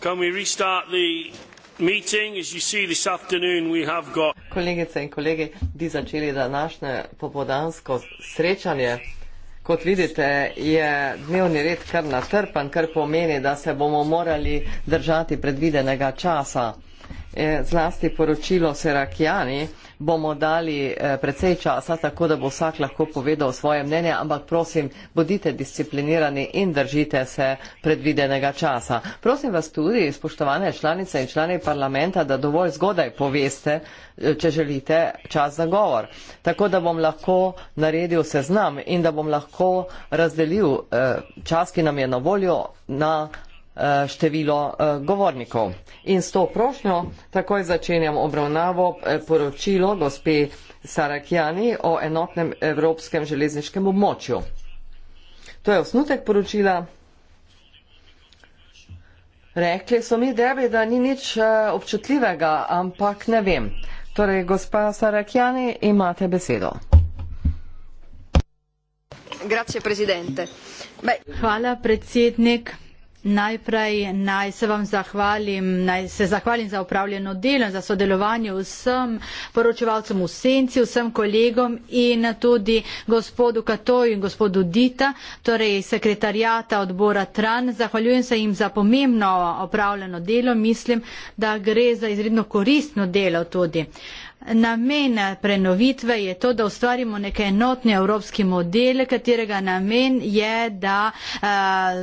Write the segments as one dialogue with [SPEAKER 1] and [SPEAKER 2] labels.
[SPEAKER 1] Kolegice
[SPEAKER 2] in kolegi, bi začeli današnje popodansko srečanje. Kot vidite, je dnevni red kar natrpan, kar pomeni, da se bomo morali držati predvidenega časa. E, zlasti poročilo Serakijani bomo dali eh, precej časa, tako da bo vsak lahko povedal svoje mnenje, ampak prosim, bodite disciplinirani in držite se predvidenega časa. Prosim vas tudi, spoštovane članice in člani parlamenta, da dovolj zgodaj poveste, eh, če želite čas za govor, tako da bom lahko naredil seznam in da bom lahko razdelil eh, čas, ki nam je na voljo na Eh, število eh, govornikov. In s to prošnjo takoj začenjam obravnavo eh, poročilo gospe Sarakjani o enotnem evropskem železniškem območju. To je osnutek poročila. Rekli so mi, debi, da ni nič občutljivega, ampak ne vem. Torej, gospa Sarakjani, imate besedo.
[SPEAKER 3] Hvala, predsednik. Najprej naj se vam zahvalim, naj se zahvalim za upravljeno delo in za sodelovanje vsem poročevalcem v senci, vsem kolegom in tudi gospodu Katoju in gospodu Dita, torej sekretarjata odbora Tran. Zahvaljujem se jim za pomembno opravljeno delo. Mislim, da gre za izredno koristno delo tudi. Uh, Namen prenovitve je to, da ustvarimo nek enotni evropski model, katerega namen je, da eh,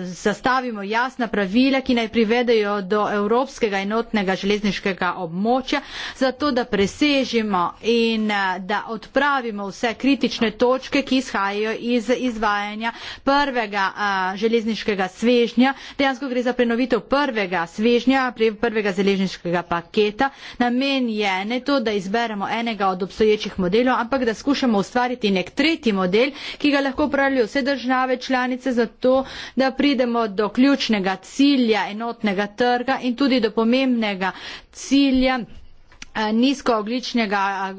[SPEAKER 3] zastavimo uh, jasna pravila, ki naj privedejo do evropskega enotnega železniškega območja, zato da presežimo in uh, da odpravimo vse kritične točke, ki izhajajo iz izvajanja prvega uh, železniškega svežnja. Dejansko gre za prenovitev prvega svežnja, prvega železniškega paketa. Namen je ne to, da izberemo izberemo enega od obstoječih modelov, ampak da skušamo ustvariti nek tretji model, ki ga lahko upravljajo vse države članice, zato da pridemo do ključnega cilja enotnega trga in tudi do pomembnega cilja Eh, nizkoogličnega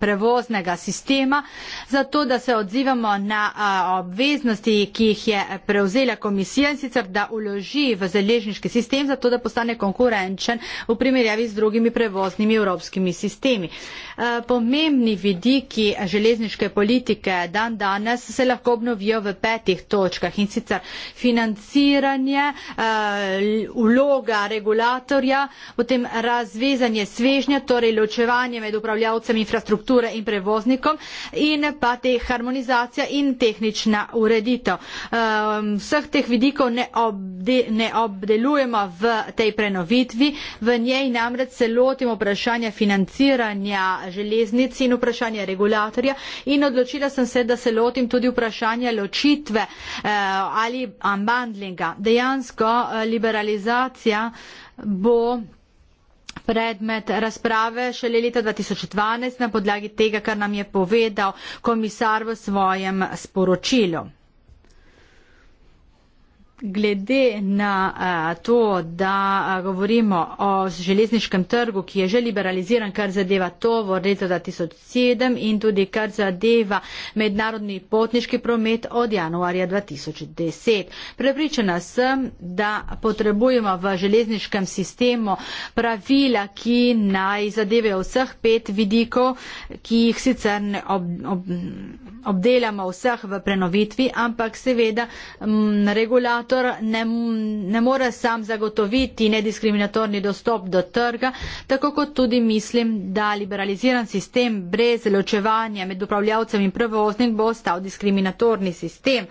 [SPEAKER 3] prevoznega sistema, zato da se odzivamo na eh, obveznosti, ki jih je prevzela komisija in sicer da uloži v zaležniški sistem, zato da postane konkurenčen v primerjavi z drugimi prevoznimi evropskimi sistemi. Eh, pomembni vidiki železniške politike dan danes se lahko obnovijo v petih točkah in sicer financiranje, vloga regulatorja, potem razvezanje svežnja, torej torej ločevanje med upravljavcem infrastrukture in prevoznikom in pa te harmonizacija in tehnična ureditev. Ehm, vseh teh vidikov ne, obde, ne obdelujemo v tej prenovitvi, v njej namreč se lotimo vprašanja financiranja železnic in vprašanja regulatorja in odločila sem se, da se lotim tudi vprašanja ločitve eh, ali unbundlinga. Dejansko eh, liberalizacija bo predmet razprave šele leta 2012 na podlagi tega, kar nam je povedal komisar v svojem sporočilu glede na to, da govorimo o železniškem trgu, ki je že liberaliziran, kar zadeva to v letu 2007 in tudi kar zadeva mednarodni potniški promet od januarja 2010. Prepričana sem, da potrebujemo v železniškem sistemu pravila, ki naj zadevajo vseh pet vidikov, ki jih sicer ne ob, ob, obdelamo vseh v prenovitvi, ampak seveda m, regulator distributor ne, ne more sam zagotoviti nediskriminatorni dostop do trga, tako kot tudi mislim, da liberaliziran sistem brez ločevanja med upravljavcem in prevoznik bo ostal diskriminatorni sistem.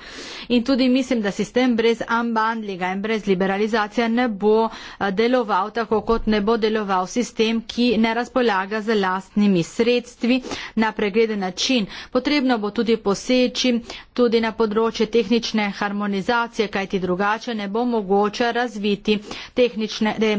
[SPEAKER 3] In tudi mislim, da sistem brez unbundlinga in brez liberalizacije ne bo eh, deloval tako, kot ne bo deloval sistem, ki ne razpolaga z lastnimi sredstvi na pregleden način. Potrebno bo tudi poseči tudi na področje tehnične harmonizacije, kajti drugače drugače ne bo mogoče razviti tehnične, eh,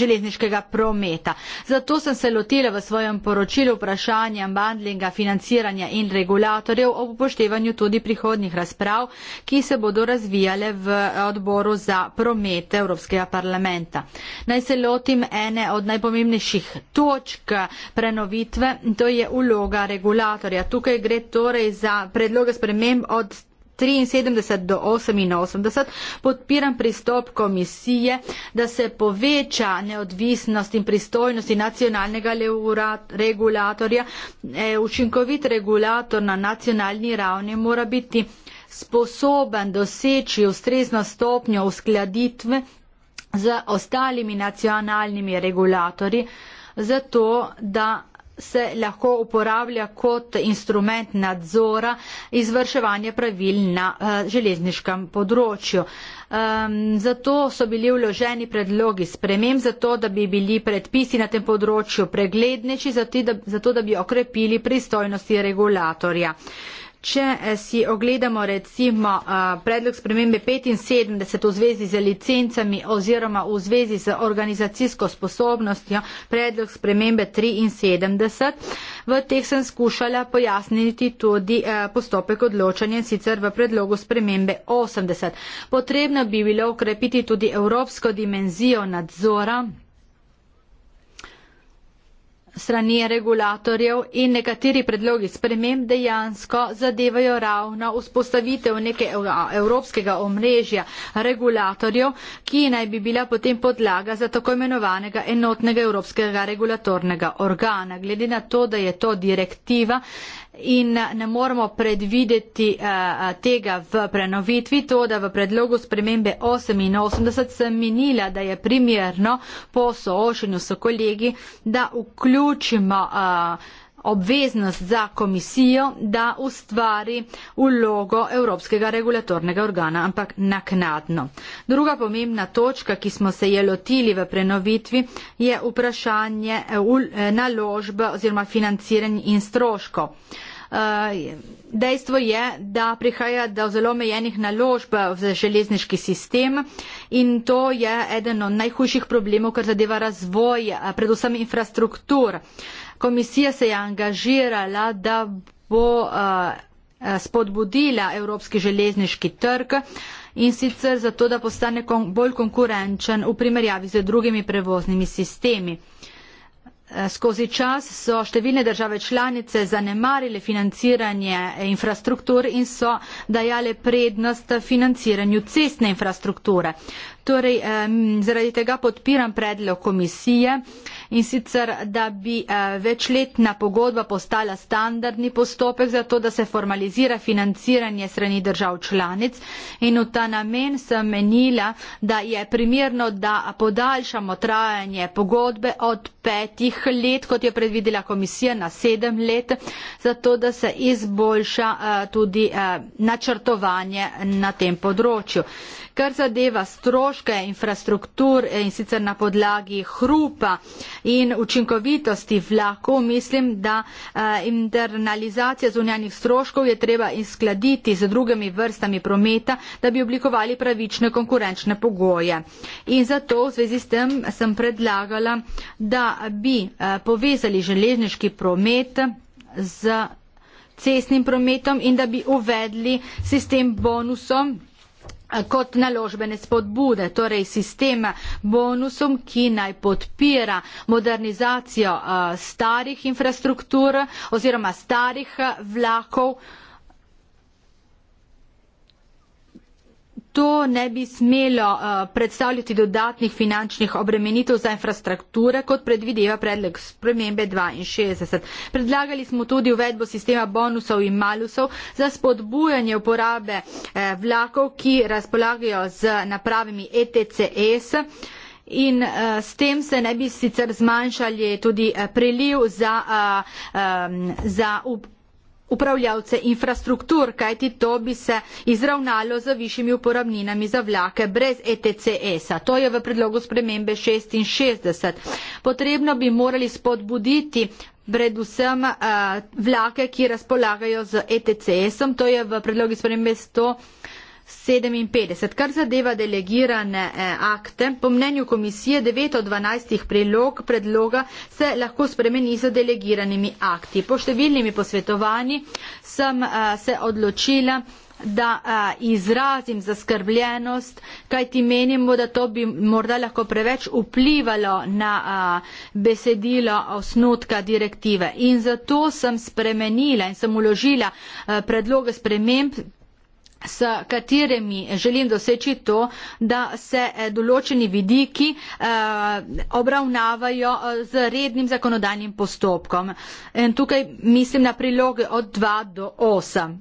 [SPEAKER 3] železniškega prometa. Zato sem se lotila v svojem poročilu vprašanja bandlinga, financiranja in regulatorjev ob upoštevanju tudi prihodnih razprav, ki se bodo razvijale v odboru za promet Evropskega parlamenta. Naj se lotim ene od najpomembnejših točk prenovitve, to je uloga regulatorja. Tukaj gre torej za predloge sprememb od 73 do 88 podpiram pristop komisije, da se poveča neodvisnost in pristojnosti nacionalnega regulatorja. E, učinkovit regulator na nacionalni ravni mora biti sposoben doseči ustrezno stopnjo uskladitve z ostalimi nacionalnimi regulatorji, zato da se lahko uporablja kot instrument nadzora izvrševanja pravil na eh, železniškem področju. Ehm, zato so bili vloženi predlogi spremem, zato da bi bili predpisi na tem področju preglednejši, zato da bi okrepili pristojnosti regulatorja. Če eh, si ogledamo recimo eh, predlog spremembe 75 v zvezi z licencami oziroma v zvezi z organizacijsko sposobnostjo, predlog spremembe 73, v teh sem skušala pojasniti tudi eh, postopek odločanja, sicer v predlogu spremembe 80. Potrebno bi bilo ukrepiti tudi evropsko dimenzijo nadzora strani regulatorjev in nekateri predlogi sprememb dejansko zadevajo ravno vzpostavitev neke evropskega omrežja regulatorjev, ki naj bi bila potem podlaga za tako imenovanega enotnega evropskega regulatornega organa. Glede na to, da je to direktiva, in ne moremo predvideti eh, eh, tega v prenovitvi, to, da v predlogu spremembe 88 sem minila, da je primerno po soošenju s kolegi, da vključimo eh, obveznost za komisijo, da ustvari ulogo Evropskega regulatornega organa, ampak naknadno. Druga pomembna točka, ki smo se je lotili v prenovitvi, je vprašanje naložbe oziroma financiranje in stroškov. Eh, dejstvo je, da prihaja do zelo omejenih naložb v železniški sistem in to je eden od najhujših problemov, kar zadeva razvoj, eh, predvsem infrastruktur. Komisija se je angažirala, da bo eh, spodbudila evropski železniški trg in sicer zato, da postane bolj konkurenčen v primerjavi z drugimi prevoznimi sistemi. Eh, skozi čas so številne države članice zanemarile financiranje infrastruktur in so dajale prednost financiranju cestne infrastrukture. Torej, zaradi tega podpiram predlog komisije in sicer, da bi eh, večletna pogodba postala standardni postopek za to, da se formalizira financiranje strani držav članic in v ta namen sem menila, da je primirno, da podaljšamo trajanje pogodbe od petih let, kot je predvidela komisija, na sedem let, zato da se izboljša eh, tudi eh, načrtovanje na tem področju kar zadeva stroške infrastruktur eh, in sicer na podlagi hrupa in učinkovitosti vlakov, mislim, da eh, internalizacija zunanjih stroškov je treba izkladiti z drugimi vrstami prometa, da bi oblikovali pravične konkurenčne pogoje. In zato v zvezi s tem sem predlagala, da bi eh, povezali železniški promet z cestnim prometom in da bi uvedli sistem bonusom kot naložbene spodbude, torej sistem bonusom, ki naj podpira modernizacijo eh, starih infrastruktur oziroma starih eh, vlakov. to ne bi smelo uh, predstavljati dodatnih finančnih obremenitev za infrastrukture, kot predvideva predlog spremembe 62. Predlagali smo tudi uvedbo sistema bonusov in malusov za spodbujanje uporabe eh, vlakov, ki razpolagajo z napravami ETCS. In uh, s tem se ne bi sicer zmanjšali tudi uh, priliv za, uh, um, za upravljavce infrastruktur, kajti to bi se izravnalo z višjimi uporabninami za vlake brez ETCS-a. To je v predlogu spremembe 66. Potrebno bi morali spodbuditi predvsem uh, vlake, ki razpolagajo z ETCS-om, to je v predlogi spremembe 100. 57. Kar zadeva delegirane eh, akte, po mnenju komisije 9 od 12 prilog predloga se lahko spremeni z delegiranimi akti. Po številnimi posvetovanji sem eh, se odločila da a, eh, izrazim zaskrbljenost, kaj ti menimo, da to bi morda lahko preveč vplivalo na a, besedilo osnutka direktive. In zato sem spremenila in sem uložila a, predloge sprememb s katerimi želim doseči to, da se eh, določeni vidiki eh, obravnavajo eh, z rednim zakonodajnim postopkom. In tukaj mislim na priloge od 2 do 8.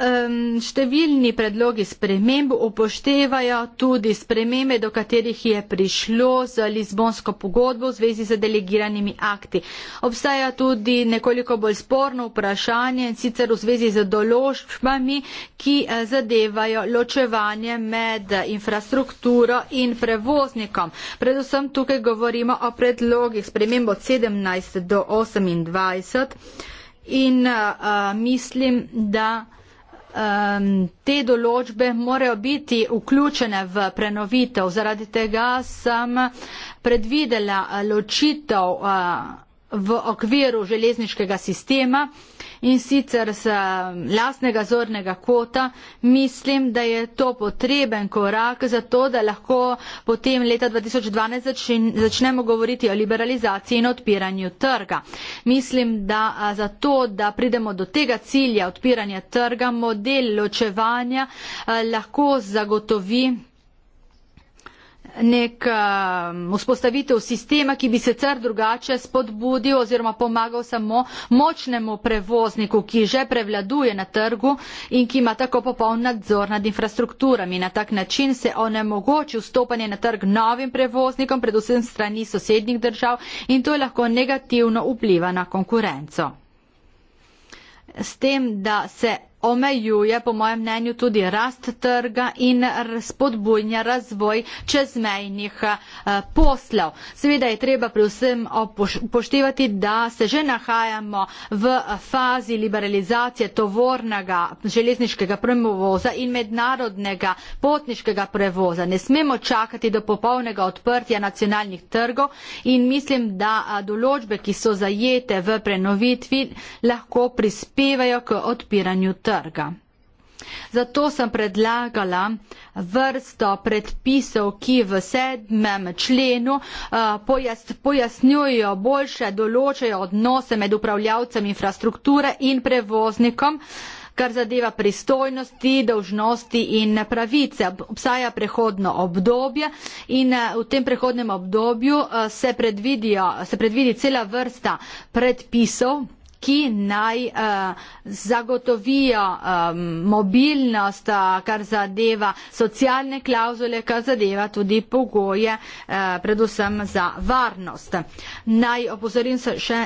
[SPEAKER 3] um, številni predlogi sprememb upoštevajo tudi spremembe, do katerih je prišlo z Lizbonsko pogodbo v zvezi z delegiranimi akti. Obstaja tudi nekoliko bolj sporno vprašanje, sicer v zvezi z določbami, ki eh, zadevajo ločevanje med infrastrukturo in prevoznikom. Predvsem tukaj govorimo o predlogih spremembo 17 do 28. In uh, mislim, da um, te določbe morajo biti vključene v prenovitev. Zaradi tega sem predvidela ločitev uh, v okviru železniškega sistema in sicer z um, lasnega zornega kota, mislim, da je to potreben korak za to, da lahko potem leta 2012 začnemo govoriti o liberalizaciji in odpiranju trga. Mislim, da za to, da pridemo do tega cilja odpiranja trga, model ločevanja lahko zagotovi nek um, vzpostavitev sistema, ki bi sicer drugače spodbudil oziroma pomagal samo močnemu prevozniku, ki že prevladuje na trgu in ki ima tako popoln nadzor nad infrastrukturami. Na tak način se onemogoči vstopanje na trg novim prevoznikom, predvsem strani sosednjih držav in to lahko negativno vpliva na konkurenco. S tem, da se omejuje po mojem mnenju tudi rast trga in spodbujanja razvoj čezmejnih eh, poslov. Seveda je treba pri vsem upoštevati, da se že nahajamo v fazi liberalizacije tovornega železniškega premovoza in mednarodnega potniškega prevoza. Ne smemo čakati do popolnega odprtja nacionalnih trgov in mislim, da eh, določbe, ki so zajete v prenovitvi, lahko prispevajo k odpiranju trga trga. Zato sem predlagala vrsto predpisov, ki v sedmem členu eh, pojas, pojasnjujo boljše, določajo odnose med upravljavcem infrastrukture in prevoznikom, kar zadeva pristojnosti, dolžnosti in pravice. Obstaja prehodno obdobje in eh, v tem prehodnem obdobju eh, se, se predvidi cela vrsta predpisov ki naj uh, zagotovijo um, mobilnost, uh, kar zadeva socialne klauzule, kar zadeva tudi pogoje, uh, predvsem za varnost. Naj opozorim se še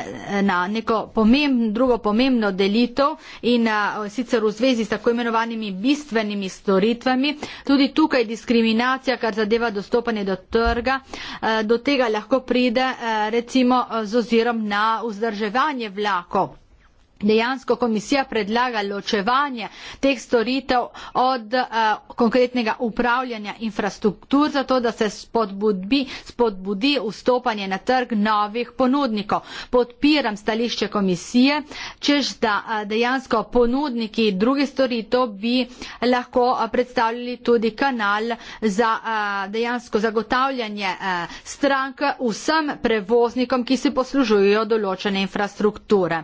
[SPEAKER 3] na neko pomembno, drugo pomembno delitev in uh, sicer v zvezi s tako imenovanimi bistvenimi storitvami. Tudi tukaj diskriminacija, kar zadeva dostopanje do trga, uh, do tega lahko pride uh, recimo uh, z ozirom na vzdrževanje vlakov dejansko komisija predlaga ločevanje teh storitev od uh, konkretnega upravljanja infrastruktur, zato da se spodbudi, spodbudi vstopanje na trg novih ponudnikov. Podpiram stališče komisije, čež da uh, dejansko ponudniki drugih storitev bi lahko uh, predstavljali tudi kanal za uh, dejansko zagotavljanje uh, strank vsem prevoznikom, ki se poslužujejo določene infrastrukture.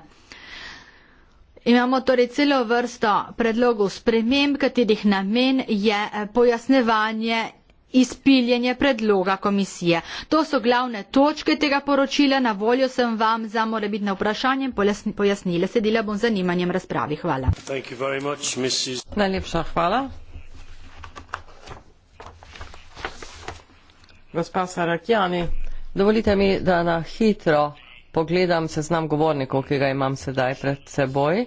[SPEAKER 3] Imamo torej celo vrsto predlogov sprememb, katerih namen je eh, pojasnevanje izpiljenje predloga komisije. To so glavne točke tega poročila. Na voljo sem vam za morebitne vprašanje pojasnile. Sedela bom zanimanjem razpravi. Hvala.
[SPEAKER 1] Much, Mrs... Najlepša hvala.
[SPEAKER 2] Gospa Sarakjani, dovolite mi, da na hitro pogledam seznam govornikov, ki ga imam sedaj pred seboj.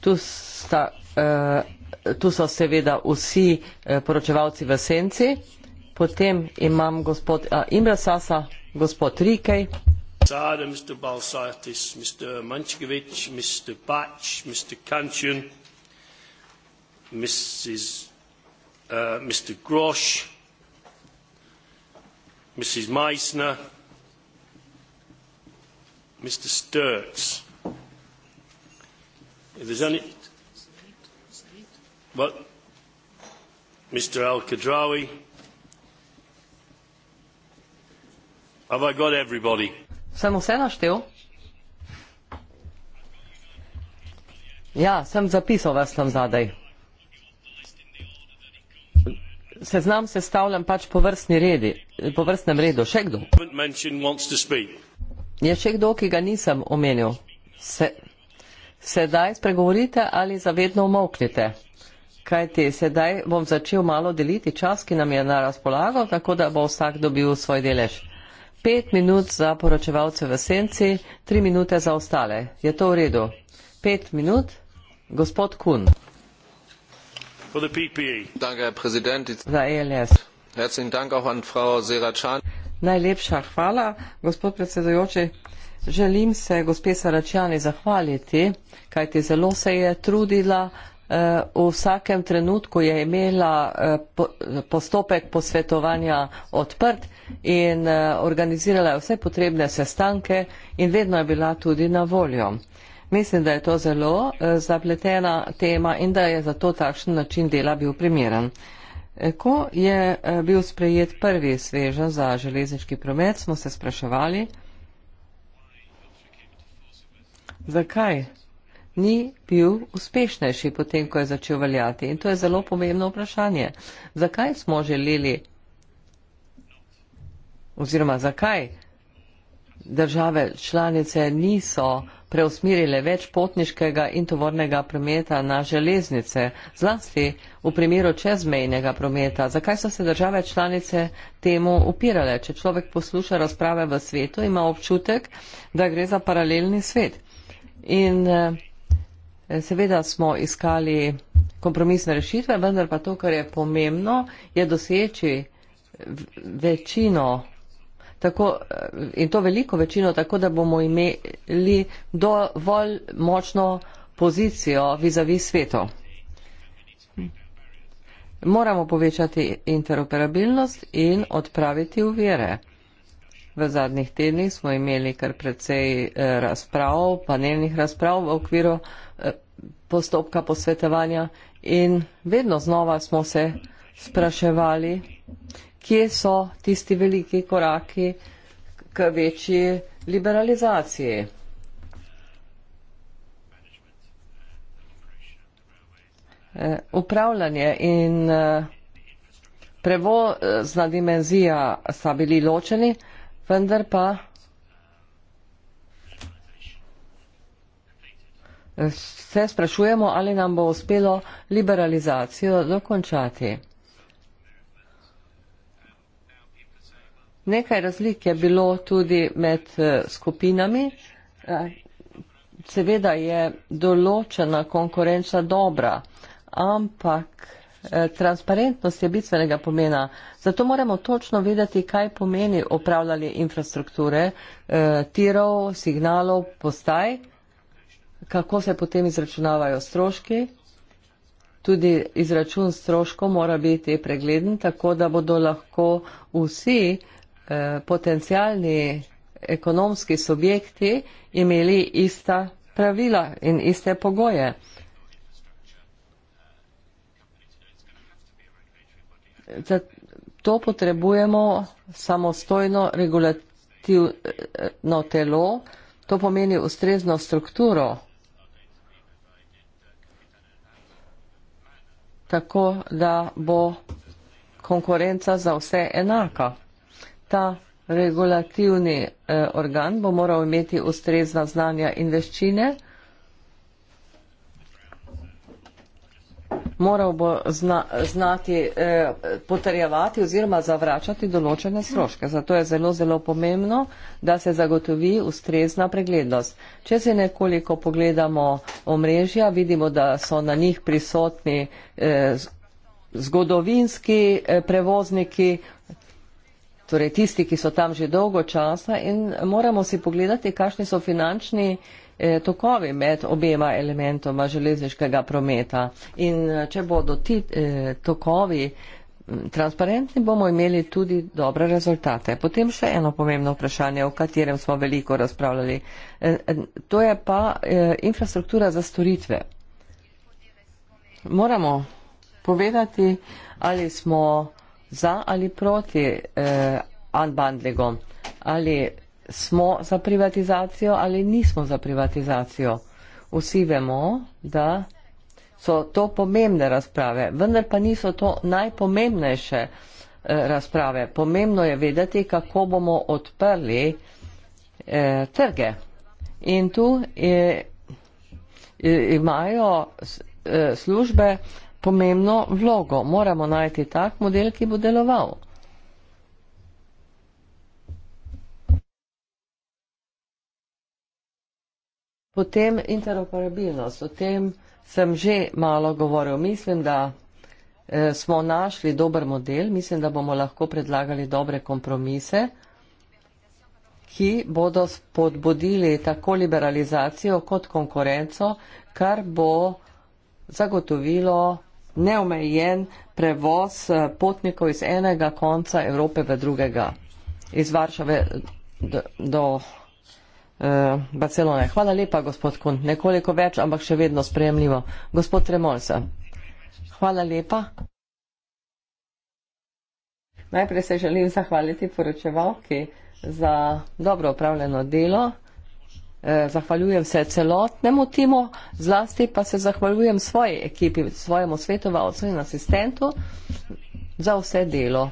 [SPEAKER 2] Tu, sta, uh, tu so seveda vsi uh, poročevalci v senci. Potem imam gospod uh, Imre Sasa, gospod Rikej.
[SPEAKER 1] Sada, Mr. Balsatis, Mr. Mančkovič, Mr. Bač, Mr. Kančun, Mrs. Uh, Mr. Groš, Mrs. Meissner. Mr. Sturts. If there's any. Well, Mr. Al Kadrawi. Have I got everybody?
[SPEAKER 2] Sem vse naštel? Ja, sem zapisal vas tam zadaj. Seznam sestavljam pač po vrstni redi, po vrstnem redu. Še kdo? Je še kdo, ki ga nisem omenil? Se, sedaj spregovorite ali zavedno omoknite? Kaj ti, sedaj bom začel malo deliti čas, ki nam je na razpolago, tako da bo vsak dobil svoj delež. Pet minut za poročevalce v senci, tri minute za ostale. Je to v redu? Pet minut, gospod Kun.
[SPEAKER 4] E. Danke, Herr Präsident. Za ELS. Herzlichen Dank auch an Frau Seracan.
[SPEAKER 2] Najlepša hvala, gospod predsedujoči. Želim se gospe Saračani zahvaliti, kajti zelo se je trudila. Eh, v vsakem trenutku je imela eh, postopek posvetovanja odprt in eh, organizirala vse potrebne sestanke in vedno je bila tudi na voljo. Mislim, da je to zelo zapletena tema in da je zato takšen način dela bil primeren. Ko je eh, bil sprejet prvi sveža za železniški promet, smo se spraševali, zakaj ni bil uspešnejši potem, ko je začel veljati. In to je zelo pomembno vprašanje. Zakaj smo želeli oziroma zakaj države članice niso preusmirile več potniškega in tovornega prometa na železnice, zlasti v primeru čezmejnega prometa. Zakaj so se države članice temu upirale? Če človek posluša razprave v svetu, ima občutek, da gre za paralelni svet. In eh, seveda smo iskali kompromisne rešitve, vendar pa to, kar je pomembno, je doseči večino tako, eh, in to veliko večino, tako da bomo imeli dovolj močno pozicijo vizavi svetu. Moramo povečati interoperabilnost in odpraviti uvire. V zadnjih tednih smo imeli kar precej eh, razprav, panelnih razprav v okviru eh, postopka posvetovanja in vedno znova smo se spraševali, kje so tisti veliki koraki k večji liberalizaciji. E, upravljanje in e, prevozna dimenzija sta bili ločeni, vendar pa se sprašujemo, ali nam bo uspelo liberalizacijo dokončati. Nekaj razlik je bilo tudi med eh, skupinami. Eh, seveda je določena konkurenca dobra, ampak eh, transparentnost je bistvenega pomena. Zato moramo točno vedeti, kaj pomeni upravljanje infrastrukture, tirov, signalov, postaj, kako se potem izračunavajo stroški. Tudi izračun stroškov mora biti pregleden, tako da bodo lahko vsi uh, Eh, potencialni ekonomski subjekti imeli ista pravila in iste pogoje. To potrebujemo samostojno regulativno telo, to pomeni ustrezno strukturo, tako da bo konkurenca za vse enaka ta regulativni eh, organ bo moral imeti ustrezna znanja in veščine. Moral bo zna, znati eh, potrjevati oziroma zavračati določene stroške. Zato je zelo, zelo pomembno, da se zagotovi ustrezna preglednost. Če se nekoliko pogledamo omrežja, vidimo, da so na njih prisotni eh, zgodovinski eh, prevozniki, torej tisti, ki so tam že dolgo časa in moramo si pogledati, kakšni so finančni eh, tokovi med obema elementoma železniškega prometa. In eh, če bodo ti eh, tokovi transparentni, bomo imeli tudi dobre rezultate. Potem še eno pomembno vprašanje, o katerem smo veliko razpravljali. To je pa infrastruktura za storitve. Moramo povedati, ali smo za ali proti eh, unbundlingu, ali smo za privatizacijo ali nismo za privatizacijo. Vsi vemo, da so to pomembne razprave, vendar pa niso to najpomembnejše eh, razprave. Pomembno je vedeti, kako bomo odprli eh, trge. In tu eh, imajo eh, službe eh, pomembno vlogo. Moramo najti tak model, ki bo deloval. Potem interoperabilnost. O tem sem že malo govoril. Mislim, da eh, smo našli dober model, mislim, da bomo lahko predlagali dobre kompromise, ki bodo spodbudili tako liberalizacijo kot konkurenco, kar bo zagotovilo neomejen prevoz eh, potnikov iz enega konca Evrope v drugega, iz Varšave do, do eh, Barcelone. Hvala lepa, gospod Kun. Nekoliko več, ampak še vedno sprejemljivo. Gospod Tremolsa. Hvala lepa. Najprej se želim zahvaliti poročevalki za dobro upravljeno delo. Eh, zahvaljujem se celotnemu timu, zlasti pa se zahvaljujem svoji ekipi, svojemu svetovalcu in asistentu za vse delo.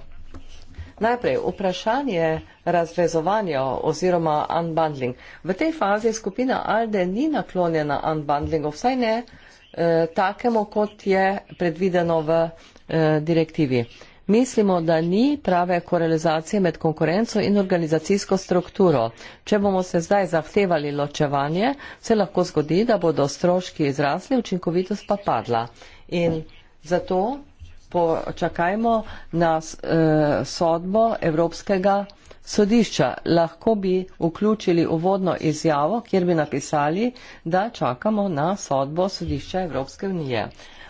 [SPEAKER 2] Najprej vprašanje razrezovanja oziroma unbundling. V tej fazi skupina ALDE ni naklonjena unbundlingu, vsaj ne eh, takemu, kot je predvideno v eh, direktivi. Eh, Mislimo, da ni prave korelizacije med konkurenco in organizacijsko strukturo. Če bomo se zdaj zahtevali ločevanje, se lahko zgodi, da bodo stroški izrasli, učinkovitost pa padla. In zato počakajmo na eh, sodbo Evropskega sodišča. Lahko bi vključili uvodno izjavo, kjer bi napisali, da čakamo na sodbo sodišča Evropske unije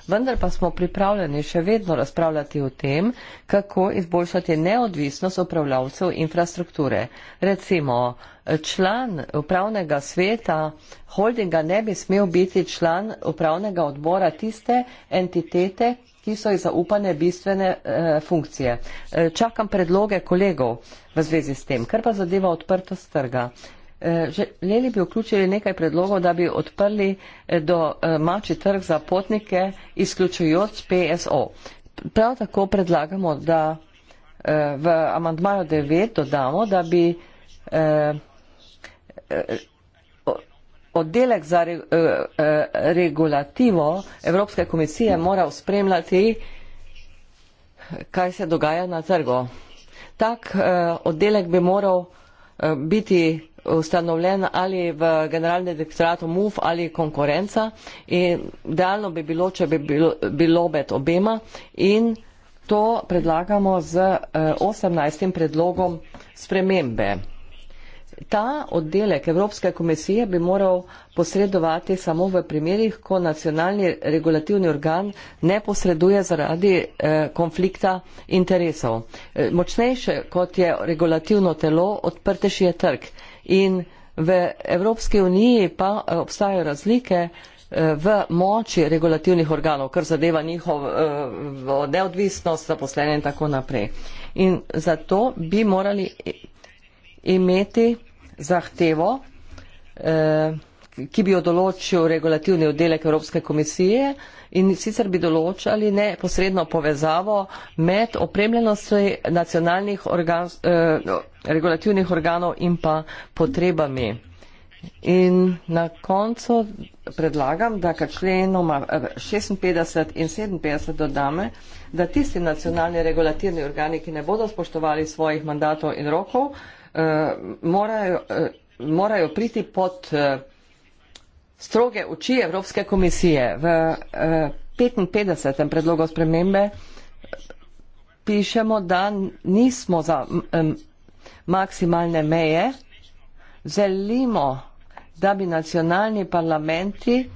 [SPEAKER 2] vendar pa smo pripravljeni še vedno razpravljati o tem, kako izboljšati neodvisnost upravljavcev infrastrukture. Recimo, član upravnega sveta holdinga ne bi smel biti član upravnega odbora tiste entitete, ki so zaupane bistvene e, funkcije. E, čakam predloge kolegov v zvezi s tem, kar pa zadeva odprtost trga. Eh, Želeli bi vključiti nekaj predlogov, da bi odprli eh, domači eh, trg za potnike, izključujoč PSO. Prav tako predlagamo, da v amandmaju 9 dodamo, da bi oddelek za regulativo Evropske komisije moral spremljati, kaj se dogaja na trgu. Tak oddelek bi moral biti ustanovljen ali v generalni direktoratu MUF ali konkurenca in idealno bi bilo, če bi bilo med obema in to predlagamo z 18. Eh, predlogom spremembe. Ta oddelek Evropske komisije bi moral posredovati samo v primerih, ko nacionalni regulativni organ ne posreduje zaradi eh, konflikta interesov. Eh, močnejše kot je regulativno telo, odprtejši je trg. In v Evropski uniji pa eh, obstajajo razlike eh, v moči regulativnih organov, kar zadeva njihov eh, neodvisnost, zaposlene in tako naprej. In zato bi morali imeti zahtevo, ki bi jo določil regulativni oddelek Evropske komisije in sicer bi določali neposredno povezavo med opremljenosti nacionalnih organov, regulativnih organov in pa potrebami. In na koncu predlagam, da ka členoma 56 eh, in 57 dodame, da tisti nacionalni regulativni organi, ki ne bodo spoštovali svojih mandatov in rokov, eh, morajo, eh, morajo priti pod stroge oči Evropske komisije. V 55. predlogu spremembe pišemo, da nismo za maksimalne meje, želimo, da bi nacionalni parlamenti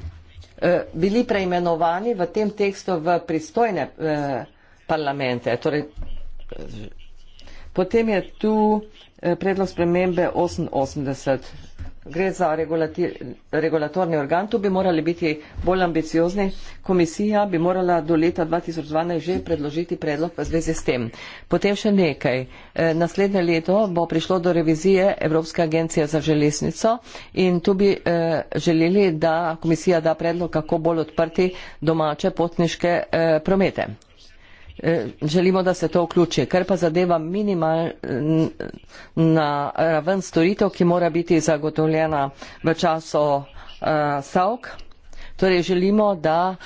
[SPEAKER 2] eh, bili preimenovani v tem tekstu v pristojne eh, parlamente. Torej, eh, potem je tu predlog spremembe 88 gre za regulatorni organ, tu bi morali biti bolj ambiciozni. Komisija bi morala do leta 2012 že predložiti predlog v zvezi s tem. Potem še nekaj. E, naslednje leto bo prišlo do revizije Evropske agencije za železnico in tu bi e, želeli, da komisija da predlog, kako bolj odprti domače potniške e, promete. Eh, želimo, da se to vključi. Ker pa zadeva minimal na raven storitev, ki mora biti zagotovljena v času uh, eh, stavk. Torej želimo, da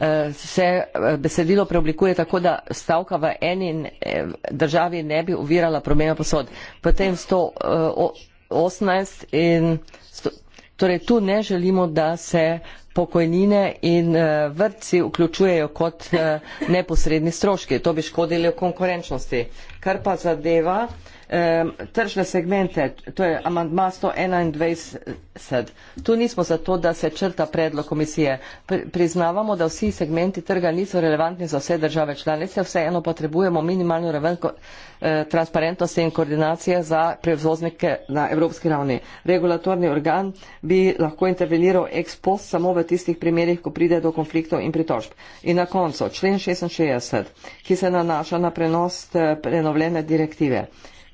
[SPEAKER 2] eh, se besedilo preoblikuje tako, da stavka v eni državi ne bi uvirala promena posod. Potem 118 in 100, Torej, tu ne želimo, da se pokojnine in eh, vrtci vključujejo kot eh, neposredni stroški. To bi škodilo konkurenčnosti. Kar pa zadeva, eh, tržne segmente, to je amandma 121. Tu nismo zato, da se črta predlog komisije. Pri, priznavamo, da vsi segmenti trga niso relevantni za vse države članice, vseeno potrebujemo minimalno raven eh, transparentnosti in koordinacije za prevoznike na evropski ravni. Regulatorni organ bi lahko interveniral ex post samo v tistih primerjih, ko pride do konfliktov in pritožb. In na koncu, člen 66, ki se nanaša na prenos eh, prenovljene direktive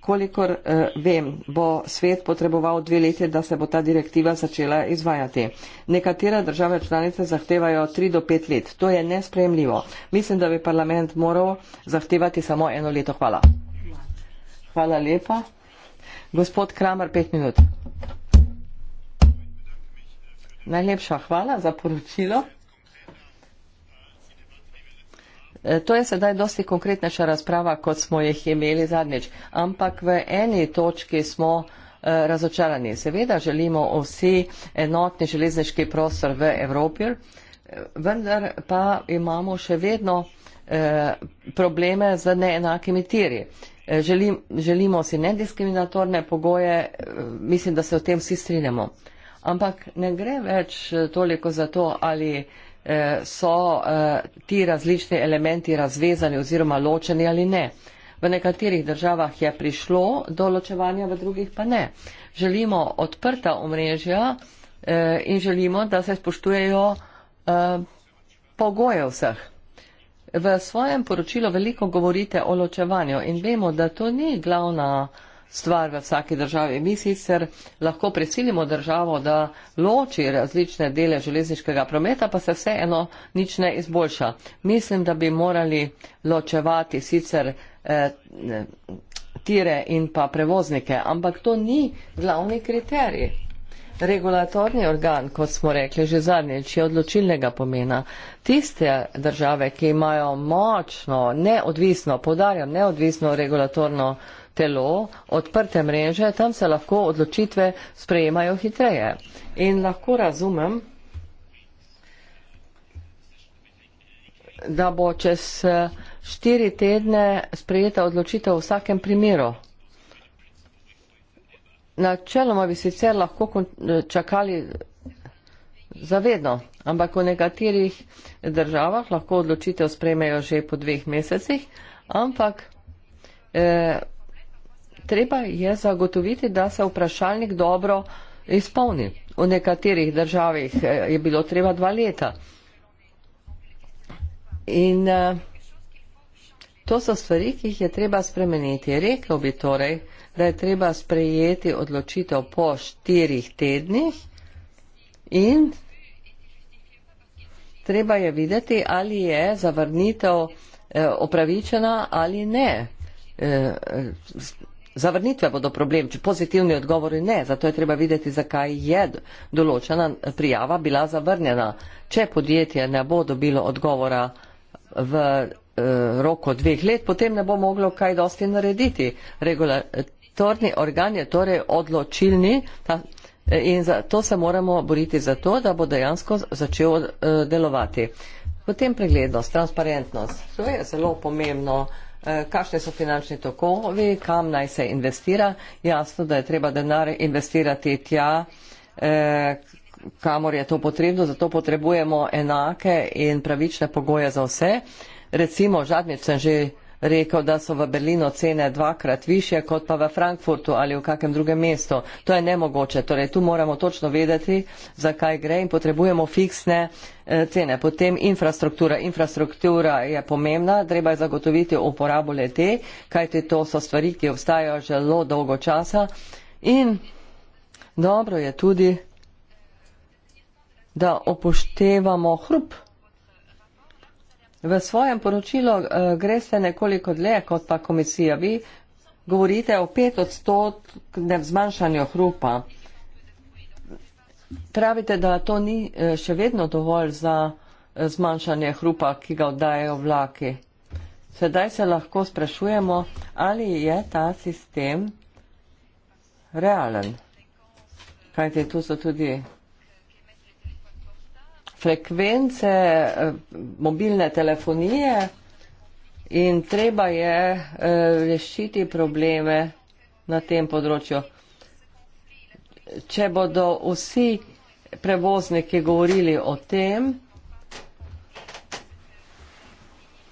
[SPEAKER 2] kolikor eh, vem, bo svet potreboval dve leti, da se bo ta direktiva začela izvajati. Nekatere države članice zahtevajo tri do pet let. To je nespremljivo. Mislim, da bi parlament moral zahtevati samo eno leto. Hvala. Hvala lepa. Gospod Kramer, pet minut. Najlepša hvala za poročilo. E, to je sedaj dosti konkretnejša razprava, kot smo jih imeli zadnjič, ampak v eni točki smo e, razočarani. Seveda želimo vsi enotni železniški prostor v Evropi, e, vendar pa imamo še vedno probleme z neenakimi tiri. Želim, želimo si nediskriminatorne pogoje, mislim, da se o tem vsi strinjamo. Ampak ne gre več toliko za to, ali Eh, so eh, ti različni elementi razvezani oziroma ločeni ali ne. V nekaterih državah je prišlo do ločevanja, v drugih pa ne. Želimo odprta omrežja eh, in želimo, da se spoštujejo pogoje vseh. V svojem poročilu veliko govorite o ločevanju in vemo, da to ni glavna stvar v vsaki državi. Mi sicer lahko prisilimo državo, da loči različne dele železniškega prometa, pa se vseeno nič ne izboljša. Mislim, da bi morali ločevati sicer eh, tire in pa prevoznike, ampak to ni glavni kriterij. Regulatorni organ, kot smo rekli že zadnjič, je odločilnega pomena. Tiste države, ki imajo močno, neodvisno, podarjam, neodvisno regulatorno telo, odprte mreže, tam se lahko odločitve sprejemajo hitreje. In lahko razumem, da bo čez eh, štiri tedne sprejeta odločitev v vsakem primeru. Načeloma bi sicer lahko eh, čakali zavedno, ampak v nekaterih državah lahko odločitev sprejmejo že po dveh mesecih, ampak eh, Treba je zagotoviti, da se vprašalnik dobro izpolni. V nekaterih državah eh, je bilo treba dva leta. In eh, to so stvari, ki jih je treba spremeniti. Rekel bi torej, da je treba sprejeti odločitev po štirih tednih in treba je videti, ali je zavrnitev eh, opravičena ali ne zavrnitve bodo problem, če pozitivni odgovori ne, zato je treba videti, zakaj je določena prijava bila zavrnjena. Če podjetje ne bo dobilo odgovora v e, roku dveh let, potem ne bo moglo kaj dosti narediti. Regulatorni organ je torej odločilni ta, eh, in zato se moramo boriti za to, da bo dejansko začel e, delovati. Potem preglednost, transparentnost. To je zelo pomembno. Eh, kakšne so finančni tokovi, kam naj se investira. Jasno, da je treba denar investirati tja, eh, kamor je to potrebno, zato potrebujemo enake in pravične pogoje za vse. Recimo, žadnje sem že rekel, da so v Berlino cene dvakrat više kot pa v Frankfurtu ali v kakem drugem mestu. To je nemogoče. Torej, tu moramo točno vedeti, zakaj gre in potrebujemo fiksne eh, cene. Potem infrastruktura. Infrastruktura je pomembna, treba je zagotoviti uporabo lete, kajti to so stvari, ki obstajajo zelo dolgo časa. In dobro je tudi, da upoštevamo hrup. V svojem poročilu eh, gre se nekoliko dlje kot pa komisija. Vi govorite o pet odstotnem zmanjšanju hrupa. Pravite, da to ni eh, še vedno dovolj za eh, zmanjšanje hrupa, ki ga oddajajo vlaki. Sedaj se lahko sprašujemo, ali je ta sistem realen. Kajte, tu so tudi frekvence eh, mobilne telefonije in treba je eh, rešiti probleme na tem področju. Če bodo vsi prevozniki govorili o tem,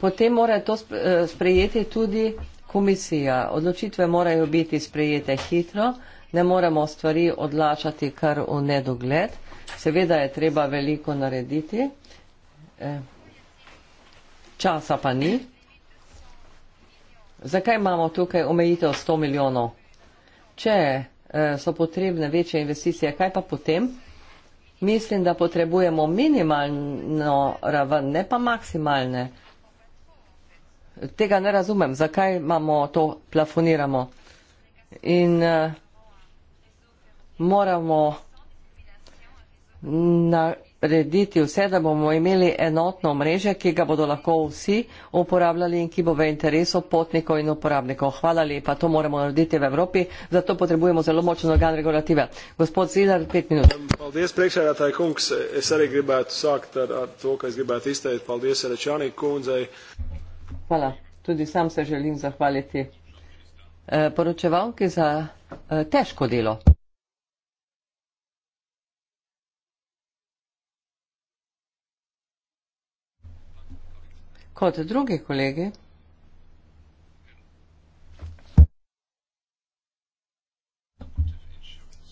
[SPEAKER 2] potem mora to eh, sprejeti tudi komisija. Odločitve morajo biti sprejete hitro, ne moremo stvari odlačati kar v nedogled. Seveda je treba veliko narediti, eh, časa pa ni. Zakaj imamo tukaj omejitev 100 milijonov? Če eh, so potrebne večje investicije, kaj pa potem? Mislim, da potrebujemo minimalno raven, ne pa maksimalne. Tega ne razumem, zakaj imamo to plafoniramo. In uh, moramo narediti vse, da bomo imeli enotno mreže, ki ga bodo lahko vsi uporabljali in ki bo v interesu potnikov in uporabnikov. Hvala lepa, to moramo narediti v Evropi, zato potrebujemo zelo močen organ regulative. Gospod Zidar, pet minut. Um,
[SPEAKER 5] paldies, priekšsēdētāj kungs, es arī gribētu sākt ar, ar to, ka es gribētu izteikt paldies Rečānī kundzei.
[SPEAKER 2] Hvala, tudi sam se želim zahvaliti eh, poročevalki za eh, težko delo. kot drugi kolegi.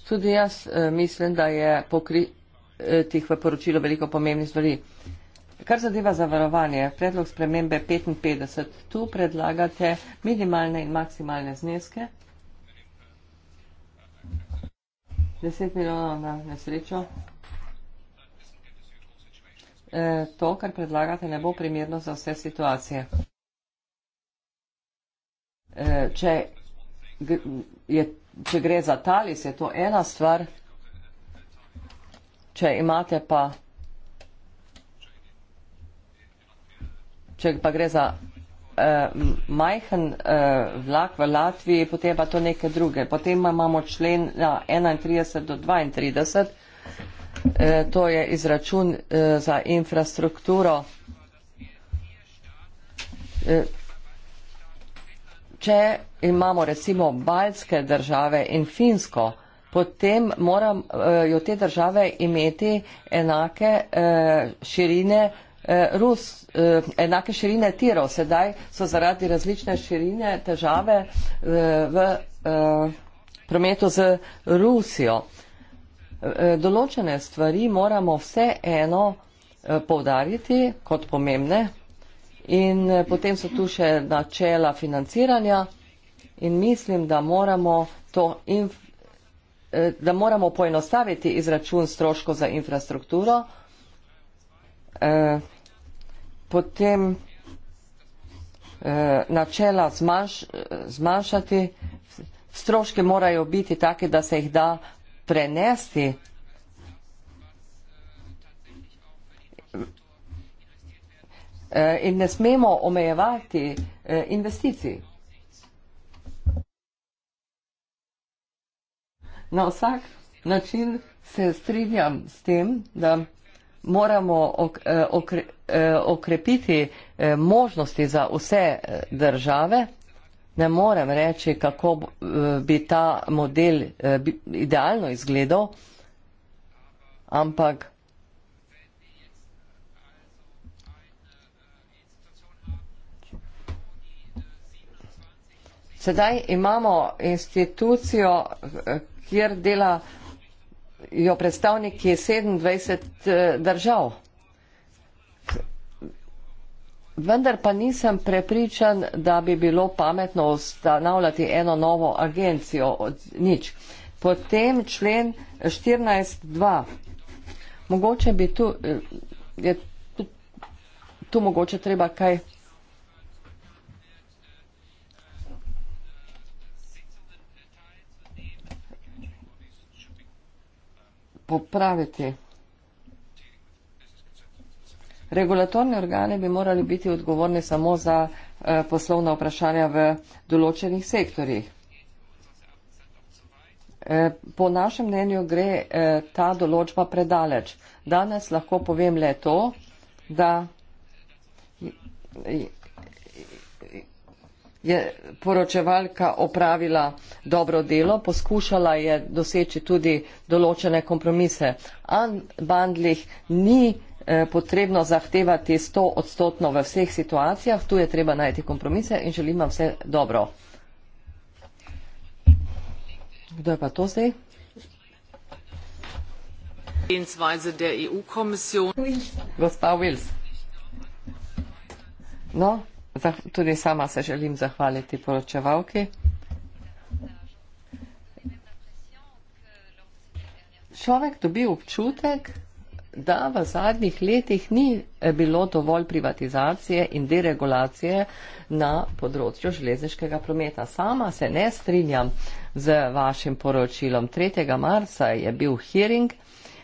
[SPEAKER 2] Tudi jaz eh, mislim, da je pokri tih v poročilu veliko pomembnih stvari. Kar zadeva zavarovanje, predlog spremembe 55, tu predlagate minimalne in maksimalne zneske. 10 milijonov na nesrečo, Eh, to, kar predlagate, ne bo primerno za vse situacije. Eh, če, je, če gre za talis, je to ena stvar. Če imate pa. Če pa gre za eh, majhen eh, vlak v Latviji, potem pa to neke druge. Potem imamo člen na 31 do 32, Eh, to je izračun eh, za infrastrukturo. Eh, če imamo recimo baljske države in finsko, potem morajo te države imeti enake širine Rus, enake širine tirov. Sedaj so zaradi različne širine težave v prometu z Rusijo. Eh, določene stvari moramo vse eno eh, povdariti kot pomembne in eh, potem so tu še načela financiranja in mislim, da moramo, to inf, da moramo poenostaviti izračun stroško za infrastrukturo. Potem načela zmanjšati, stroške morajo biti take, da se jih da prenesti. In ne smemo omejevati eh, investicij. Na vsak način se strinjam s tem, da moramo eh, eh, okrepiti možnosti za vse države ne morem reči, kako eh, bi ta model eh, idealno izgledal, ampak sedaj imamo institucijo, eh, kjer dela jo predstavniki 27 držav. Vendar pa nisem prepričan, da bi bilo pametno ustanavljati eno novo agencijo od nič. Potem člen 14.2. Mogoče bi tu, eh, je, tu, tu mogoče treba kaj. popraviti. Regulatorne organe bi morali biti odgovorni samo za eh, poslovna vprašanja v določenih sektorjih. Eh, po našem mnenju gre eh, ta določba predaleč. Danes lahko povem le to, da je poročevalka opravila dobro delo, poskušala je doseči tudi določene kompromise. Anbandlih ni predaleč Eh, potrebno zahtevati 100 odstotno v vseh situacijah, tu je treba najti kompromise in želim vam vse dobro. Kdo je pa to zdaj? E Gospa Wills. No, tudi sama se želim zahvaliti poročevalki. Človek dobi občutek, da v zadnjih letih ni bilo dovolj privatizacije in deregulacije na področju železniškega prometa. Sama se ne strinjam z vašim poročilom. 3. marca je bil hearing.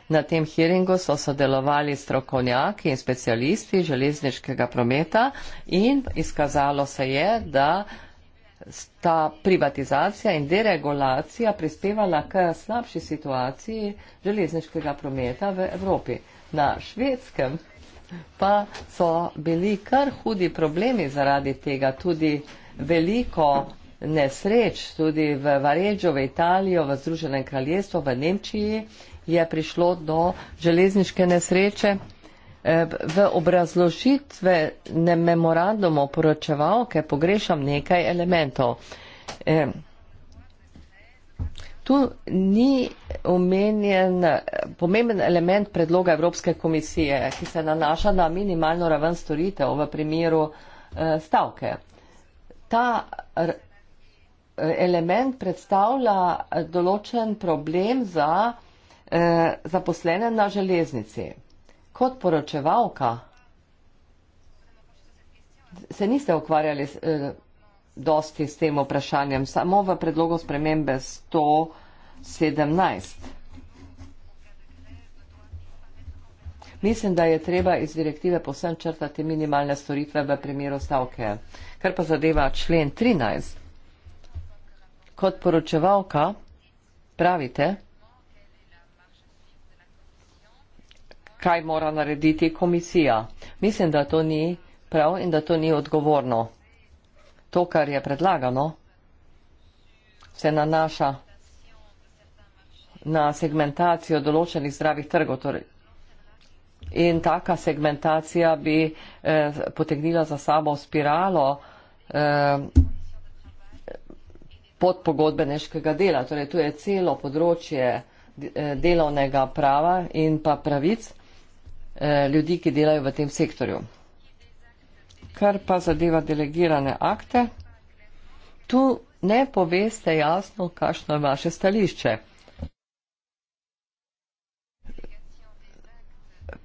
[SPEAKER 2] Na tem hearingu so sodelovali strokovnjaki in specialisti železniškega prometa in izkazalo se je, da sta privatizacija in deregulacija prispevala k slabši situaciji železniškega prometa v Evropi. Na švedskem pa so bili kar hudi problemi zaradi tega, tudi veliko nesreč, tudi v Varežo, v Italijo, v Združenem kraljestvu, v Nemčiji je prišlo do železniške nesreče. V obrazložitve ne memorandumu poročevalke pogrešam nekaj elementov. Tu ni omenjen pomemben element predloga Evropske komisije, ki se nanaša na minimalno raven storitev v primeru eh, stavke. Ta element predstavlja določen problem za eh, zaposlene na železnici. Kot poročevalka se niste ukvarjali s, eh, dosti s tem vprašanjem, samo v predlogu spremembe 117. Mislim, da je treba iz direktive posem črtati minimalne storitve v primeru stavke. Kar pa zadeva člen 13. Kot poročevalka pravite, kaj mora narediti komisija. Mislim, da to ni prav in da to ni odgovorno. To, kar je predlagano, se nanaša na segmentacijo določenih zdravih trgov. Torej in taka segmentacija bi eh, potegnila za sabo spiralo eh, podpogodbeneškega dela. Torej, tu je celo področje eh, delovnega prava in pa pravic, Eh, ljudi, ki delajo v tem sektorju. Kar pa zadeva delegirane akte, tu ne poveste jasno, kakšno je vaše stališče.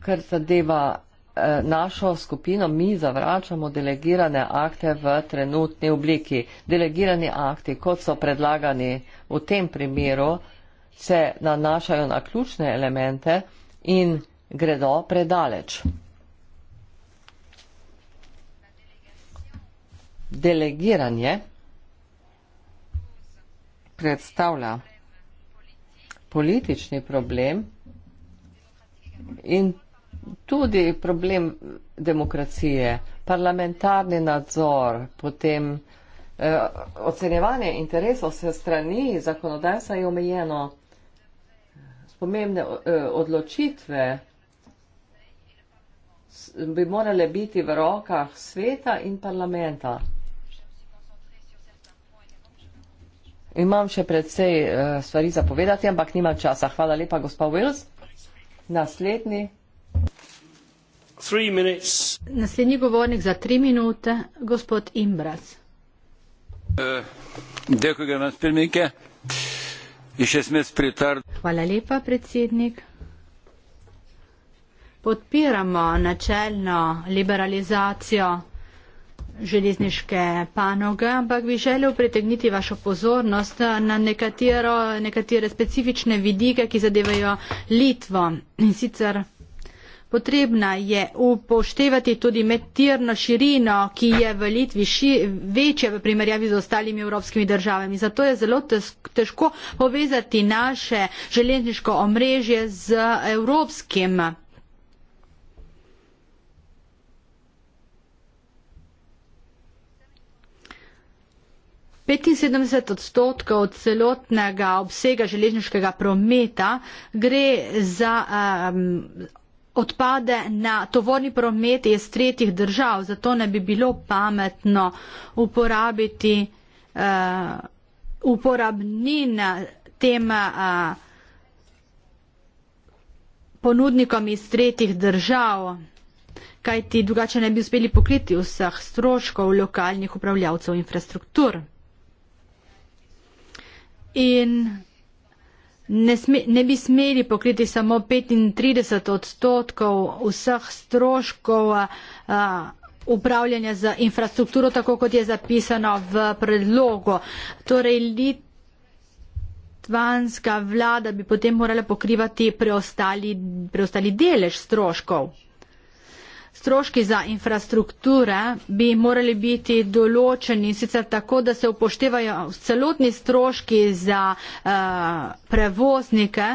[SPEAKER 2] Kar zadeva eh, našo skupino, mi zavračamo delegirane akte v trenutni obliki. Delegirani akti, kot so predlagani v tem primeru, se nanašajo na ključne elemente in gredo predaleč. Delegiranje predstavlja politični problem in tudi problem demokracije, parlamentarni nadzor, potem eh, ocenjevanje interesov se strani zakonodajstva je omejeno, eh, pomembne eh, odločitve, bi morale biti v rokah sveta in parlamenta. Imam še predvsej eh, stvari zapovedati, ampak nimam časa. Hvala lepa, gospa Wills. Naslednji.
[SPEAKER 3] Naslednji govornik za tri minute, gospod Imbras. Eh, Hvala lepa, predsednik podpiramo načelno liberalizacijo železniške panoge, ampak bi želel pritegniti vašo pozornost na nekatero, nekatere specifične vidike, ki zadevajo Litvo. In sicer potrebna je upoštevati tudi metirno širino, ki je v Litvi ši, večja v primerjavi z ostalimi evropskimi državami. Zato je zelo težko povezati naše železniško omrežje z evropskim. 75 odstotkov celotnega obsega železniškega prometa gre za um, odpade na tovorni promet iz tretjih držav, zato ne bi bilo pametno uporabiti uh, uporabnin tem uh, ponudnikom iz tretjih držav, kajti drugače ne bi uspeli pokriti vseh stroškov lokalnih upravljavcev infrastruktur in ne, sme, ne bi smeli pokriti samo 35 odstotkov vseh stroškov a, a, upravljanja za infrastrukturo, tako kot je zapisano v predlogu. Torej, litvanska vlada bi potem morala pokrivati preostali, preostali delež stroškov. Stroški za infrastrukture bi morali biti določeni sicer tako, da se upoštevajo celotni stroški za uh, prevoznike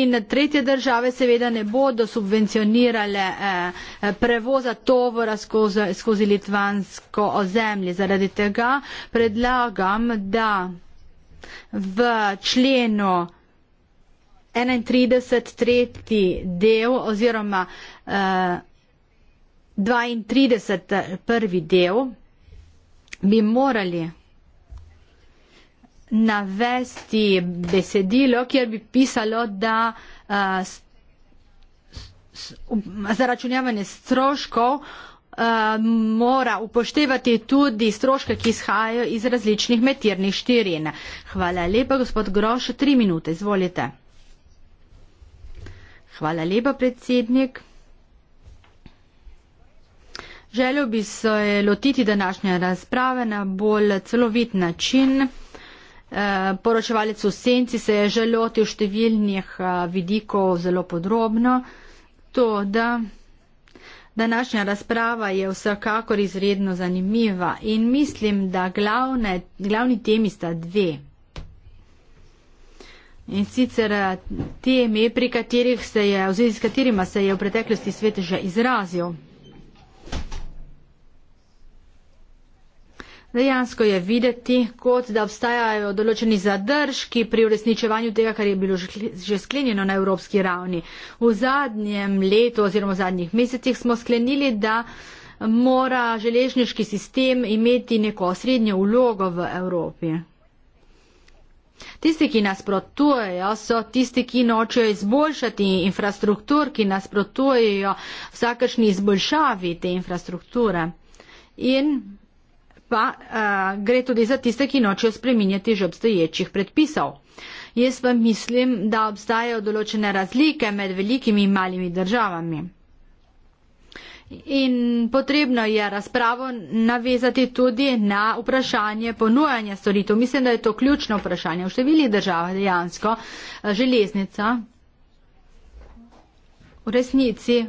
[SPEAKER 3] in tretje države seveda ne bodo subvencionirale uh, prevoza tovora skozi, skozi litvansko ozemlje. Zaradi tega predlagam, da v členu 31. tretji del oziroma uh, 32. Eh, prvi del, bi morali navesti besedilo, kjer bi pisalo, da uh, s, s, um, zaračunjavanje stroškov uh, mora upoštevati tudi stroške, ki izhajajo iz različnih metirnih štirin. Hvala lepa, gospod Groš, tri minute, izvolite. Hvala lepa, predsednik. Želel bi se lotiti današnje razprave na bolj celovit način. Eh, poročevalec v senci se je že lotil številnih eh, vidikov zelo podrobno. To, da današnja razprava je vsekakor izredno zanimiva in mislim, da glavne, glavni temi sta dve. In sicer eh, temi, pri katerih se je, oziroma s katerima se je v preteklosti svet že izrazil. Dejansko je videti, kot da obstajajo določeni zadržki pri uresničevanju tega, kar je bilo že sklenjeno na evropski ravni. V zadnjem letu oziroma v zadnjih mesecih smo sklenili, da mora železniški sistem imeti neko srednjo vlogo v Evropi. Tisti, ki nasprotujejo, so tisti, ki nočejo izboljšati infrastruktur, ki nasprotujejo vsakršni izboljšavi te infrastrukture. In pa a, eh, gre tudi za tiste, ki nočejo spreminjati že obstoječih predpisov. Jaz pa mislim, da obstajajo določene razlike med velikimi in malimi državami. In potrebno je razpravo navezati tudi na vprašanje ponujanja storitev. Mislim, da je to ključno vprašanje v številnih državah dejansko. Eh, železnica v resnici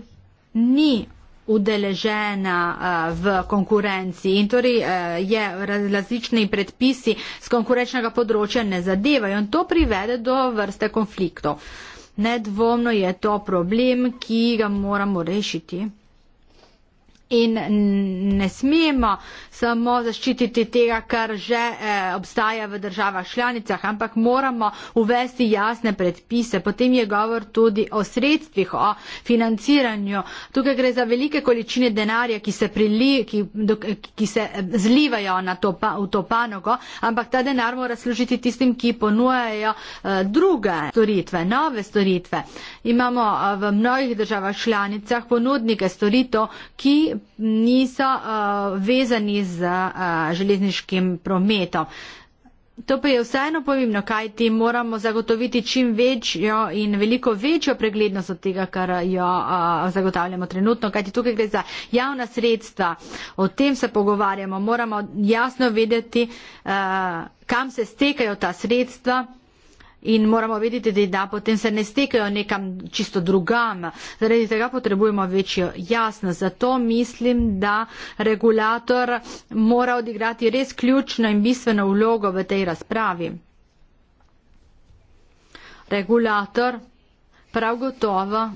[SPEAKER 3] ni udeležena eh, v konkurenci in torej eh, je različni predpisi z konkurenčnega področja ne zadevajo in to privede do vrste konfliktov. Nedvomno je to problem, ki ga moramo rešiti. In ne smemo samo zaščititi tega, kar že eh, obstaja v državah članicah, ampak moramo uvesti jasne predpise. Potem je govor tudi o sredstvih, o financiranju. Tukaj gre za velike količine denarja, ki se, prili, ki, do, ki se eh, zlivajo to, v to panogo, ampak ta denar mora služiti tistim, ki ponujajo eh, druge storitve, nove storitve. Imamo eh, v mnogih državah članicah ponudnike storitev, ki niso uh, vezani z uh, železniškim prometom. To pa je vseeno pomembno, kajti moramo zagotoviti čim večjo in veliko večjo preglednost od tega, kar jo uh, zagotavljamo trenutno, kajti tukaj gre za javna sredstva. O tem se pogovarjamo. Moramo jasno vedeti, uh, kam se stekajo ta sredstva in moramo vedeti, da potem se ne stekajo nekam čisto drugam. Zaradi tega potrebujemo večjo jasnost. Zato mislim, da regulator mora odigrati res ključno in bistveno vlogo v tej razpravi. Regulator prav gotovo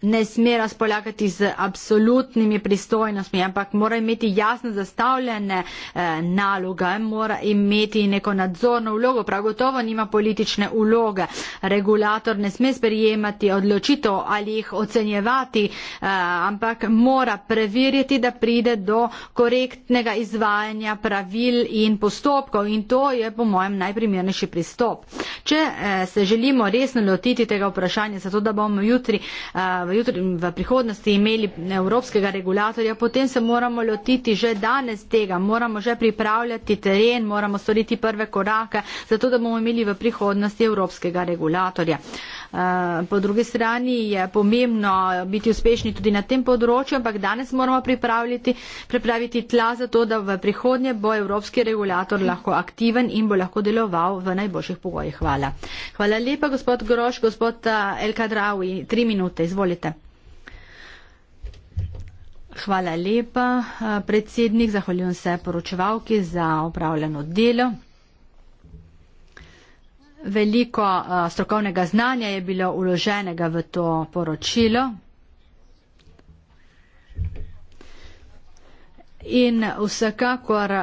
[SPEAKER 3] ne sme razpolagati z absolutnimi pristojnostmi, ampak mora imeti jasno zastavljene eh, naloge, mora imeti neko nadzorno vlogo, prav gotovo nima politične vloge. Regulator ne sme sprejemati odločitev ali jih ocenjevati, eh, ampak mora preveriti, da pride do korektnega izvajanja pravil in postopkov in to je po mojem najprimernejši pristop. Če eh, se želimo resno lotiti tega vprašanja, zato da bomo jutri eh, v, jutri, v prihodnosti imeli evropskega regulatorja, potem se moramo lotiti že danes tega, moramo že pripravljati teren, moramo storiti prve korake, zato da bomo imeli v prihodnosti evropskega regulatorja. Eh, po drugi strani je pomembno biti uspešni tudi na tem področju, ampak danes moramo pripraviti, pripraviti tla za to, da v prihodnje bo evropski regulator lahko aktiven in bo lahko deloval v najboljših pogojih. Hvala. Hvala lepa, gospod Groš, gospod eh, Elkadravi. Tri minute, izvolite. Hvala lepa, eh, predsednik. Zahvaljujem se poročevalki za upravljeno delo. Veliko eh, strokovnega znanja je bilo uloženega v to poročilo. In vsekakor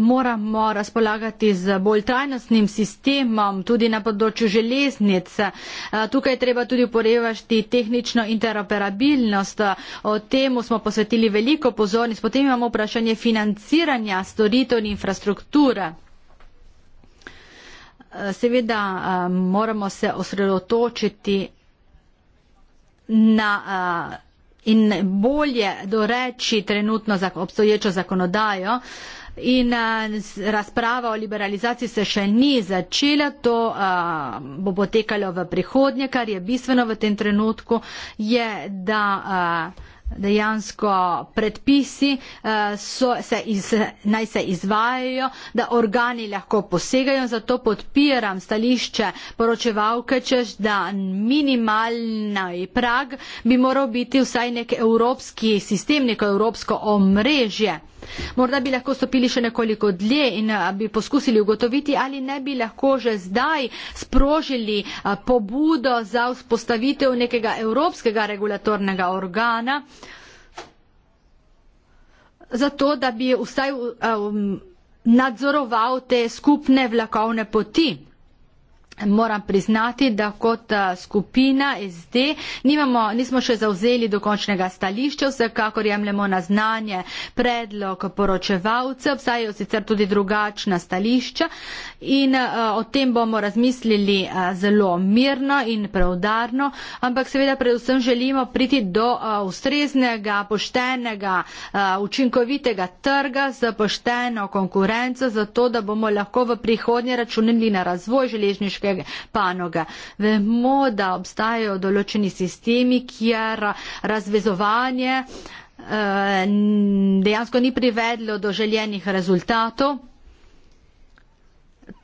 [SPEAKER 3] moramo razpolagati z bolj trajnostnim sistemom tudi na področju železnic. Eh, tukaj treba tudi uporevašti tehnično interoperabilnost. O tem smo posvetili veliko pozornosti. Potem imamo vprašanje financiranja storitev in infrastrukture seveda moramo se osredotočiti na in bolje doreči trenutno obstoječo zakonodajo in razprava o liberalizaciji se še ni začela, to bo potekalo v prihodnje, kar je bistveno v tem trenutku, je, da dejansko predpisi eh, so, se iz, naj se izvajajo, da organi lahko posegajo. Zato podpiram stališče poročevalke, češ da minimalna prag bi moral biti vsaj nek evropski sistem, neko evropsko omrežje. Morda bi lahko stopili še nekoliko dlje in bi poskusili ugotoviti, ali ne bi lahko že zdaj sprožili pobudo za vzpostavitev nekega evropskega regulatornega organa, zato da bi vsaj nadzoroval te skupne vlakovne poti moram priznati, da kot skupina SD nimamo, nismo še zauzeli dokončnega stališča, vsekakor jemljemo na znanje predlog poročevalcev, obstajajo sicer tudi drugačna stališča in o tem bomo razmislili zelo mirno in preudarno, ampak seveda predvsem želimo priti do ustreznega, poštenega, učinkovitega trga z pošteno konkurenco, zato da bomo lahko v prihodnje računili na razvoj železniške tehnološke panoge. Vemo, da obstajajo določeni sistemi, kjer razvezovanje eh, dejansko ni privedlo do željenih rezultatov.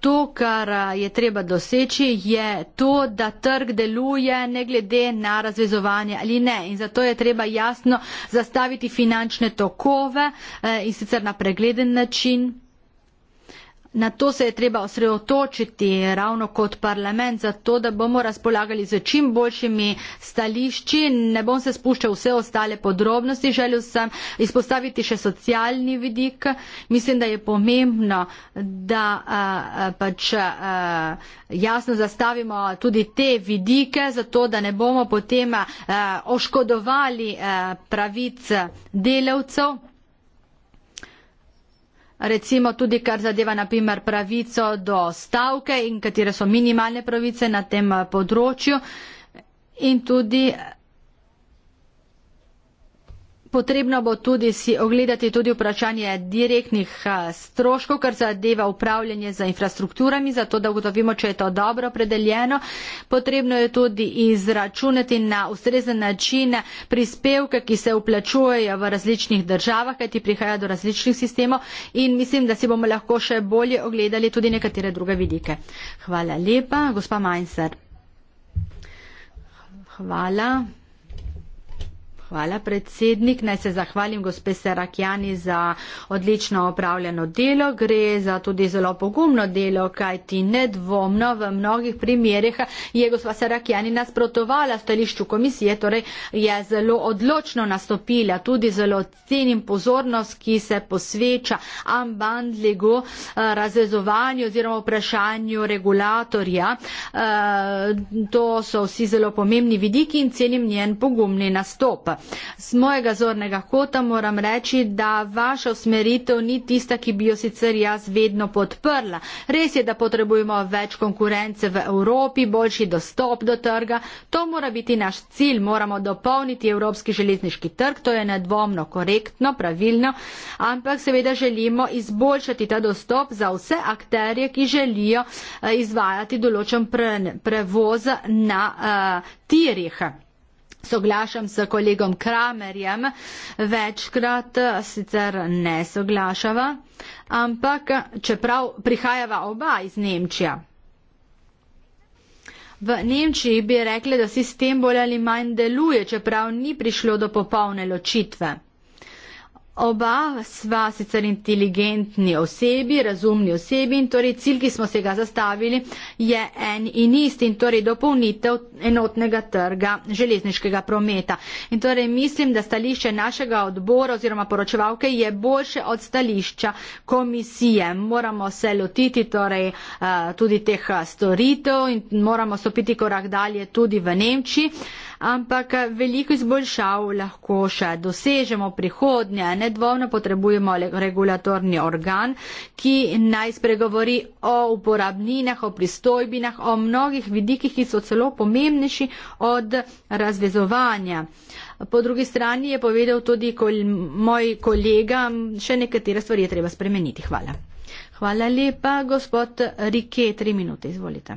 [SPEAKER 3] To, kar eh, je treba doseči, je to, da trg deluje ne glede na razvezovanje ali ne. In zato je treba jasno zastaviti finančne tokove eh, in sicer na pregleden način. Na to se je treba osredotočiti ravno kot parlament, zato da bomo razpolagali z čim boljšimi stališči. Ne bom se spuščal vse ostale podrobnosti, želel sem izpostaviti še socialni vidik. Mislim, da je pomembno, da a, a, pač a, jasno zastavimo tudi te vidike, zato da ne bomo potem a, oškodovali a, pravic delavcev recimo tudi kar zadeva naprimer pravico do stavke in katere so minimalne pravice na tem eh, področju in tudi Potrebno bo tudi si ogledati tudi vprašanje direktnih stroškov, kar zadeva upravljanje za infrastrukturami, zato da ugotovimo, če je to dobro predeljeno. Potrebno je tudi izračunati na ustrezen način prispevke, ki se uplačujejo v različnih državah, kajti prihaja do različnih sistemov in mislim, da si bomo lahko še bolje ogledali tudi nekatere druge vidike. Hvala lepa, gospa Mainzer. Hvala. Hvala, predsednik. Naj se zahvalim gospe Serakjani za odlično opravljeno delo. Gre za tudi zelo pogumno delo, kajti nedvomno v mnogih primerjih je gospa Serakjani nasprotovala stališču komisije, torej je zelo odločno nastopila, tudi zelo cenim pozornost, ki se posveča ambandligu, eh, razrezovanju oziroma vprašanju regulatorja. Eh, to so vsi zelo pomembni vidiki in cenim njen pogumni nastop. Z mojega zornega kota moram reči, da vaša usmeritev ni tista, ki bi jo sicer jaz vedno podprla. Res je, da potrebujemo več konkurence v Evropi, boljši dostop do trga. To mora biti naš cilj. Moramo dopolniti evropski železniški trg. To je nedvomno korektno, pravilno. Ampak seveda želimo izboljšati ta dostop za vse akterje, ki želijo eh, izvajati določen pre prevoz na uh, tirih. Soglašam s kolegom Kramerjem, večkrat eh, sicer ne soglašava, ampak eh, čeprav prihajava oba iz Nemčija. V Nemčiji bi rekli, da sistem bolj ali manj deluje, čeprav ni prišlo do popolne ločitve. Oba sva sicer inteligentni osebi, razumni osebi in torej cilj, ki smo se ga zastavili, je en in isti in torej dopolnitev enotnega trga železniškega prometa. In torej mislim, da stališče našega odbora oziroma poročevalke je boljše od stališča komisije. Moramo se lotiti torej eh, tudi teh storitev in moramo stopiti korak dalje tudi v Nemčiji ampak eh, veliko izboljšav lahko še dosežemo prihodnje. Nedvomno potrebujemo regulatorni organ, ki naj spregovori o uporabninah, o pristojbinah, o mnogih vidikih, ki so celo pomembnejši od razvezovanja. Po drugi strani je povedal tudi kol moj kolega, še nekatere stvari je treba spremeniti. Hvala. Hvala lepa, gospod Rike, tri minute, izvolite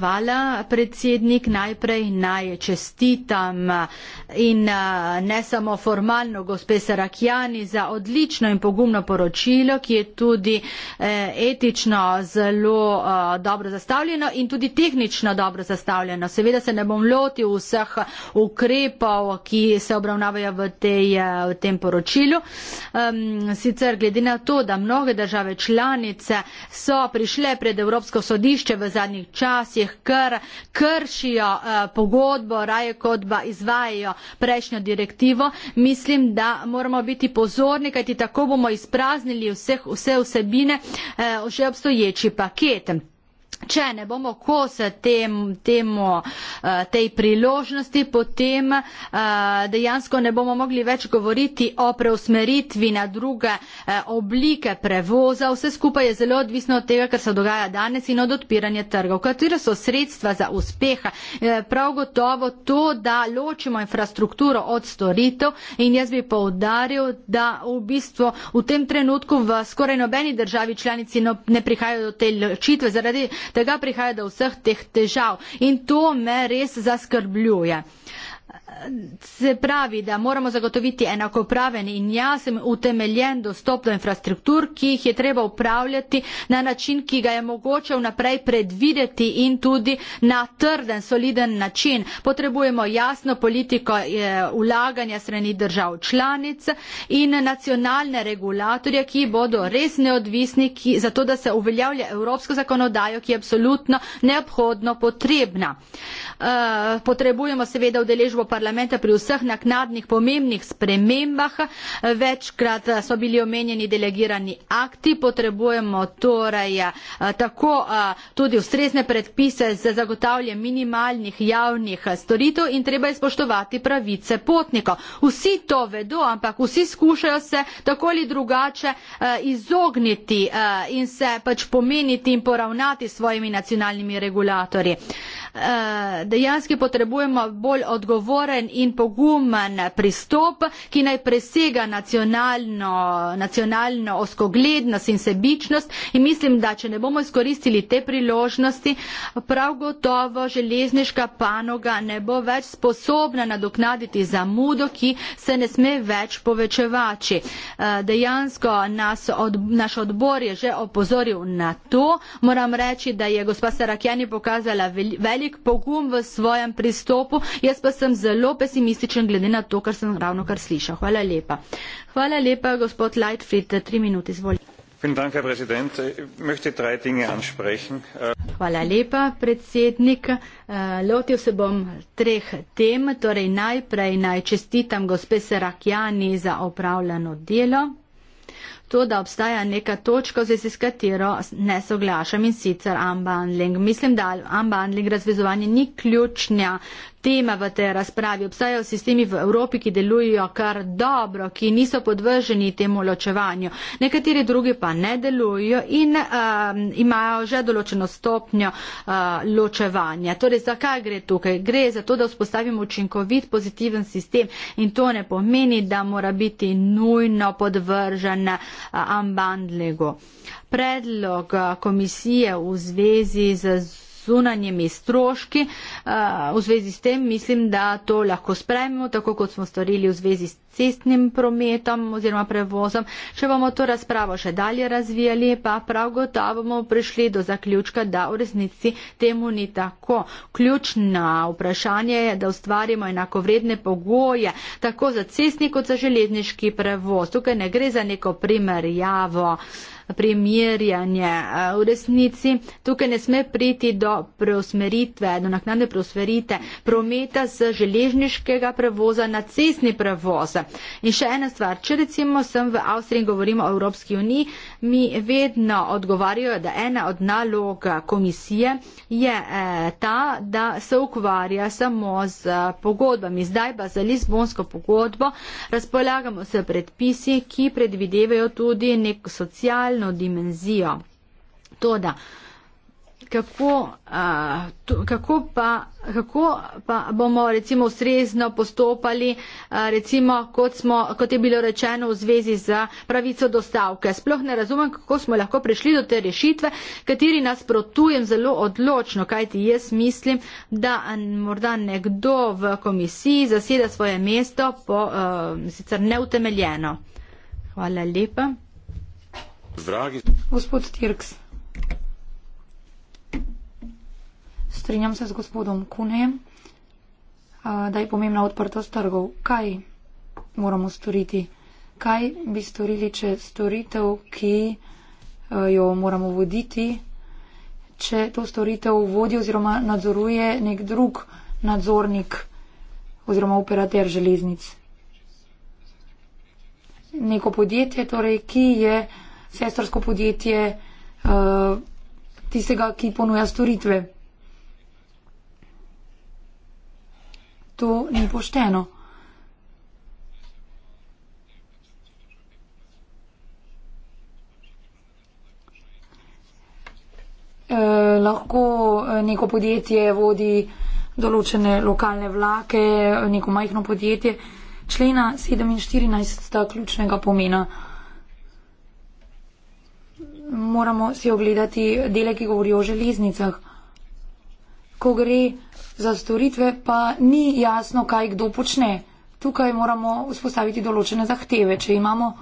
[SPEAKER 3] Hvala, predsednik. Najprej naj čestitam eh, in eh, ne samo formalno gospe Sarakjani za odlično in pogumno poročilo, ki je tudi eh, etično zelo dobro zastavljeno in tudi tehnično dobro zastavljeno. Seveda se ne bom loti vseh ukrepov, ki se obravnavajo v, tej, v tem poročilu. Sicer glede na to, da mnoge države članice so prišle pred Evropsko sodišče v zadnjih časih, podjetjih, ker kršijo eh, pogodbo, raje kot pa izvajajo prejšnjo direktivo, mislim, da moramo biti pozorni, kajti tako bomo izpraznili vseh, vse vsebine, vse eh, obstoječi paket. Če ne bomo kos tem, temu, eh, tej priložnosti, potem eh, dejansko ne bomo mogli več govoriti o preusmeritvi na druge eh, oblike prevoza. Vse skupaj je zelo odvisno od tega, kar se dogaja danes in od odpiranja trgov. Katera so sredstva za uspeha? Prav gotovo to, da ločimo infrastrukturo od storitev in jaz bi povdaril, da v bistvu v tem trenutku v skoraj nobeni državi članici no, ne prihajajo do te ločitve zaradi tega prihaja do vseh teh težav in to me res zaskrbljuje se pravi, da moramo zagotoviti enakopraven in jasen utemeljen dostop do infrastruktur, ki jih je treba upravljati na način, ki ga je mogoče vnaprej predvideti in tudi na trden, soliden način. Potrebujemo jasno politiko ulaganja eh, strani držav članic in nacionalne regulatorje, ki bodo res neodvisni, ki, zato da se uveljavlja evropsko zakonodajo, ki je absolutno neobhodno potrebna. Uh, potrebujemo seveda udeležbo parlamentarja, parlamenta pri vseh naknadnih pomembnih spremembah. Večkrat so bili omenjeni delegirani akti, potrebujemo torej eh, tako eh, tudi ustrezne predpise za zagotavljanje minimalnih javnih storitev in treba je spoštovati pravice potnikov. Vsi to vedo, ampak vsi skušajo se tako ali drugače eh, izogniti in se pač pomeniti in poravnati s svojimi nacionalnimi regulatorji. Eh, dejansko potrebujemo bolj odgovoren in pogumen pristop, ki naj presega nacionalno, nacionalno oskoglednost in sebičnost in mislim, da če ne bomo izkoristili te priložnosti, prav gotovo železniška panoga ne bo več sposobna nadoknaditi zamudo, ki se ne sme več povečevati. Eh, dejansko nas od, naš odbor je že opozoril na to. Moram reči, da je gospa Sarakjani pokazala veli, velik pogum v svojem pristopu, jaz pa sem zelo pesimističen glede na to, kar sem ravno kar slišal. Hvala lepa. Hvala lepa, gospod Lightfried, tri minute, izvolite. Dank, Hvala lepa, predsednik. Eh, lotil se bom treh tem. Torej najprej naj čestitam gospe Serakjani za opravljeno delo to, da obstaja neka točka, zvezi s katero ne soglašam in sicer unbundling. Mislim, da unbundling razvezovanje ni ključna tema v tej razpravi. Obstajajo sistemi v Evropi, ki delujejo kar dobro, ki niso podvrženi temu ločevanju. Nekateri drugi pa ne delujejo in um, imajo že določeno stopnjo uh, ločevanja. Torej, zakaj gre tukaj? Gre za to, da vzpostavimo učinkovit, pozitiven sistem in to ne pomeni, da mora biti nujno podvržen uh, ambandlegu. Predlog uh, komisije v zvezi z zunanjimi stroški. Eh, v zvezi s tem mislim, da to lahko spremimo, tako kot smo storili v zvezi s cestnim prometom oziroma prevozom. Če bomo to razpravo še dalje razvijali, pa prav gotovo bomo prišli do zaključka, da v resnici temu ni tako. Ključna vprašanje je, da ustvarimo enakovredne pogoje, tako za cestni kot za železniški prevoz. Tukaj ne gre za neko primerjavo. Uh, premirjanje. Eh, v resnici tukaj ne sme priti do preusmeritve, do naknadne preusmerite prometa z železniškega prevoza na cestni prevoz. In še ena stvar, če recimo sem v Avstriji in govorimo o Evropski uniji, mi vedno odgovarjajo, da ena od nalog komisije je eh, ta, da se ukvarja samo z eh, pogodbami. Zdaj pa za Lizbonsko pogodbo razpolagamo se predpisi, ki predvidevajo tudi nek socialno moralno dimenzijo. Toda, kako, eh, kako, pa, kako pa bomo recimo ustrezno postopali, eh, recimo kot, smo, kot je bilo rečeno v zvezi z pravico do stavke. Sploh ne razumem, kako smo lahko prišli do te rešitve, kateri nas protujem zelo odločno, kajti jaz mislim, da morda nekdo v komisiji zaseda svoje mesto po, eh, sicer neutemeljeno. Hvala lepa. Gospod Tirks,
[SPEAKER 6] strinjam se z gospodom Kunejem, da je pomembna odprtost trgov. Kaj moramo storiti? Kaj bi storili, če storitev, ki jo moramo voditi, če to storitev vodi oziroma nadzoruje nek drug nadzornik oziroma operater železnic? Neko podjetje, torej, ki je sestrsko podjetje uh, tistega, ki ponuja storitve. To ni pošteno. Eh, lahko eh, neko podjetje vodi določene lokalne vlake, neko majhno podjetje. Člena 7 in 14 sta ključnega pomena. Eh, moramo si ogledati dele, ki govorijo o železnicah. Ko gre za storitve, pa ni jasno, kaj kdo počne. Tukaj moramo vzpostaviti določene zahteve. Če imamo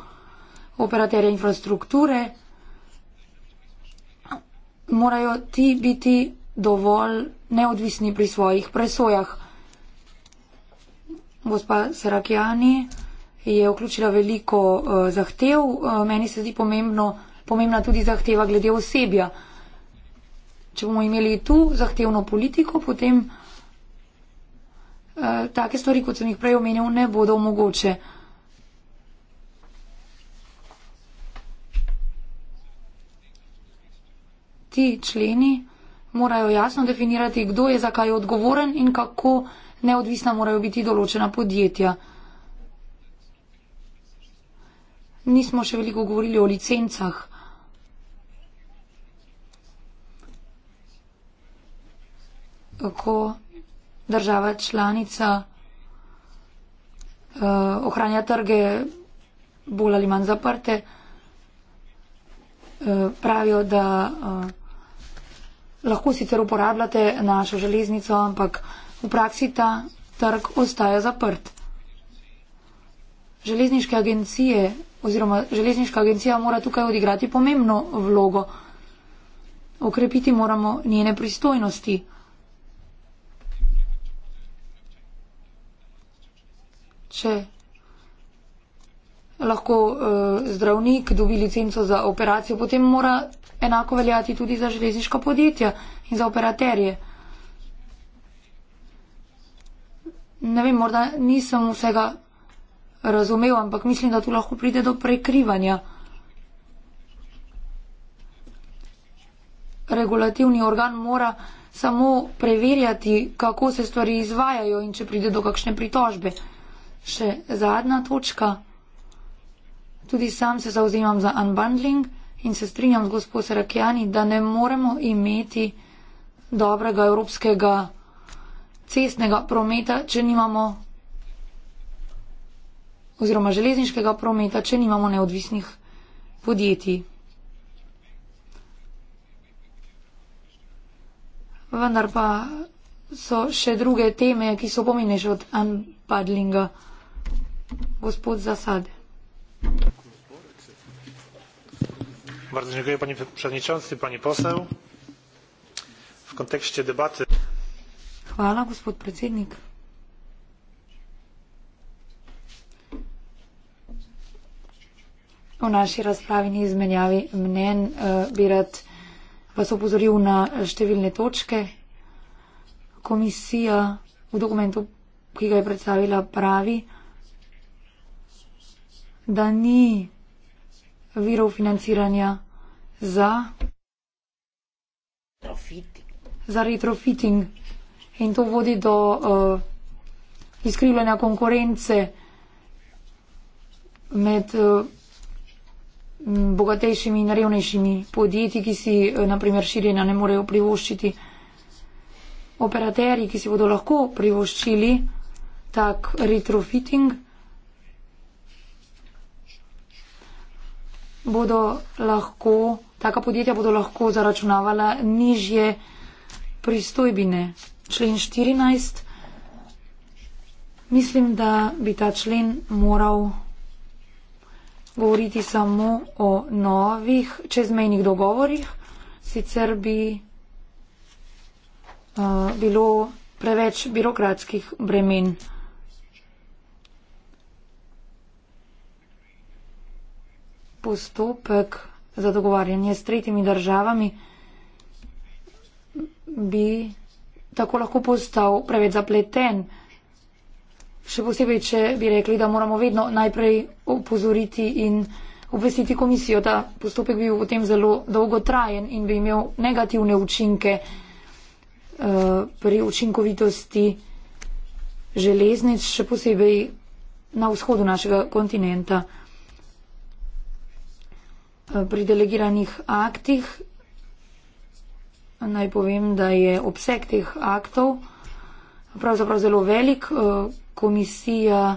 [SPEAKER 6] operaterje infrastrukture, morajo ti biti dovolj neodvisni pri svojih presojah. Gospa Serakjani je vključila veliko uh, zahtev. Uh, meni se zdi pomembno, pomembna tudi zahteva glede osebja. Če bomo imeli tu zahtevno politiko, potem eh, take stvari, kot sem jih prej omenil, ne bodo mogoče. Ti členi morajo jasno definirati, kdo je za kaj odgovoren in kako neodvisna morajo biti določena podjetja. Nismo še veliko govorili o licencah. kako država članica uh, ohranja trge bolj ali manj zaprte. Uh, pravijo, da uh, lahko sicer uporabljate našo železnico, ampak v praksi ta trg ostaja zaprt. Železniške agencije oziroma železniška agencija mora tukaj odigrati pomembno vlogo. Okrepiti moramo njene pristojnosti. če lahko uh, zdravnik dobi licenco za operacijo, potem mora enako veljati tudi za železniška podjetja in za operaterje. Ne vem, morda nisem vsega razumel, ampak mislim, da tu lahko pride do prekrivanja. Regulativni organ mora samo preverjati, kako se stvari izvajajo in če pride do kakšne pritožbe še zadnja točka. Tudi sam se zauzemam za unbundling in se strinjam z gospod Serakjani, da ne moremo imeti dobrega evropskega cestnega prometa, če nimamo oziroma železniškega prometa, če nimamo neodvisnih podjetij. Vendar pa so še druge teme, ki so pomembnejše od unbundling padlinga. Gospod Zasad.
[SPEAKER 1] Bardzo dziękuję Panie Przewodniczący, Pani Poseł. W kontekście debaty.
[SPEAKER 6] Hvala, gospod predsednik. O naši razpravini izmenjavi mnen uh, eh, bi rad vas opozoril na številne točke. Komisija v dokumentu ki ga je predstavila, pravi, da ni virov financiranja za, za retrofitting in to vodi do uh, izkrivljanja konkurence med uh, bogatejšimi in revnejšimi podjetji, ki si uh, naprimer širjenja ne morejo privoščiti, operaterji, ki si bodo lahko privoščili, tak retrofitting, bodo lahko, taka podjetja bodo lahko zaračunavala nižje pristojbine. Člen 14. Mislim, da bi ta člen moral govoriti samo o novih čezmejnih dogovorih, sicer bi uh, bilo preveč birokratskih bremen. postopek za dogovarjanje s tretjimi državami bi tako lahko postal preveč zapleten. Še posebej, če bi rekli, da moramo vedno najprej upozoriti in obvestiti komisijo, da postopek bi bil potem zelo dolgotrajen in bi imel negativne učinke uh, pri učinkovitosti železnic, še posebej na vzhodu našega kontinenta. Eh, pri delegiranih aktih naj povem, da je obseg teh aktov pravzaprav zelo velik. Eh, komisija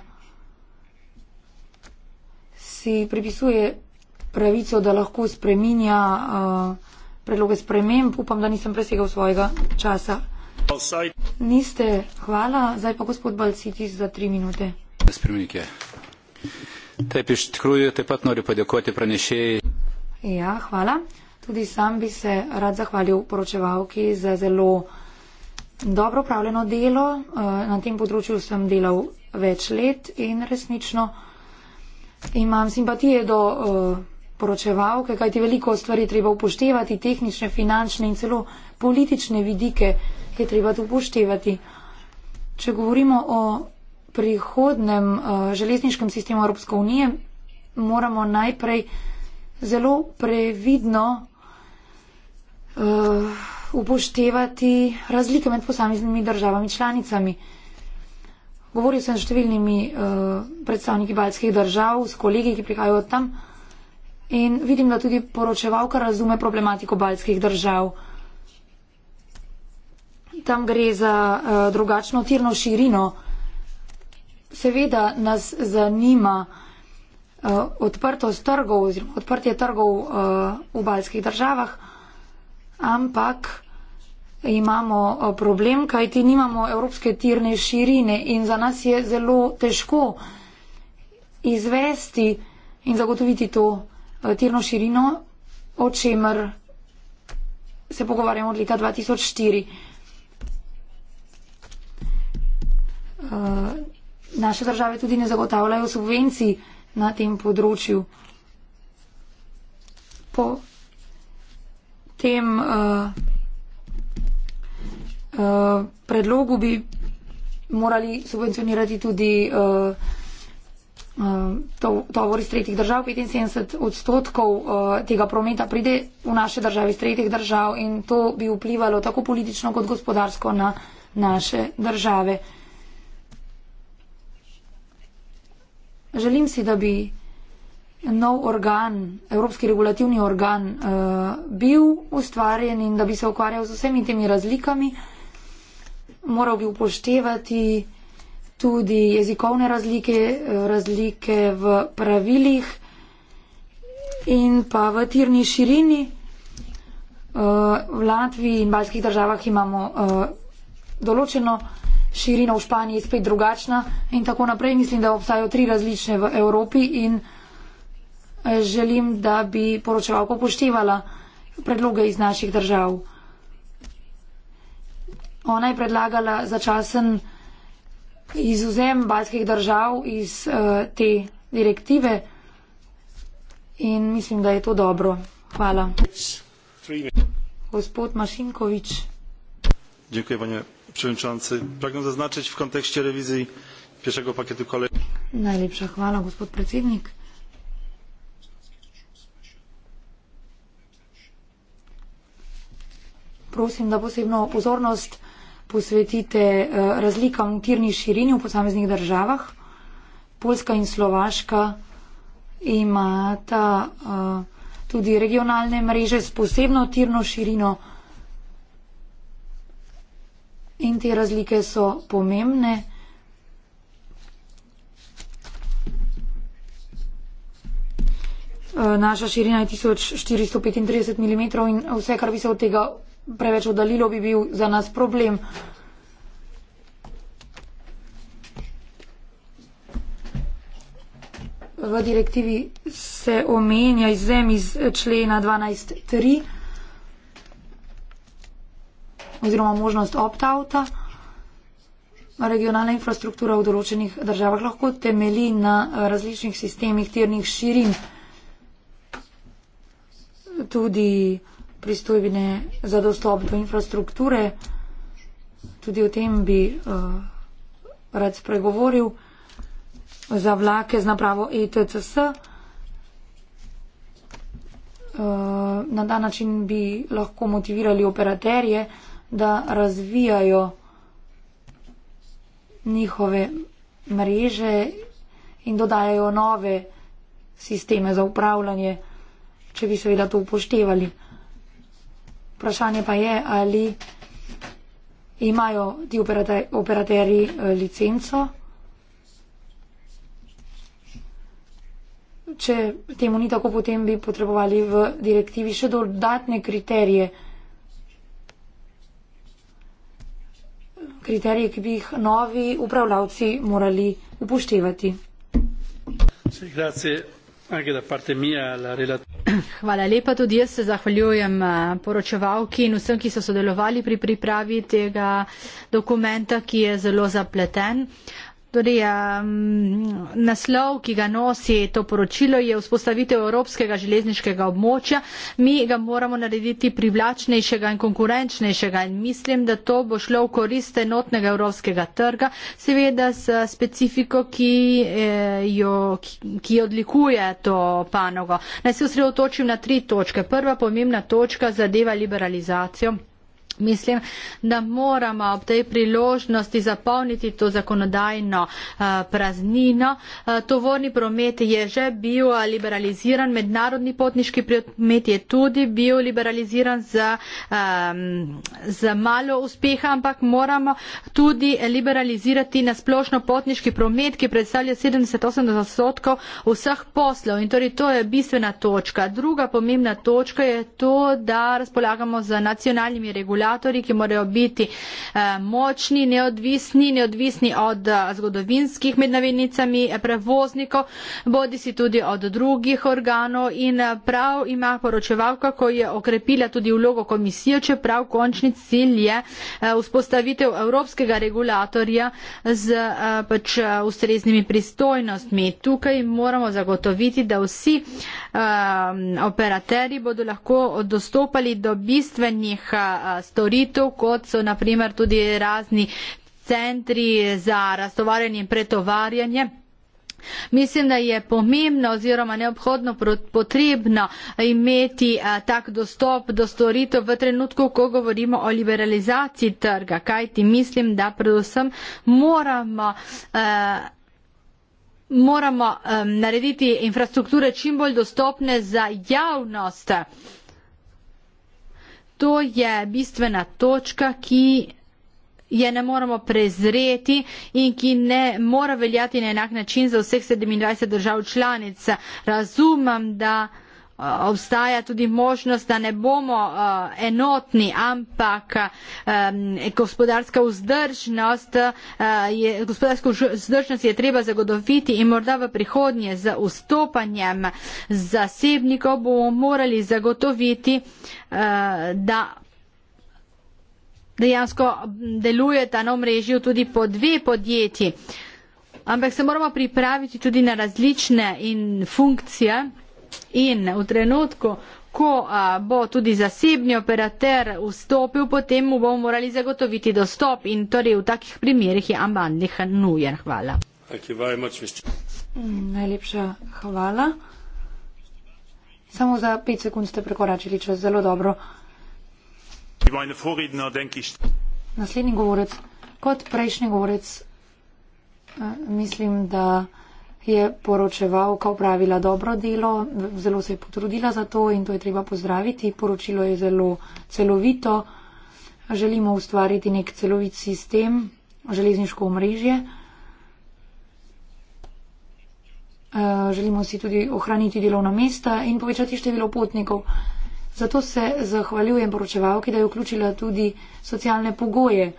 [SPEAKER 6] si pripisuje pravico, da lahko spreminja eh, predloge sprememb. Upam, da nisem presegal svojega časa. Niste, hvala. Zdaj pa gospod Balcitis za tri minute.
[SPEAKER 4] Spremenike. Taip, iš tikrųjų, taip pat noriu padėkoti pranešėjai.
[SPEAKER 6] Ja, hvala. Tudi sam bi se rad zahvalil poročevalki za zelo dobro upravljeno delo. Eh, na tem področju sem delal več let in resnično imam simpatije do eh, poročevalke, kajti veliko stvari treba upoštevati, tehnične, finančne in celo politične vidike je treba upoštevati. Če govorimo o prihodnem eh, železniškem sistemu Evropske unije, moramo najprej zelo previdno uh, upoštevati razlike med posameznimi državami članicami. Govoril sem s številnimi uh, predstavniki baljskih držav, s kolegi, ki prihajajo od tam in vidim, da tudi poročevalka razume problematiko baljskih držav. Tam gre za uh, drugačno tirno širino. Seveda nas zanima, uh, odprtost trgov oziroma odprtje trgov uh, v baljskih državah, ampak imamo eh, problem, kaj ti nimamo evropske tirne širine in za nas je zelo težko izvesti in zagotoviti to uh, tirno širino, o čemer se pogovarjamo od leta 2004. Uh, naše države tudi ne zagotavljajo subvencij uh, na tem področju. Po tem uh, uh, predlogu bi morali subvencionirati tudi uh, uh, tovor to iz tretjih držav. 75 odstotkov uh, tega prometa pride v naše države iz tretjih držav in to bi vplivalo tako politično kot gospodarsko na naše države. Uh, Želim si, da bi nov organ, evropski regulativni organ, eh, bil ustvarjen in da bi se ukvarjal z vsemi temi razlikami. Moral bi upoštevati tudi jezikovne razlike, eh, razlike v pravilih in pa v tirni širini. Eh, v Latviji in baljskih državah imamo določeno širina v Španiji je spet drugačna in tako naprej. Mislim, da obstajajo tri različne v Evropi in eh, želim, da bi poročevalko upoštevala predloge iz naših držav. Ona je predlagala začasen izuzem baljskih držav iz uh, te direktive in mislim, da je to dobro. Hvala. Gospod Mašinkovič.
[SPEAKER 5] Dziękuję panie przewodniczący! Pragnę zaznaczyć w kontekście rewizji pierwszego pakietu kolei.
[SPEAKER 6] Najlepsza chwała, gospod predsjednik. Prosim, da posebno pozornost posvetite eh, razlikam v tirni širini v posameznih državah. Poljska in Slovaška imata eh, tudi regionalne mreže s posebno tirno širino in te razlike so pomembne. E, naša širina je 1435 mm in vse, kar bi se od tega preveč oddaljilo, bi bil za nas problem. V direktivi se omenja izzem iz člena 12.3 oziroma možnost opt-outa. Regionalna infrastruktura v določenih državah lahko temeli na eh, različnih sistemih tirnih širin, tudi pristojbine za dostop do infrastrukture. Tudi o tem bi uh, rad spregovoril za vlake z napravo ETCS. Uh, eh, na ta način bi lahko motivirali operaterje, uh, da razvijajo njihove mreže in dodajajo nove sisteme za upravljanje, če bi seveda to upoštevali. Vprašanje pa je, ali imajo ti operater, operaterji eh, licenco. Če temu ni tako, potem bi potrebovali v direktivi še dodatne kriterije. kriterije, ki bi jih
[SPEAKER 3] novi upravljavci morali upoštevati. Hvala lepa, tudi jaz se zahvaljujem eh, poročevalki in vsem, ki so sodelovali pri pripravi tega dokumenta, ki je zelo zapleten. Uh, Torej, um, naslov, ki ga nosi to poročilo, je vzpostavitev evropskega železniškega območja. Mi ga moramo narediti privlačnejšega in konkurenčnejšega in mislim, da to bo šlo v korist enotnega evropskega trga, seveda s specifiko, ki, eh, jo, ki, ki odlikuje to panogo. Naj se osredotočim na tri točke. Prva pomembna točka zadeva liberalizacijo. Mislim, da moramo ob tej priložnosti zapolniti to zakonodajno eh, praznino. Eh, tovorni promet je že bil eh, liberaliziran, mednarodni potniški promet je tudi bil liberaliziran za, ehm, za malo uspeha, ampak moramo tudi liberalizirati na splošno potniški promet, ki predstavlja 70-80 odstotkov vseh poslov. In torej to je bistvena točka. Druga pomembna točka je to, da razpolagamo z nacionalnimi regulacijami regulatorji, ki morajo biti eh, močni, neodvisni, neodvisni od eh, zgodovinskih med navednicami eh, prevoznikov, bodi si tudi od drugih organov in prav ima poročevalka, ko je okrepila tudi vlogo komisije, čeprav končni cilj je vzpostavitev evropskega regulatorja z pač ustreznimi pristojnostmi. Tukaj moramo zagotoviti, da vsi operaterji bodo lahko dostopali do bistvenih storitev, kot so naprimer tudi razni centri za raztovarjanje in pretovarjanje. Mislim, da je pomembno oziroma neobhodno potrebno imeti eh, tak dostop do storitev v trenutku, ko govorimo o liberalizaciji trga, kajti mislim, da predvsem moramo. Uh, moramo um, narediti infrastrukture čim bolj dostopne za javnost. Uh, to je bistvena točka, ki je ne moremo prezreti in ki ne mora veljati na enak način za vseh 27 držav članic. Razumem, da. Eh, obstaja tudi možnost, da ne bomo eh, enotni, ampak gospodarska vzdržnost eh, je, gospodarsko vzdržnost je treba zagotoviti in morda v prihodnje z vstopanjem zasebnikov bomo morali zagotoviti, da dejansko deluje ta nov mrežil tudi po dve podjetji. Ampak se moramo pripraviti tudi na različne in funkcije. In v trenutku, ko a, bo tudi zasebni operater vstopil, potem mu bomo morali zagotoviti dostop in torej v takih primerjih je ambandih nujen. Hvala. Mm, najlepša hvala.
[SPEAKER 6] Samo za pet sekund ste prekoračili čas zelo dobro. Naslednji govorec, kot prejšnji govorec, mislim, da je poročeval, ko pravila dobro delo, zelo se je potrudila za to in to je treba pozdraviti. Poročilo je zelo celovito. Želimo ustvariti nek celovit sistem, železniško omrežje. Eh, želimo si tudi ohraniti delovna mesta in povečati število potnikov. Zato se zahvaljujem poročevalki, da je vključila tudi socialne pogoje,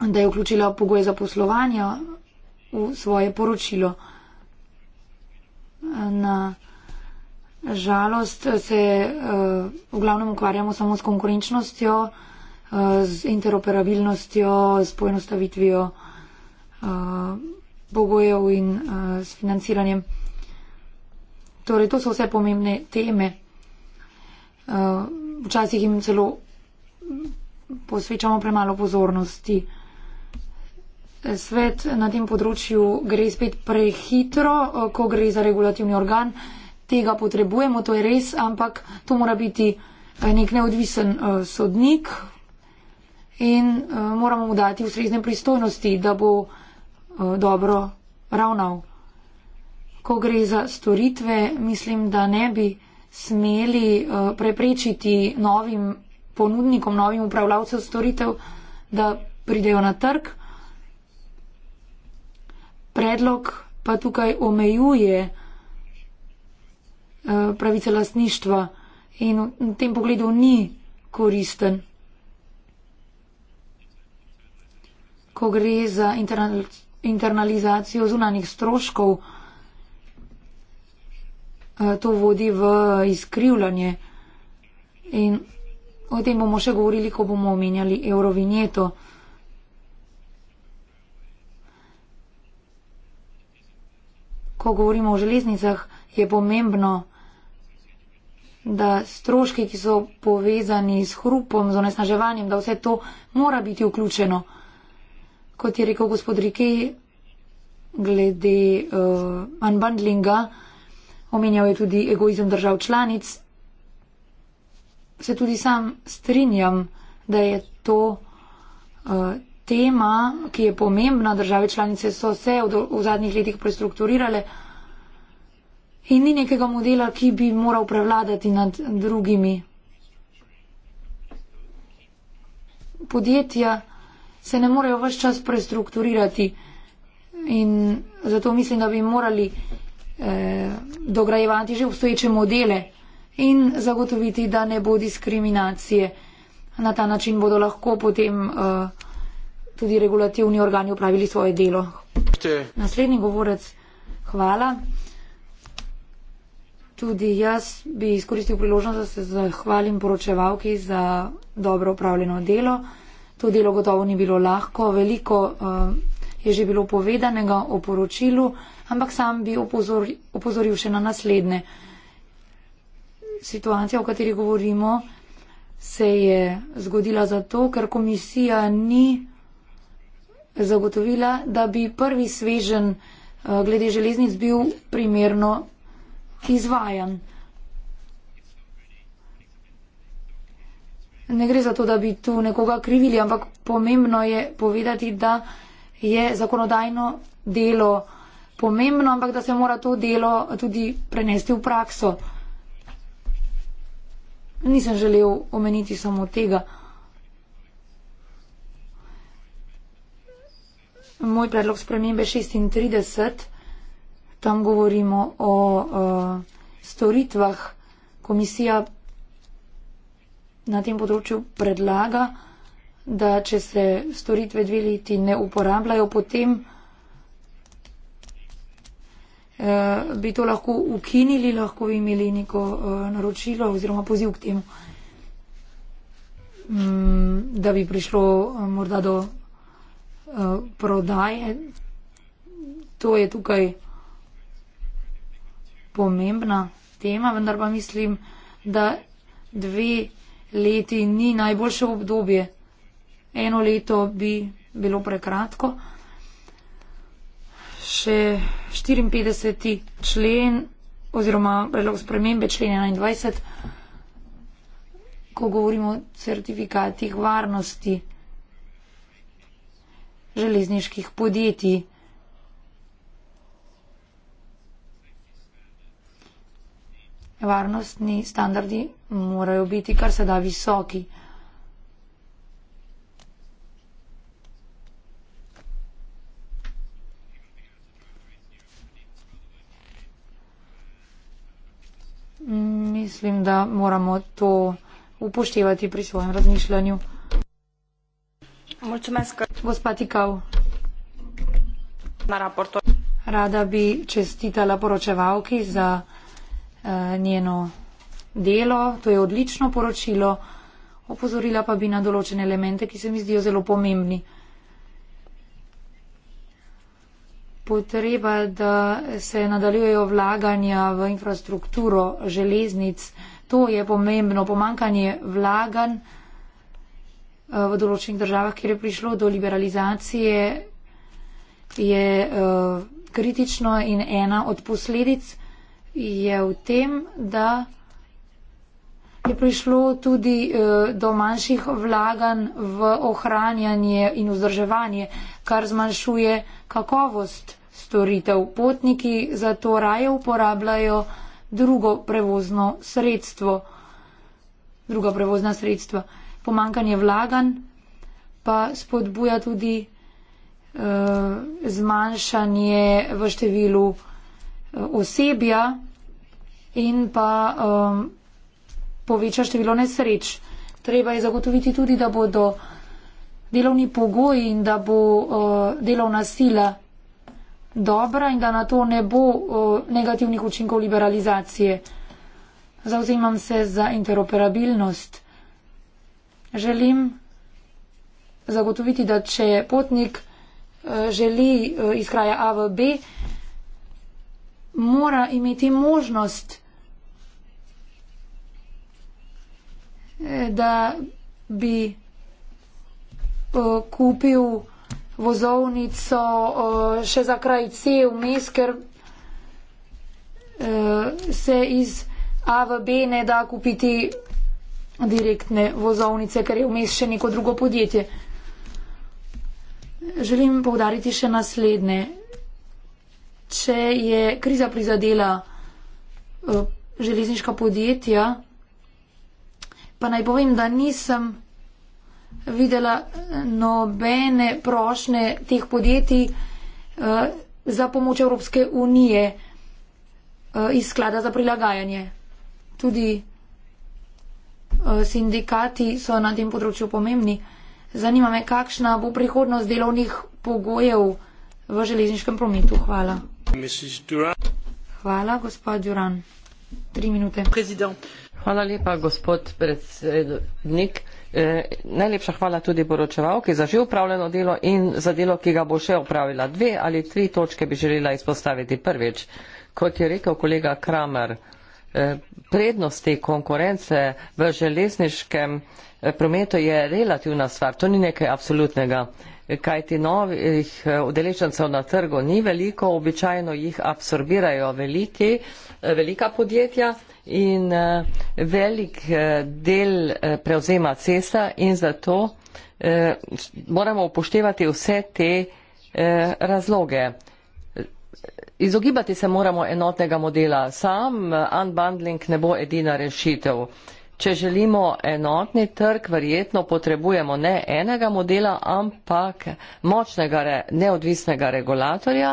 [SPEAKER 6] da je vključila pogoje za poslovanje v svoje poročilo. Na žalost se eh, v glavnem ukvarjamo samo s konkurenčnostjo, eh, z interoperabilnostjo, s poenostavitvijo eh, pogojev in s financiranjem. Torej, to so vse pomembne teme. Včasih jim celo posvečamo premalo pozornosti svet na tem področju gre spet prehitro, eh, ko gre za regulativni organ. Tega potrebujemo, to je res, ampak to mora biti eh, nek neodvisen eh, sodnik in moramo mu dati ustrezne pristojnosti, da bo dobro ravnal. Ko gre za storitve, mislim, da ne bi smeli preprečiti novim ponudnikom, novim upravljavcem storitev, da pridejo na trg predlog pa tukaj omejuje eh, pravice lastništva in v tem pogledu ni koristen. Ko gre za internalizacijo zunanih stroškov, eh, to vodi v izkrivljanje. In o tem bomo še govorili, ko bomo omenjali eurovinjeto. ko govorimo o železnicah, je pomembno, da stroški, ki so povezani s hrupom, z onesnaževanjem, da vse to mora biti vključeno. Kot je rekel gospod Rike, glede uh, unbundlinga, omenjal je tudi egoizem držav članic. Se tudi sam strinjam, da je to uh, tema, ki je pomembna, države članice so se v, v zadnjih letih prestrukturirale in ni nekega modela, ki bi moral prevladati nad drugimi. Podjetja se ne morejo vse čas prestrukturirati in zato mislim, da bi morali eh, dograjevati že obstoječe modele in zagotoviti, da ne bo diskriminacije. Na ta način bodo lahko potem. Eh, tudi regulativni organi upravili svoje delo. Naslednji govorec, hvala. Tudi jaz bi izkoristil priložnost, da se zahvalim poročevalki za dobro upravljeno delo. To delo gotovo ni bilo lahko, veliko uh, je že bilo povedanega o poročilu, ampak sam bi opozori, opozoril še na naslednje. Situacija, o kateri govorimo, se je zgodila zato, ker komisija ni zagotovila, da bi prvi svežen eh, glede železnic bil primerno izvajan. Ne gre za to, da bi tu nekoga krivili, ampak pomembno je povedati, da je zakonodajno delo pomembno, ampak da se mora to delo tudi prenesti v prakso. Nisem želel omeniti samo tega. moj predlog spremembe 36. Tam govorimo o uh, storitvah. Komisija na tem področju predlaga, da če se storitve dve leti ne uporabljajo, potem uh, bi to lahko ukinili, lahko bi imeli neko uh, naročilo oziroma poziv k temu, um, da bi prišlo uh, morda do Eh, prodaje. To je tukaj pomembna tema, vendar pa mislim, da dve leti ni najboljše obdobje. Eno leto bi bilo prekratko. Še 54. člen oziroma predlog spremembe člen 21, ko govorimo o certifikatih varnosti železniških podjetij. Varnostni standardi morajo biti kar se da visoki. Mislim, da moramo to upoštevati pri svojem razmišljanju. Mulțumesc, gospa Ticau. Raportor. Rada bi čestita la poročevalki za uh, njeno delo. To je odlično poročilo. Opozorila pa bi na določene elemente, ki se mi zdijo zelo pomembni. Potreba, da se nadaljujejo vlaganja v infrastrukturo železnic, to je pomembno. Pomankanje vlaganj. Eh, v določenih državah, kjer je prišlo do liberalizacije, je eh, kritično in ena od posledic je v tem, da je prišlo tudi eh, do manjših vlaganj v ohranjanje in vzdrževanje, kar zmanjšuje kakovost storitev. Potniki zato raje uporabljajo drugo prevozno sredstvo. Druga prevozna sredstva. Uh, pomankanje vlaganj, pa spodbuja tudi eh, zmanjšanje v številu eh, osebja in pa um, poveča število nesreč. Treba je zagotoviti tudi, da bodo delovni pogoji in da bo uh, delovna sila dobra in da na to ne bo uh, negativnih učinkov liberalizacije. Zauzemam se za interoperabilnost želim zagotoviti, da če potnik eh, želi eh, iz kraja A v B, mora imeti možnost, eh, da bi kupil vozovnico še za kraj C vmes, ker se iz A v B ne da kupiti direktne vozovnice, ker je vmes še neko drugo podjetje. Želim povdariti še naslednje. Če je kriza prizadela eh, železniška podjetja, pa naj povem, da nisem videla eh, nobene prošne teh podjetij eh, za pomoč Evropske unije iz sklada za prilagajanje. Tudi Eh, sindikati so na tem področju pomembni. Zanima me, kakšna bo prihodnost delovnih pogojev v železniškem prometu. Hvala. Hvala, gospod Duran. Tri minute. President.
[SPEAKER 2] Hvala lepa, gospod predsednik. E, najlepša hvala tudi poročevalki za že upravljeno delo in za delo, ki ga bo še upravila. Dve ali tri točke bi želela izpostaviti. Prvič, kot je rekel kolega Kramer, Eh, prednosti konkurence v železniškem eh, prometu je relativna stvar, to ni nekaj absolutnega. Eh, kajti novih udeležencev na trgu ni veliko, običajno jih absorbirajo veliki, velika podjetja in velik del prevzema cesta in zato moramo upoštevati vse te razloge izogibati se moramo enotnega modela. Sam eh, unbundling ne bo edina rešitev. Če želimo enotni trg, verjetno potrebujemo ne enega modela, ampak močnega re, neodvisnega regulatorja,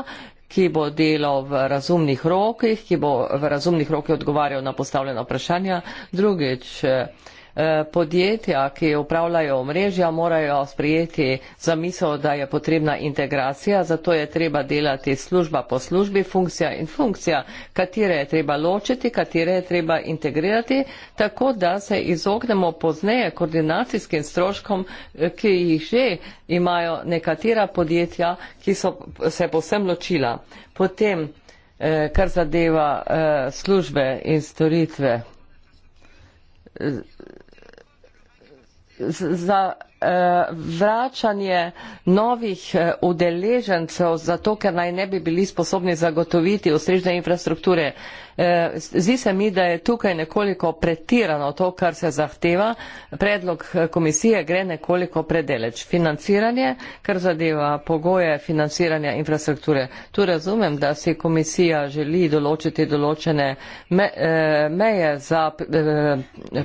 [SPEAKER 2] ki bo delal v razumnih rokih, ki bo v razumnih rokih odgovarjal na postavljena vprašanja. Drugič, eh, Eh, podjetja, ki upravljajo omrežja, morajo sprijeti za misel, da je potrebna integracija, zato je treba delati služba po službi, funkcija in funkcija, katere je treba ločiti, katere je treba integrirati, tako da se izognemo pozneje koordinacijskim stroškom, eh, ki jih že imajo nekatera podjetja, ki so se posem ločila. Potem, eh, kar zadeva službe in storitve za, Eh, vračanje novih eh, udeležencev zato, ker naj ne bi bili sposobni zagotoviti ustrežne infrastrukture. Eh, zdi se mi, da je tukaj nekoliko pretirano to, kar se zahteva. Predlog komisije gre nekoliko predeleč. Financiranje, kar zadeva pogoje financiranja infrastrukture. Tu razumem, da si komisija želi določiti določene me, meje za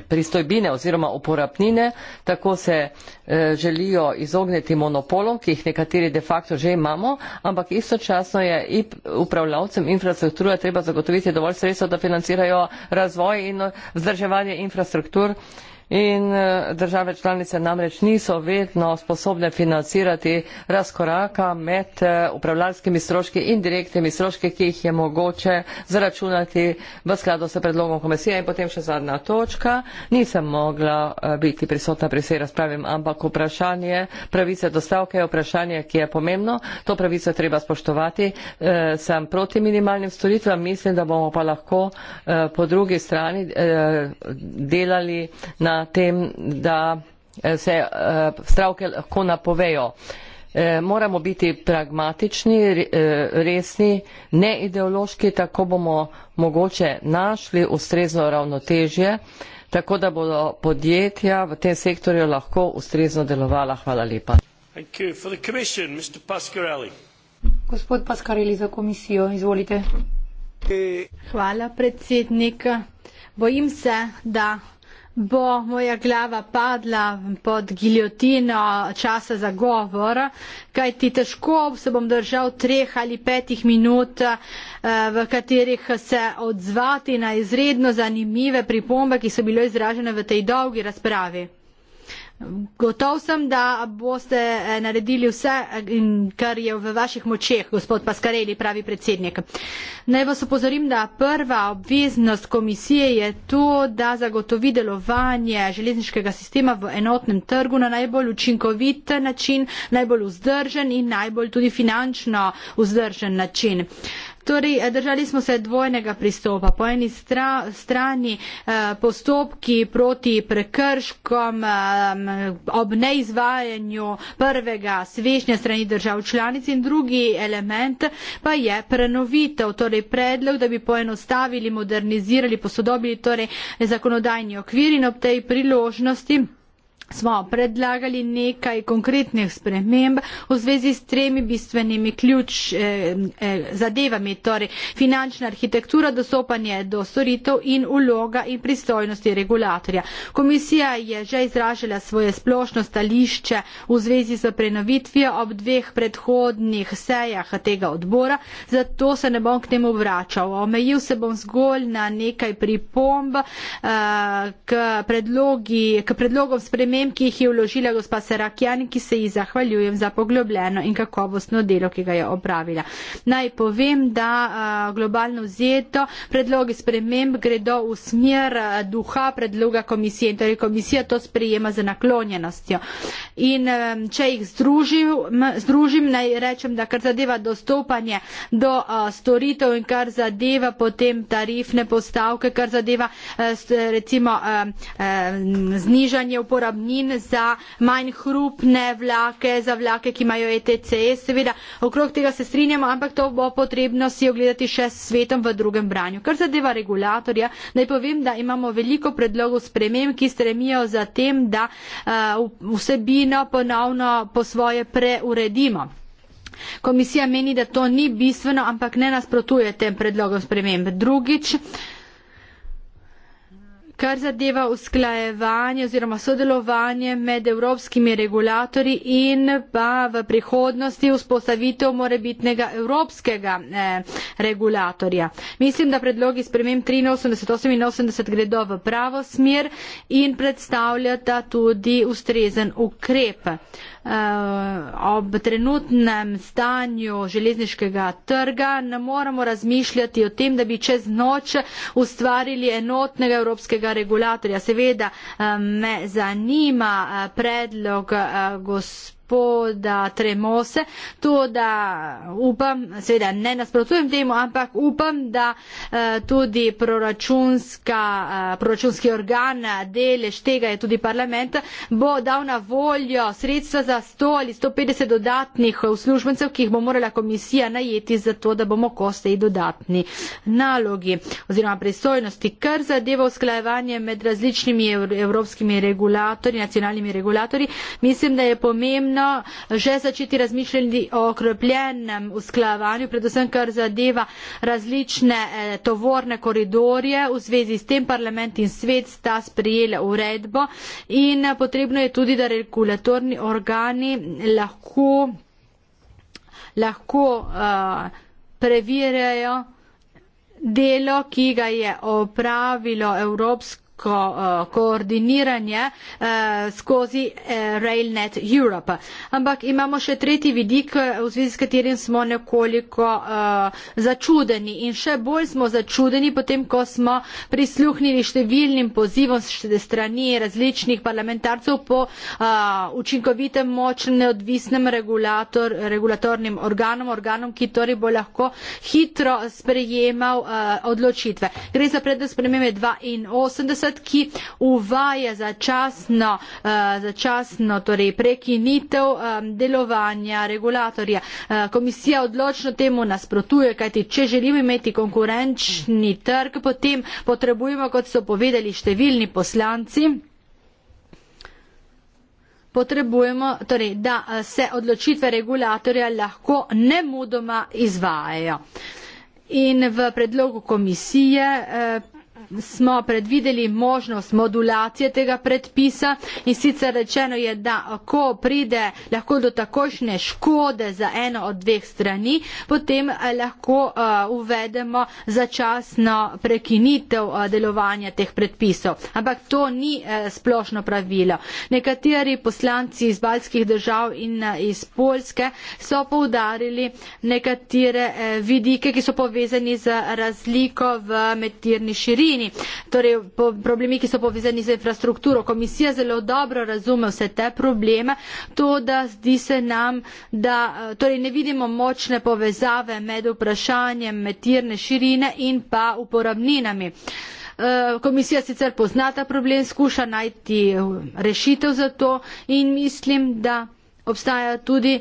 [SPEAKER 2] pristojbine oziroma uporabnine. Tako se Eh, želijo izogniti monopolom, ki jih nekateri de facto že imamo, ampak istočasno je upravljavcem infrastrukture treba zagotoviti dovolj sredstva, da financirajo razvoj in eh, vzdrževanje infrastruktur in eh, države članice namreč niso vedno sposobne financirati razkoraka med eh, upravljalskimi stroški in direktnimi stroški, ki jih je mogoče zaračunati v skladu s predlogom komisije. In potem še zadnja točka. Nisem mogla eh, biti prisotna pri vsej razpravi, ampak vprašanje pravice do stavke je vprašanje, ki je pomembno. To pravico treba spoštovati. Sem proti minimalnim storitvam, mislim, da bomo pa lahko po drugi strani delali na tem, da eh, se eh, stravke lahko napovejo. Eh, moramo biti pragmatični, resni, ne ideološki, tako bomo mogoče našli ustrezno ravnotežje, tako da bodo podjetja v tem sektorju lahko ustrezno delovala. Hvala lepa.
[SPEAKER 3] Gospod Paskarelli za komisijo, izvolite. Hvala predsednika. Bojim se, da bo moja glava padla pod giljotino časa za govor, kaj ti težko se bom držal treh ali petih minut, eh, v katerih se odzvati na izredno zanimive pripombe, ki so bile izražene v tej dolgi razpravi. Gotov sem, da boste eh, naredili vse, eh, kar je v vaših močeh, gospod Paskareli, pravi predsednik. Naj vas upozorim, da prva obveznost komisije je to, da zagotovi delovanje železniškega sistema v enotnem trgu na najbolj učinkovit način, najbolj vzdržen in najbolj tudi finančno vzdržen način. Uh, Torej, eh, držali smo se dvojnega pristopa. Po eni stra, strani eh, postopki proti prekrškom eh, ob neizvajanju prvega svešnja strani držav članic in drugi element pa je prenovitev, torej predlog, da bi poenostavili, modernizirali, posodobili torej, zakonodajni okvir in ob tej priložnosti smo predlagali nekaj konkretnih sprememb v zvezi s tremi bistvenimi ključ eh, eh, zadevami, torej finančna arhitektura, dostopanje do storitev in uloga in pristojnosti regulatorja. Komisija je že izražala svoje splošno stališče v zvezi s prenovitvijo ob dveh predhodnih sejah tega odbora, zato se ne bom k temu vračal. Omejil se bom zgolj na nekaj pripomb eh, k, predlogi, k predlogom spremembe sprememb, ki jih je vložila gospa Serakjan, ki se ji zahvaljujem za poglobljeno in kakovostno delo, ki ga je opravila. Naj povem, da globalno vzeto predlogi sprememb gredo v smer duha predloga komisije in torej komisija to sprejema za naklonjenostjo. In če jih združim, združim naj rečem, da kar zadeva dostopanje do storitev in kar zadeva potem tarifne postavke, kar zadeva recimo znižanje uporabnosti, dohodnin za manj hrupne vlake, za vlake, ki imajo ETCS. Seveda, okrog tega se strinjamo, ampak to bo potrebno si ogledati še s svetom v drugem branju. Kar zadeva regulatorja, naj povem, da imamo veliko predlogov sprememb, ki stremijo za tem, da uh, vsebino ponovno po svoje preuredimo. Komisija meni, da to ni bistveno, ampak ne nasprotuje tem predlogom sprememb. Drugič, uh, kar zadeva usklajevanje oziroma sodelovanje med evropskimi regulatori in pa v prihodnosti vzpostavitev morebitnega evropskega eh, regulatorja. Mislim, da predlogi spremem 83, 88 gredo v pravo smer in predstavljata tudi ustrezen ukrep. Eh, ob trenutnem stanju železniškega trga ne moramo razmišljati o tem, da bi čez noč ustvarili enotnega evropskega regulatorja. Seveda eh, me zanima eh, predlog gospod po, da tremose, to da upam, seveda ne nasprotujem temu, ampak upam, da eh, tudi eh, proračunski organ, eh, delež tega je tudi parlament, bo dal na voljo sredstva za 100 ali 150 dodatnih uslužbencev, ki jih bo morala komisija najeti za to, da bomo kostej dodatni nalogi oziroma pristojnosti, kar zadeva usklajevanje med različnimi evropskimi regulatorji, nacionalnimi regulatorji. Mislim, da je pomembno, vseeno že začeti razmišljati o okrepljenem usklajevanju, predvsem kar zadeva različne eh, tovorne koridorje. V zvezi s tem parlament in svet sta sprejela uredbo in eh, potrebno je tudi, da regulatorni organi lahko, lahko eh, preverjajo delo, ki ga je opravilo Evropsko ko, uh, koordiniranje uh, skozi uh, RailNet Europe. Ampak imamo še tretji vidik, v zvezi s katerim smo nekoliko uh, začudeni in še bolj smo začudeni potem, ko smo prisluhnili številnim pozivom strani različnih parlamentarcev po uh, učinkovitem, močnem, neodvisnem regulator, regulatornim organom, organom, ki torej bo lahko hitro sprejemal uh, odločitve. Gre za predlog spremembe 82 sosed, ki uvaja začasno, uh, začasno torej prekinitev um, delovanja regulatorja. Uh, komisija odločno temu nasprotuje, kajti če želimo imeti konkurenčni trg, potem potrebujemo, kot so povedali številni poslanci, potrebujemo, torej, da se odločitve regulatorja lahko nemudoma izvajajo. In v predlogu komisije eh, smo predvideli možnost modulacije tega predpisa in sicer rečeno je, da ko pride lahko do takošne škode za eno od dveh strani, potem eh, lahko eh, uvedemo začasno prekinitev eh, delovanja teh predpisov. Ampak to ni splošno pravilo. Nekateri poslanci iz baljskih držav in iz Polske so poudarili nekatere vidike, ki so povezani z razliko v metirni širini Sloveniji, torej po problemi, ki so povezani z infrastrukturo. Komisija zelo dobro razume vse te probleme, to, da zdi se nam, da eh, torej ne vidimo močne povezave med vprašanjem metirne širine in pa uporabninami. Eh, komisija sicer pozna ta problem, skuša najti eh, rešitev za to in mislim, da obstaja tudi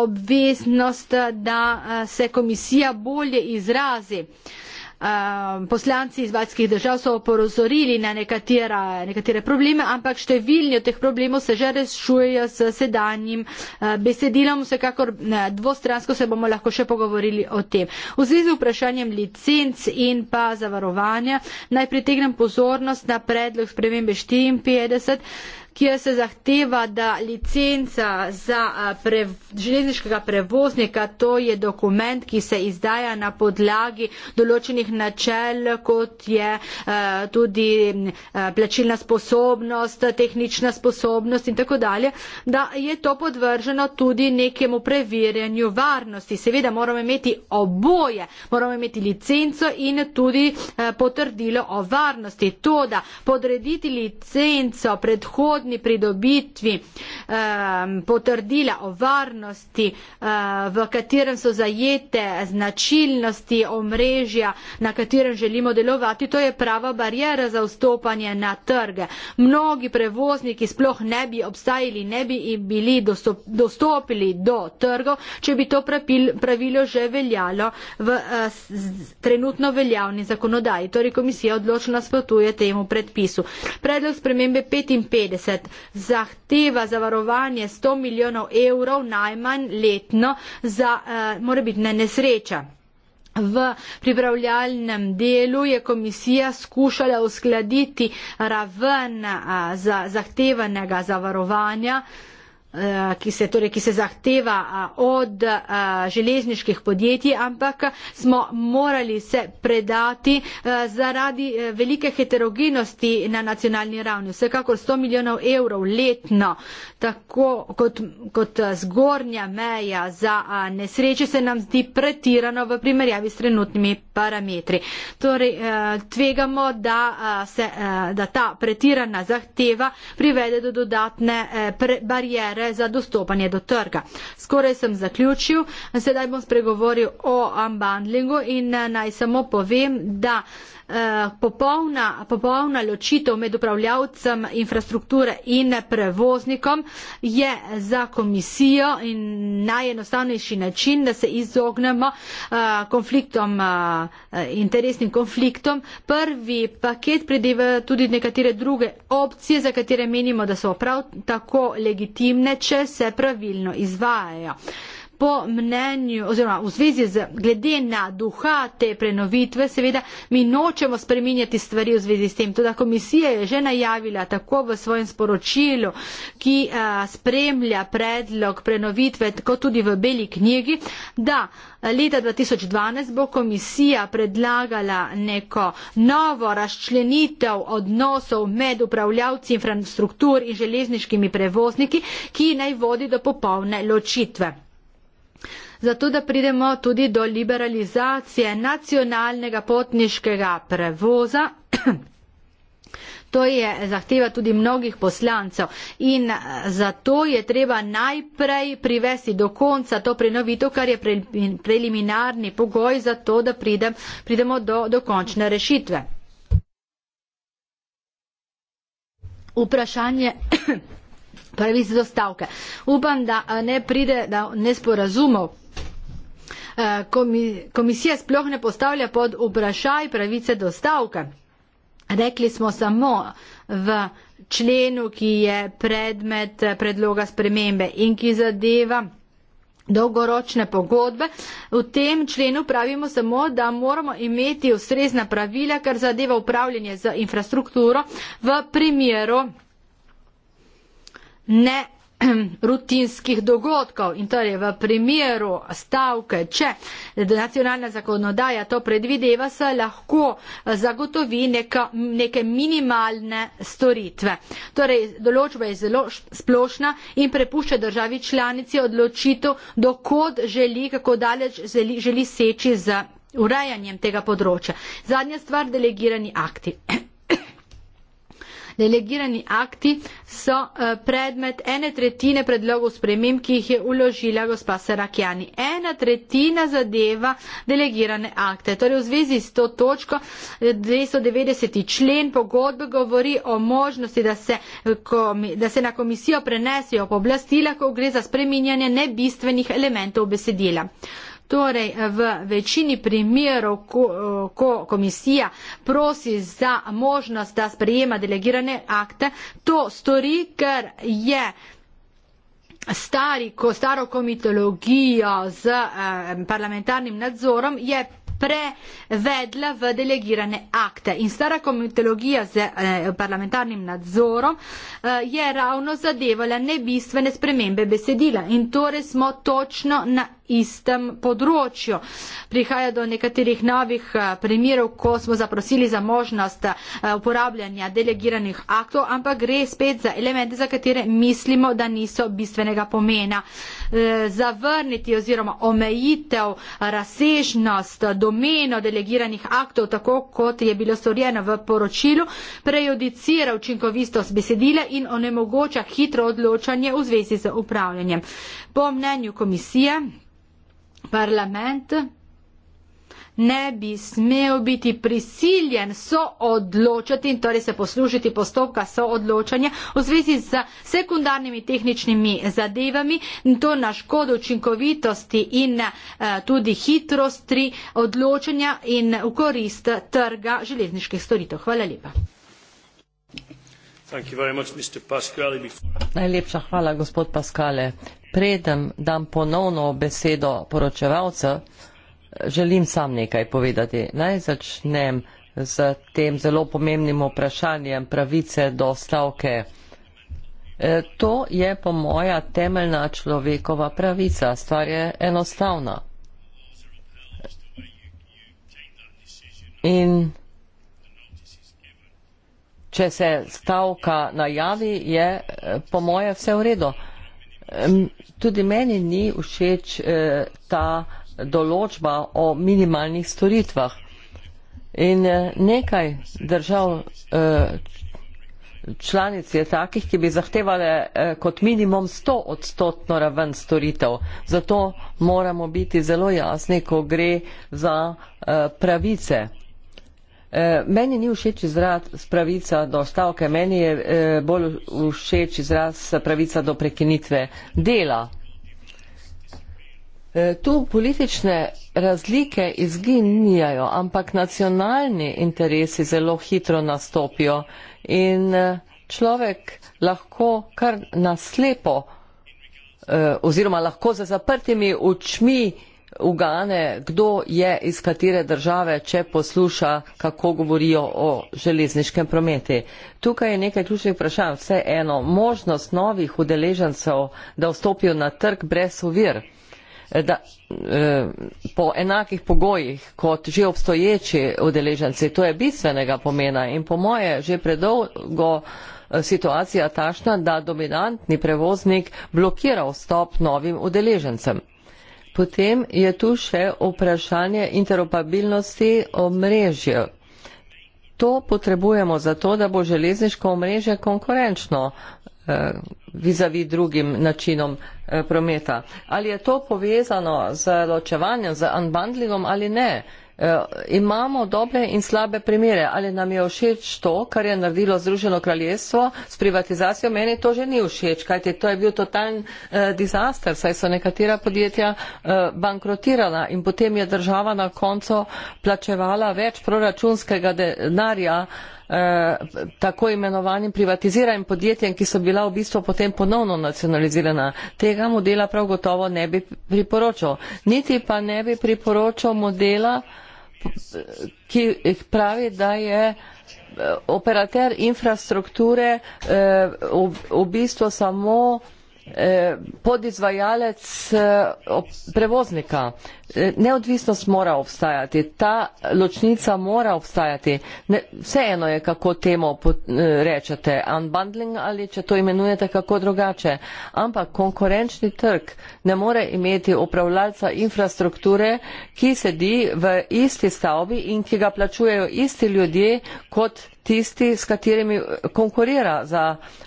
[SPEAKER 3] obveznost, da se komisija bolje izrazi. Uh, Ehm, poslanci iz baljskih držav so porozorili na nekatera, nekatere probleme, ampak številni od teh problemov se že rešujejo s sedanjim eh, besedilom, vsekakor dvostransko se bomo lahko še pogovorili o tem. V zvezi z vprašanjem licenc in pa zavarovanja naj pritegnem pozornost na predlog spremembe 54 kjer se zahteva, da licenca za prev, železniškega prevoznika, to je dokument, ki se izdaja na podlagi določenih načel, kot je tudi plačilna sposobnost, tehnična sposobnost in tako dalje, da je to podvrženo tudi nekemu preverjanju varnosti. Seveda moramo imeti oboje, moramo imeti licenco in tudi potrdilo o varnosti. To, da podrediti licenco predhodno, predhodni pridobitvi um, potrdila o varnosti, uh, v katerem so zajete značilnosti omrežja, na katerem želimo delovati, to je prava barijera za vstopanje na trge. Mnogi prevozniki sploh ne bi obstajali, ne bi bili dostop, dostopili do trgov, če bi to pravil, pravilo že veljalo v uh, s, s, trenutno veljavni zakonodaji. Torej komisija odločno nasprotuje temu predpisu. Predlog spremembe 55 Unicef zahteva zavarovanje 100 milijonov evrov najmanj letno za uh, eh, morebitne nesreče. V pripravljalnem delu je komisija skušala uskladiti raven uh, za, zahtevanega zavarovanja uh, Eh, ki se, torej, ki se zahteva eh, od eh, železniških podjetij, ampak smo morali se predati zaradi velike heterogenosti na nacionalni ravni. Vsekakor 100 milijonov evrov letno, tako kot, kot zgornja meja za nesreče, se nam zdi pretirano v primerjavi s trenutnimi parametri. Torej, tvegamo, da, se, da ta pretirana zahteva privede do dodatne barijere ovire za dostopanje do trga. Skoraj sem zaključil, sedaj bom spregovoril o unbundlingu in eh, naj samo povem, da Eh, popolna, popolna ločitev med upravljavcem infrastrukture in prevoznikom je za komisijo in najenostavnejši način, da se izognemo eh, konfliktom, eh, interesnim konfliktom. Prvi paket predeva tudi nekatere druge opcije, za katere menimo, da so prav tako legitimne, če se pravilno izvajajo po mnenju oziroma v zvezi z glede na duha te prenovitve, seveda mi nočemo spreminjati stvari v zvezi s tem. Tudi komisija je že najavila tako v svojem sporočilu, ki a, eh, spremlja predlog prenovitve, tako tudi v beli knjigi, da eh, leta 2012 bo komisija predlagala neko novo razčlenitev odnosov med upravljavci infrastruktur in železniškimi prevozniki, ki naj vodi do popolne ločitve zato da pridemo tudi do liberalizacije nacionalnega potniškega prevoza. To je zahteva tudi mnogih poslancev in eh, zato je treba najprej privesti do konca to prenovito, kar je preliminarni pogoj za to, da pridem, pridemo do dokončne rešitve. Vprašanje pravi z dostavke. Upam, da eh, ne pride do nesporazumov komisija sploh ne postavlja pod vprašaj pravice do stavka. Rekli smo samo v členu, ki je predmet predloga spremembe in ki zadeva dolgoročne pogodbe. V tem členu pravimo samo, da moramo imeti ustrezna pravila, kar zadeva upravljanje z infrastrukturo v primeru ne rutinskih dogodkov in torej v primeru stavke, če nacionalna zakonodaja to predvideva, se lahko eh, zagotovi neka, neke minimalne storitve. Torej, določba je zelo splošna in prepušča državi članici odločitev, dokod želi, kako daleč želi, želi seči z urajanjem tega področja. Zadnja stvar, delegirani akti. Delegirani akti so eh, predmet ene tretjine predlogov sprememb, ki jih je uložila gospa Sarakjani. Ena tretjina zadeva delegirane akte. Torej v zvezi s to točko 290. Eh, člen pogodbe govori o možnosti, da se, eh, da se na komisijo prenesijo pooblastila, ko gre za spreminjanje nebistvenih elementov besedila. Torej, v večini primerov, ko, ko komisija prosi za možnost, da sprejema delegirane akte, to stori, ker je stari, ko staro komitologijo z eh, parlamentarnim nadzorom je prevedla v delegirane akte. In stara komitologija z eh, parlamentarnim nadzorom eh, je ravno zadevala nebistvene spremembe besedila. In torej smo točno na istem področju. Prihaja do nekaterih novih eh, primerov, ko smo zaprosili za možnost eh, uporabljanja delegiranih aktov, ampak gre spet za elemente, za katere mislimo, da niso bistvenega pomena. Eh, zavrniti oziroma omejitev razsežnost, domeno delegiranih aktov, tako kot je bilo storjeno v poročilu, prejudicira učinkovitost besedila in onemogoča hitro odločanje v zvezi z upravljanjem. Po mnenju komisije parlament ne bi smel biti prisiljen soodločati in torej se poslužiti postopka soodločanja v zvezi z sekundarnimi tehničnimi zadevami in to na škodo učinkovitosti in eh, tudi hitrosti odločanja in v korist trga železniških storitev. Hvala lepa.
[SPEAKER 2] Najlepša hvala, gospod Paskale predem dam ponovno besedo poročevalcu, želim sam nekaj povedati. Naj začnem z tem zelo pomembnim vprašanjem pravice do stavke. E, to je po moja temeljna človekova pravica. Stvar je enostavna. In če se stavka najavi, je e, po moje vse v redu. Tudi meni ni všeč eh, ta določba o minimalnih storitvah. In eh, nekaj držav eh, članic je takih, ki bi zahtevale kot minimum 100 odstotno raven storitev. Zato moramo biti zelo jasni, ko gre za pravice. Eh, meni ni všeč izraz pravica do stavke, meni je eh, bolj všeč izraz pravica do prekinitve dela. Eh, tu politične razlike izginjajo, ampak nacionalni interesi zelo hitro nastopijo in človek lahko kar naslepo oziroma lahko za zaprtimi očmi ugane, kdo je iz katere države, če posluša, kako govorijo o železniškem prometu. Tukaj je nekaj ključnih vprašanj. Vse eno, možnost novih udeležencev, da vstopijo na trg brez ovir, da eh, po enakih pogojih kot že obstoječi udeleženci, to je bistvenega pomena in po moje že predolgo eh, situacija tašna, da dominantni prevoznik blokira vstop novim udeležencem. Potem je tu še vprašanje interoperabilnosti omrežja. To potrebujemo zato, da bo železniško omrežje konkurenčno eh, vizavi drugim načinom eh, prometa. Ali je to povezano z ločevanjem, z unbundlingom ali ne? Eh, imamo dobre in slabe primere. Ali nam je všeč to, kar je naredilo Združeno kraljestvo s privatizacijo? Meni to že ni všeč, kajte to je bil totalen eh, dizaster, saj so nekatera podjetja eh, bankrotirala in potem je država na koncu plačevala več proračunskega denarja eh, tako imenovanim privatiziranim podjetjem, ki so bila v bistvu potem ponovno nacionalizirana. Tega modela prav gotovo ne bi priporočal. Niti pa ne bi priporočal modela, ki pravi, da je eh, operater infrastrukture eh, v bistvu samo Eh, podizvajalec eh, prevoznika. Eh, neodvisnost mora obstajati, ta ločnica mora obstajati. Ne, vseeno je, kako temu rečete, unbundling ali če to imenujete kako drugače. Ampak konkurenčni trg ne more imeti upravljalca infrastrukture, ki sedi v isti stavbi in ki ga plačujejo isti ljudje kot tisti, s katerimi eh, konkurira za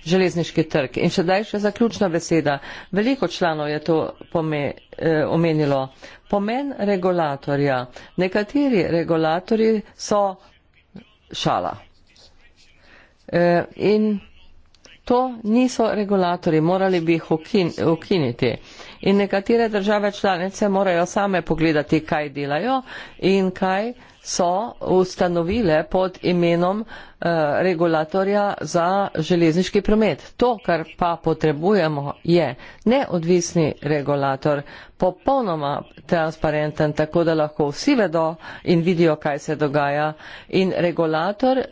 [SPEAKER 2] železniški trg. In še daj še zaključna beseda. Veliko članov je to eh, omenilo. Pomen regulatorja. Nekateri regulatori so šala. Eh, in to niso regulatori, morali bi jih ukiniti. In nekatere države članice morajo same pogledati, kaj delajo in kaj so ustanovile pod imenom eh, regulatorja za železniški promet. To, kar pa potrebujemo, je neodvisni regulator, popolnoma transparenten, tako da lahko vsi vedo in vidijo, kaj se dogaja. In regulator eh,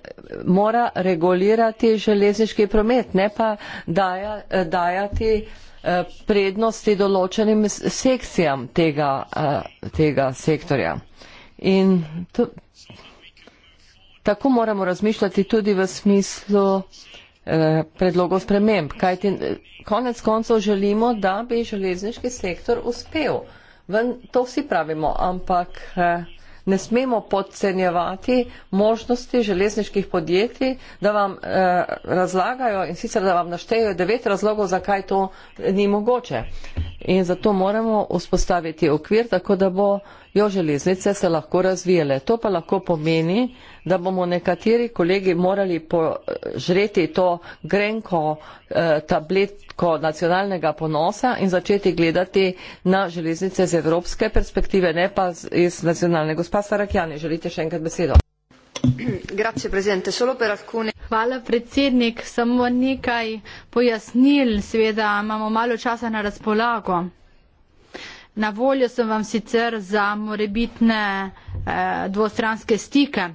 [SPEAKER 2] mora regulirati železniški promet, ne pa daja, eh, dajati prednosti določenim sekcijam tega, tega sektorja. In to, tako moramo razmišljati tudi v smislu eh, predlogov sprememb, kajti eh, konec koncev želimo, da bi železniški sektor uspel. Ven, to vsi pravimo, ampak eh, ne smemo podcenjevati možnosti železniških podjetij, da vam eh, razlagajo in sicer da vam naštejejo devet razlogov, zakaj to ni mogoče. In zato moramo vzpostaviti okvir, tako da bo jo železnice se lahko razvijele. To pa lahko pomeni, da bomo nekateri kolegi morali požreti to grenko eh, tabletko nacionalnega ponosa in začeti gledati na železnice z evropske perspektive, ne pa iz nacionalne. Gospa Sarakjani, želite še enkrat besedo?
[SPEAKER 3] Hvala predsednik, samo nekaj pojasnil, seveda imamo malo časa na razpolago. Na voljo sem vam sicer za morebitne eh, dvostranske stike.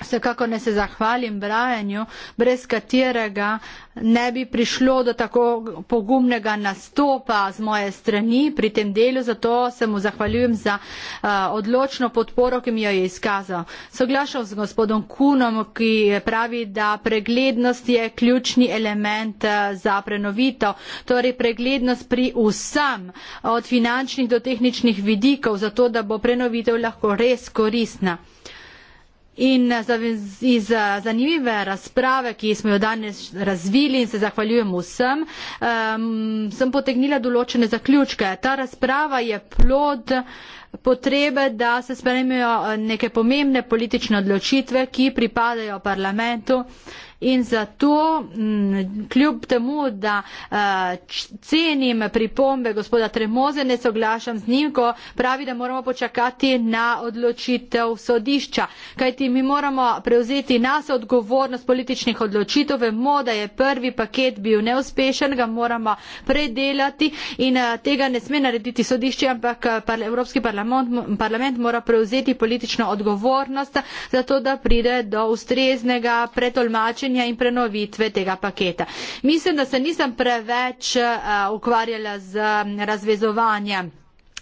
[SPEAKER 3] Vsekako ne se zahvalim Brajanju, brez katerega ne bi prišlo do tako pogumnega nastopa z moje strani pri tem delu, zato se mu zahvaljujem za uh, odločno podporo, ki mi jo je izkazal. Soglašam z gospodom Kunom, ki pravi, da preglednost je ključni element uh, za prenovito, torej preglednost pri vsem, od finančnih do tehničnih vidikov, zato da bo prenovitev lahko res koristna. In eh, iz eh, zanimive razprave, ki smo jo danes razvili in se zahvaljujem vsem, um, sem potegnila določene zaključke. Ta razprava je plod uh, potrebe, da se spremljajo eh, neke pomembne politične odločitve, ki pripadajo parlamentu. In zato, mm, kljub temu, da uh, cenim pripombe gospoda Tremoze, ne soglašam z njim, ko pravi, da moramo počakati na odločitev sodišča. Kajti mi moramo prevzeti nas odgovornost političnih odločitev, vemo, da je prvi paket bil neuspešen, ga moramo predelati in uh, tega ne sme narediti sodišče, ampak uh, par, Evropski parlament parlament, parlament mora prevzeti politično odgovornost za to, da pride do ustreznega pretolmačenja in prenovitve tega paketa. Mislim, da se nisem preveč uh, ukvarjala z mm, razvezovanjem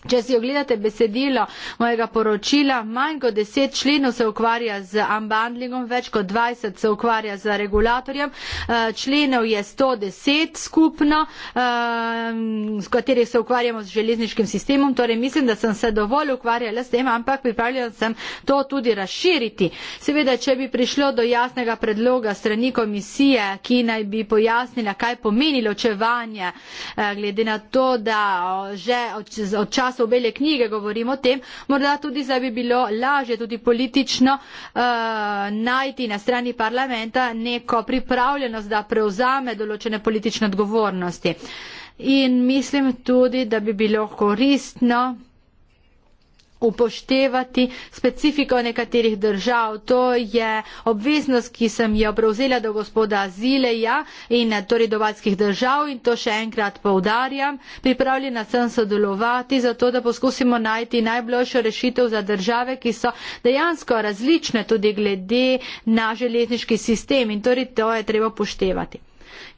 [SPEAKER 3] Če si ogledate besedilo mojega poročila, manj kot deset členov se ukvarja z unbundlingom, več kot dvajset se ukvarja z regulatorjem. Eh, členov je sto deset skupno, eh, s katerih se ukvarjamo z železniškim sistemom. Torej, mislim, da sem se dovolj ukvarjala s tem, ampak pripravljala sem to tudi razširiti. Seveda, če bi prišlo do jasnega predloga strani komisije, ki naj bi pojasnila, kaj pomeni ločevanje, eh, glede na to, da že od časa naslov bele knjige govorimo o tem, morda tudi zdaj bi bilo lažje tudi politično uh, najti na strani parlamenta neko pripravljenost, da prevzame določene politične odgovornosti. In mislim tudi, da bi bilo koristno upoštevati specifiko nekaterih držav. To je obveznost, ki sem jo prevzela do gospoda Zileja in torej do valskih držav in to še enkrat poudarjam. Pripravljena sem sodelovati za to, da poskusimo najti najboljšo rešitev za države, ki so dejansko različne tudi glede na železniški sistem in torej to je treba upoštevati.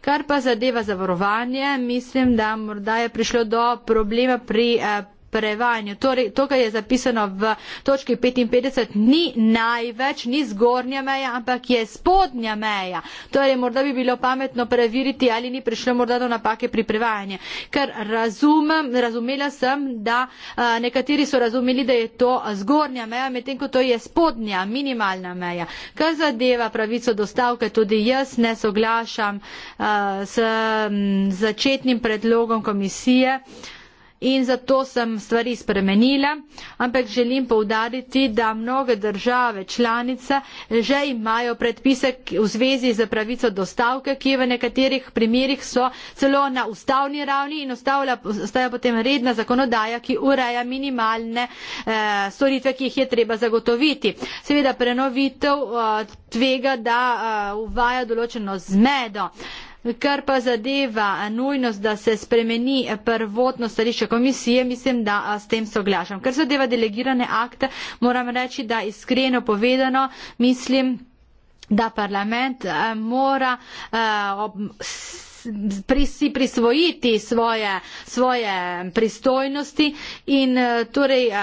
[SPEAKER 3] Kar pa zadeva zavarovanje, mislim, da morda je prišlo do problema pri eh, prevajanju. Torej, to, kar je zapisano v točki 55, ni največ, ni zgornja meja, ampak je spodnja meja. Torej, morda bi bilo pametno preveriti, ali ni prišlo morda do napake pri prevajanju. Ker razumem, razumela sem, da a, nekateri so razumeli, da je to zgornja meja, medtem ko to je spodnja, minimalna meja. Kar zadeva pravico do stavke, tudi jaz ne soglašam a, s m, začetnim predlogom komisije. A, in zato sem stvari spremenila, ampak želim povdariti, da mnoge države članice že imajo predpise v zvezi z pravico dostavke, ki v nekaterih primerjih so celo na ustavni ravni in ostaja potem redna zakonodaja, ki ureja minimalne eh, storitve, ki jih je treba zagotoviti. Seveda prenovitev eh, tvega, da eh, uvaja določeno zmedo. Eh, Kar pa zadeva nujnost, da se spremeni prvotno stališče komisije, mislim, da s tem soglašam. Kar zadeva delegirane akte, moram reči, da iskreno povedano mislim, da parlament eh, mora eh, ob, s, si prisvojiti svoje, svoje pristojnosti in eh, torej, eh,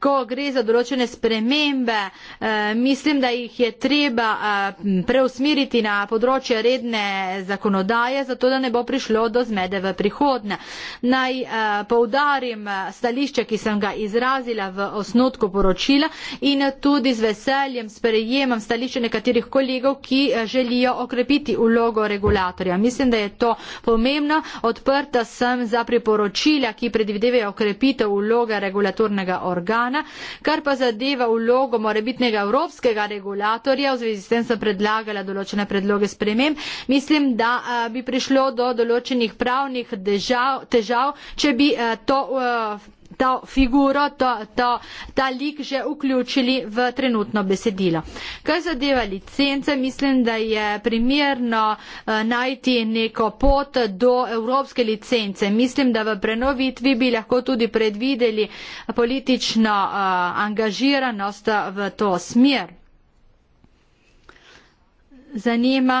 [SPEAKER 3] ko gre za določene spremembe, eh, mislim, da jih je treba preusmiriti na področje redne zakonodaje, zato da ne bo prišlo do zmede v prihodne. Naj poudarim stališče, ki sem ga izrazila v osnotku poročila in tudi z veseljem sprejemam stališče nekaterih kolegov, ki želijo okrepiti ulogo regulatorja. Mislim, mislim, da je to pomembno. Odprta sem za priporočila, ki predvidevajo okrepitev vloga regulatornega organa, kar pa zadeva vlogo morebitnega evropskega regulatorja. V zvezi s tem sem predlagala določene predloge sprememb. Mislim, da a, bi prišlo do določenih pravnih težav, težav če bi a, to. A, to figuro, to, to, ta lik že vključili v trenutno besedilo. Kaj zadeva licence, mislim, da je primerno eh, najti neko pot do evropske licence. Mislim, da v prenovitvi bi lahko tudi predvideli politično eh, angažiranost v to smer. Zanima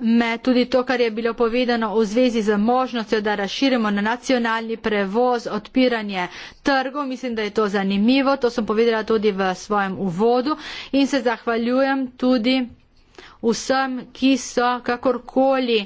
[SPEAKER 3] me tudi to, kar je bilo povedano v zvezi z možnostjo, da razširimo na nacionalni prevoz, odpiranje trgov. Mislim, da je to zanimivo. To sem povedala tudi v svojem uvodu in se zahvaljujem tudi vsem, ki so kakorkoli.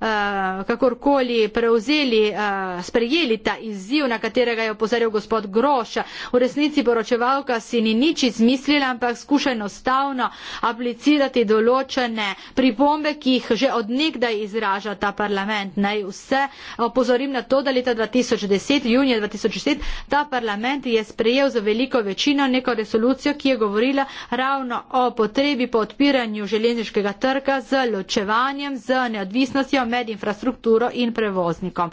[SPEAKER 3] Eh, kakorkoli prevzeli, eh, sprejeli ta izziv, na katerega je opozoril gospod Groš. V resnici poročevalka si ni nič izmislila, ampak skuša enostavno aplicirati določene pripombe, ki jih že odnegdaj izraža ta parlament. Naj vse opozorim na to, da leta 2010, junija 2010, ta parlament je sprejel za veliko večino neko resolucijo, ki je govorila ravno o potrebi po odpiranju železniškega trga z ločevanjem, z neodvisnostjo med infrastrukturo in prevoznikom.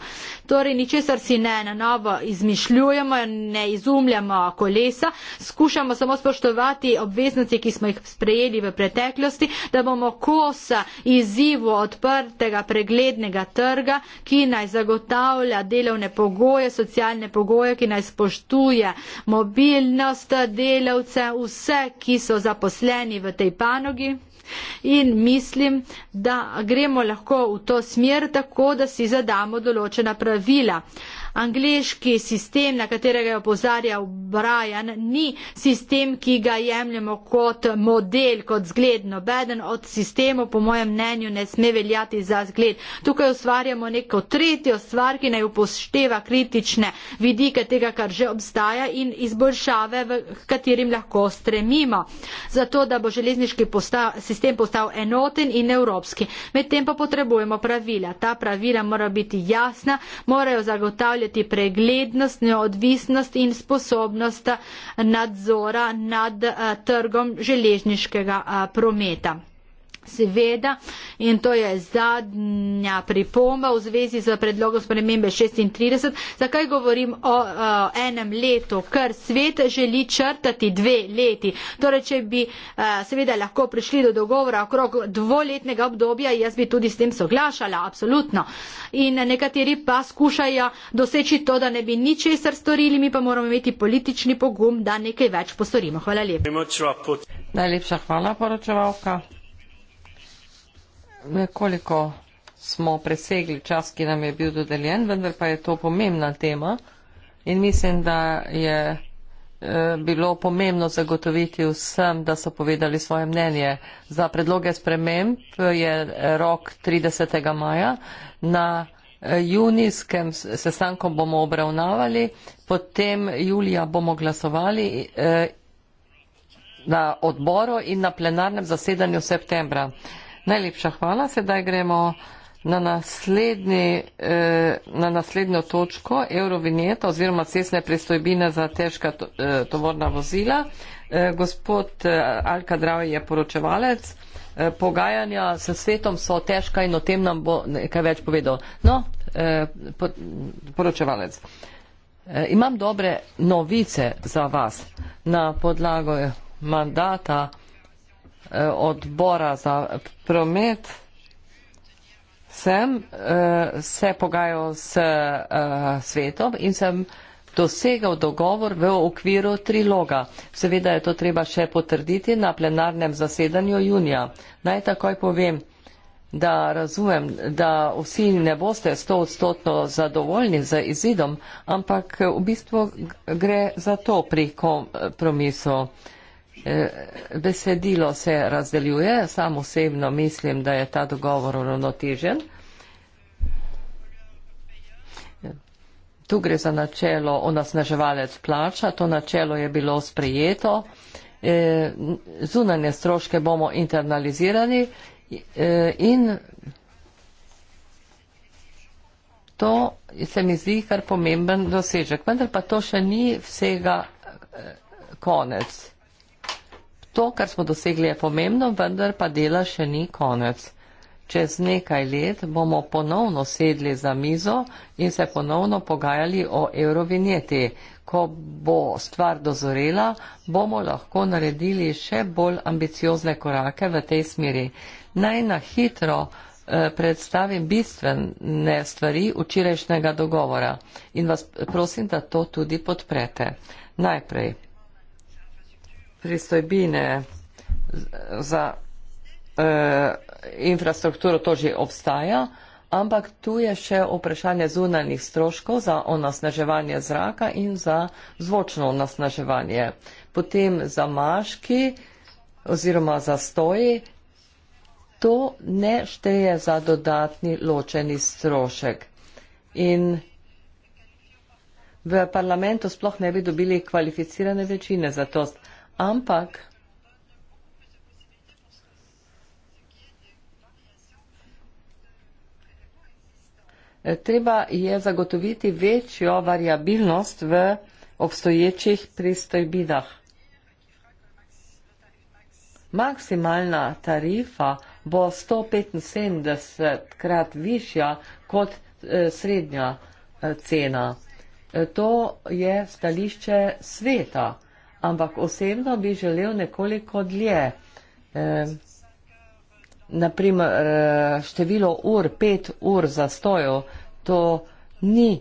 [SPEAKER 3] Torej, ničesar si ne na novo izmišljujemo, ne izumljamo kolesa, skušamo samo spoštovati obveznosti, ki smo jih sprejeli v preteklosti, da bomo kosa izzivu odprtega preglednega trga, ki naj zagotavlja delovne pogoje, socialne pogoje, ki naj spoštuje mobilnost delavce, vse, ki so zaposleni v tej panogi. In mislim, da gremo lahko v to smer tako, da si zadamo določena pravila. Uh, angliški sistem, na katerega je opozarjal Brian, ni sistem, ki ga jemljemo kot model, kot zgledno. Beden od sistemov, po mojem mnenju, ne sme veljati za zgled. Tukaj ustvarjamo neko tretjo stvar, ki naj upošteva kritične vidike tega, kar že obstaja in izboljšave, v katerim lahko stremimo. Zato, da bo železniški postav, sistem postal enoten in evropski. Medtem pa potrebujemo pravila. Ta pravila morajo biti jasna, morajo zagotavljati zagotavljati preglednost, neodvisnost in sposobnost nadzora nad eh, trgom železniškega eh, prometa. Seveda, in to je zadnja pripomba v zvezi z predlogom spremembe 36. Zakaj govorim o, o enem letu? Ker svet želi črtati dve leti. Torej, če bi a, eh, seveda lahko prišli do dogovora okrog dvoletnega obdobja, jaz bi tudi s tem soglašala, absolutno. In nekateri pa skušajo doseči to, da ne bi ničesar storili, mi pa moramo imeti politični pogum, da nekaj več postorimo. Hvala lepa. Najlepša hvala, poročevalka nekoliko smo presegli
[SPEAKER 2] čas, ki nam je bil dodeljen, vendar pa je to pomembna tema in mislim, da je eh, bilo pomembno zagotoviti vsem, da so povedali svoje mnenje. Za predloge sprememb je rok 30. maja. Na eh, junijskem sestanku bomo obravnavali, potem julija bomo glasovali eh, na odboru in na plenarnem zasedanju septembra. Najlepša hvala. Sedaj gremo na, naslednji, eh, na naslednjo točko, eurovinjeta oziroma cestne pristojbine za težka eh, tovorna vozila. Eh, gospod Alka Dravi je poročevalec. Pogajanja s svetom so težka in o tem nam bo nekaj več povedal. No, poročevalec. Imam dobre novice za vas na podlago mandata Eh, odbora za promet sem uh, se pogajal s uh, svetom in sem dosegal dogovor v okviru triloga. Seveda je to treba še potrditi na plenarnem zasedanju junija. Naj takoj povem, da razumem, da vsi ne boste stoodstotno zadovoljni z izidom, ampak v bistvu gre za to pri kompromisu. Uh, E, besedilo se razdeljuje, sam osebno mislim, da je ta dogovor uravnotežen. Tu gre za načelo onasnaževalec plača, to načelo je bilo sprejeto. E, zunanje stroške bomo internalizirali e, in to se mi zdi kar pomemben dosežek. Vendar pa to še ni vsega konec. To, kar smo dosegli, je pomembno, vendar pa dela še ni konec. Čez nekaj let bomo ponovno sedli za mizo in se ponovno pogajali o eurovinjeti. Ko bo stvar dozorela, bomo lahko naredili še bolj ambiciozne korake v tej smeri. Naj na hitro eh, predstavim bistvene stvari včerajšnjega dogovora in vas prosim, da to tudi podprete. Najprej pristojbine za e, infrastrukturo to že obstaja, ampak tu je še vprašanje zunanjih stroškov za onasnaževanje zraka in za zvočno onasnaževanje. Potem za maški oziroma za stoji to ne šteje za dodatni ločeni strošek. In v parlamentu sploh ne bi dobili kvalificirane večine za to ampak treba je zagotoviti večjo variabilnost v obstoječih pristojbinah. Maksimalna tarifa bo 175 krat višja kot e, srednja e, cena. E, to je stališče sveta ampak osebno bi želel nekoliko dlje. E, naprimer, eh, število ur, pet ur zastojo, to ni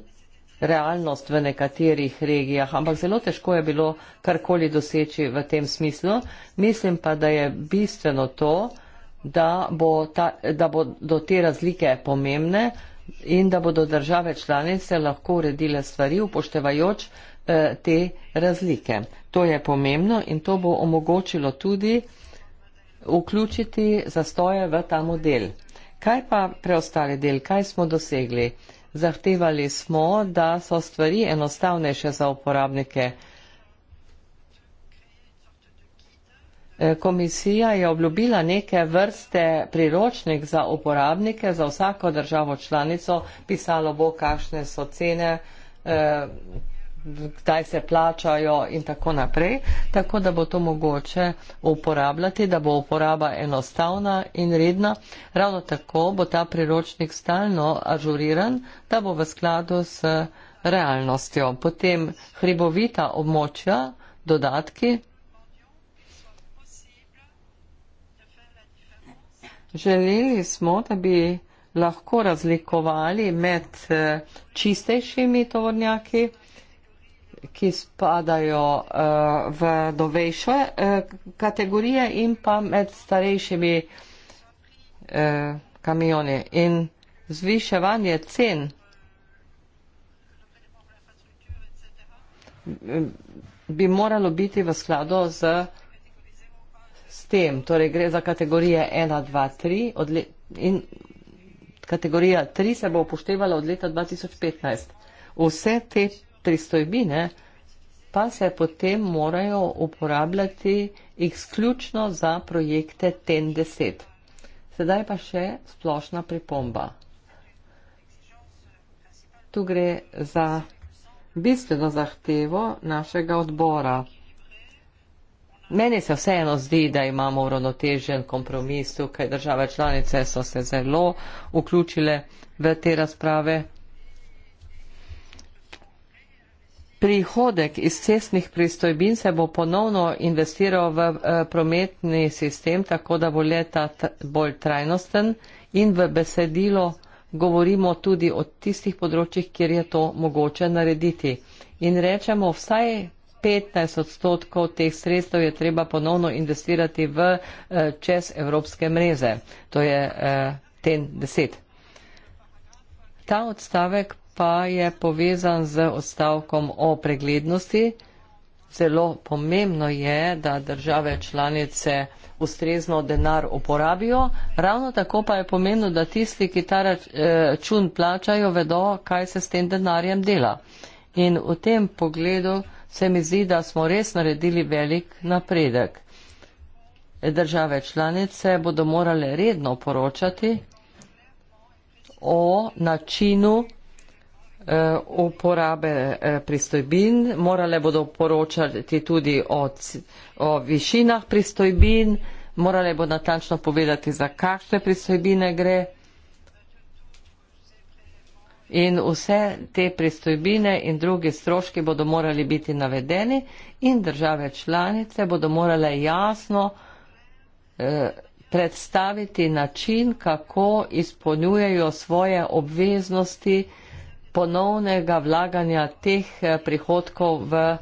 [SPEAKER 2] realnost v nekaterih regijah, ampak zelo težko je bilo karkoli doseči v tem smislu. Mislim pa, da je bistveno to, da bo, ta, da bo do te razlike pomembne in da bodo države članice lahko uredile stvari, upoštevajoč Eh, te razlike. To je pomembno in to bo omogočilo tudi vključiti zastoje v ta model. Kaj pa preostali del, kaj smo dosegli? Zahtevali smo, da so stvari enostavnejše za uporabnike. Eh, komisija je obljubila neke vrste priročnik za uporabnike, za vsako državo članico, pisalo bo, kakšne so cene, eh, kdaj se plačajo in tako naprej, tako da bo to mogoče uporabljati, da bo uporaba enostavna in redna. Ravno tako bo ta priročnik stalno ažuriran, da bo v skladu s realnostjo. Potem hribovita območja, dodatki. Želeli smo, da bi lahko razlikovali med eh, čistejšimi tovornjaki, ki spadajo uh, v novejše uh, kategorije in pa med starejšimi uh, kamioni. In zviševanje cen bi moralo biti v skladu z, z tem. Torej gre za kategorije 1, 2, 3 odle, in kategorija 3 se bo upoštevala od leta 2015. Vse te pristojbine, pa se potem morajo uporabljati izključno za projekte TEN-10. Sedaj pa še splošna pripomba. Tu gre za bistveno zahtevo našega odbora. Meni se vseeno zdi, da imamo uravnotežen kompromis, tukaj države članice so se zelo vključile v te razprave. Prihodek iz cestnih pristojbin se bo ponovno investiral v eh, prometni sistem, tako da bo leta bolj trajnosten in v besedilo govorimo tudi o tistih področjih, kjer je to mogoče narediti. In rečemo, vsaj 15 odstotkov teh sredstev je treba ponovno investirati v eh, čez evropske mreze. To je eh, ten deset. Ta odstavek pa je povezan z odstavkom o preglednosti. Zelo pomembno je, da države članice ustrezno denar uporabijo, ravno tako pa je pomembno, da tisti, ki ta eh, račun plačajo, vedo, kaj se s tem denarjem dela. In v tem pogledu se mi zdi, da smo res naredili velik napredek. Države članice bodo morale redno poročati o načinu Eh, uporabe eh, pristojbin, morale bodo poročati tudi o, o višinah pristojbin, morale bodo natančno povedati, za kakšne pristojbine gre. In vse te pristojbine in drugi stroški bodo morali biti navedeni in države članice bodo morale jasno eh, predstaviti način, kako izpolnjujejo svoje obveznosti, ponovnega vlaganja teh eh, prihodkov v eh,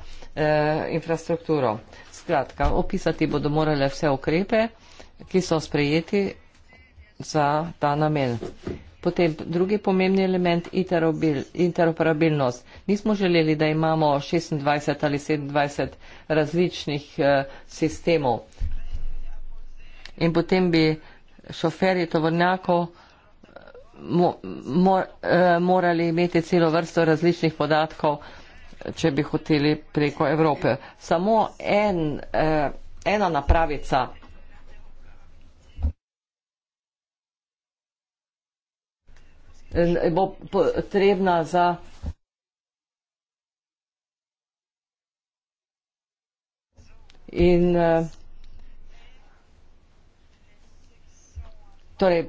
[SPEAKER 2] infrastrukturo. Skratka, opisati bodo morale vse ukrepe, ki so sprejeti za ta namen. Potem drugi pomembni element interoperabilnost. Nismo želeli, da imamo 26 ali 27 različnih eh, sistemov. In potem bi šoferji tovornjakov mo, mo, eh, morali imeti celo vrsto različnih podatkov, če bi hoteli preko Evrope. Samo en, eh, ena napravica. bo potrebna za in eh, torej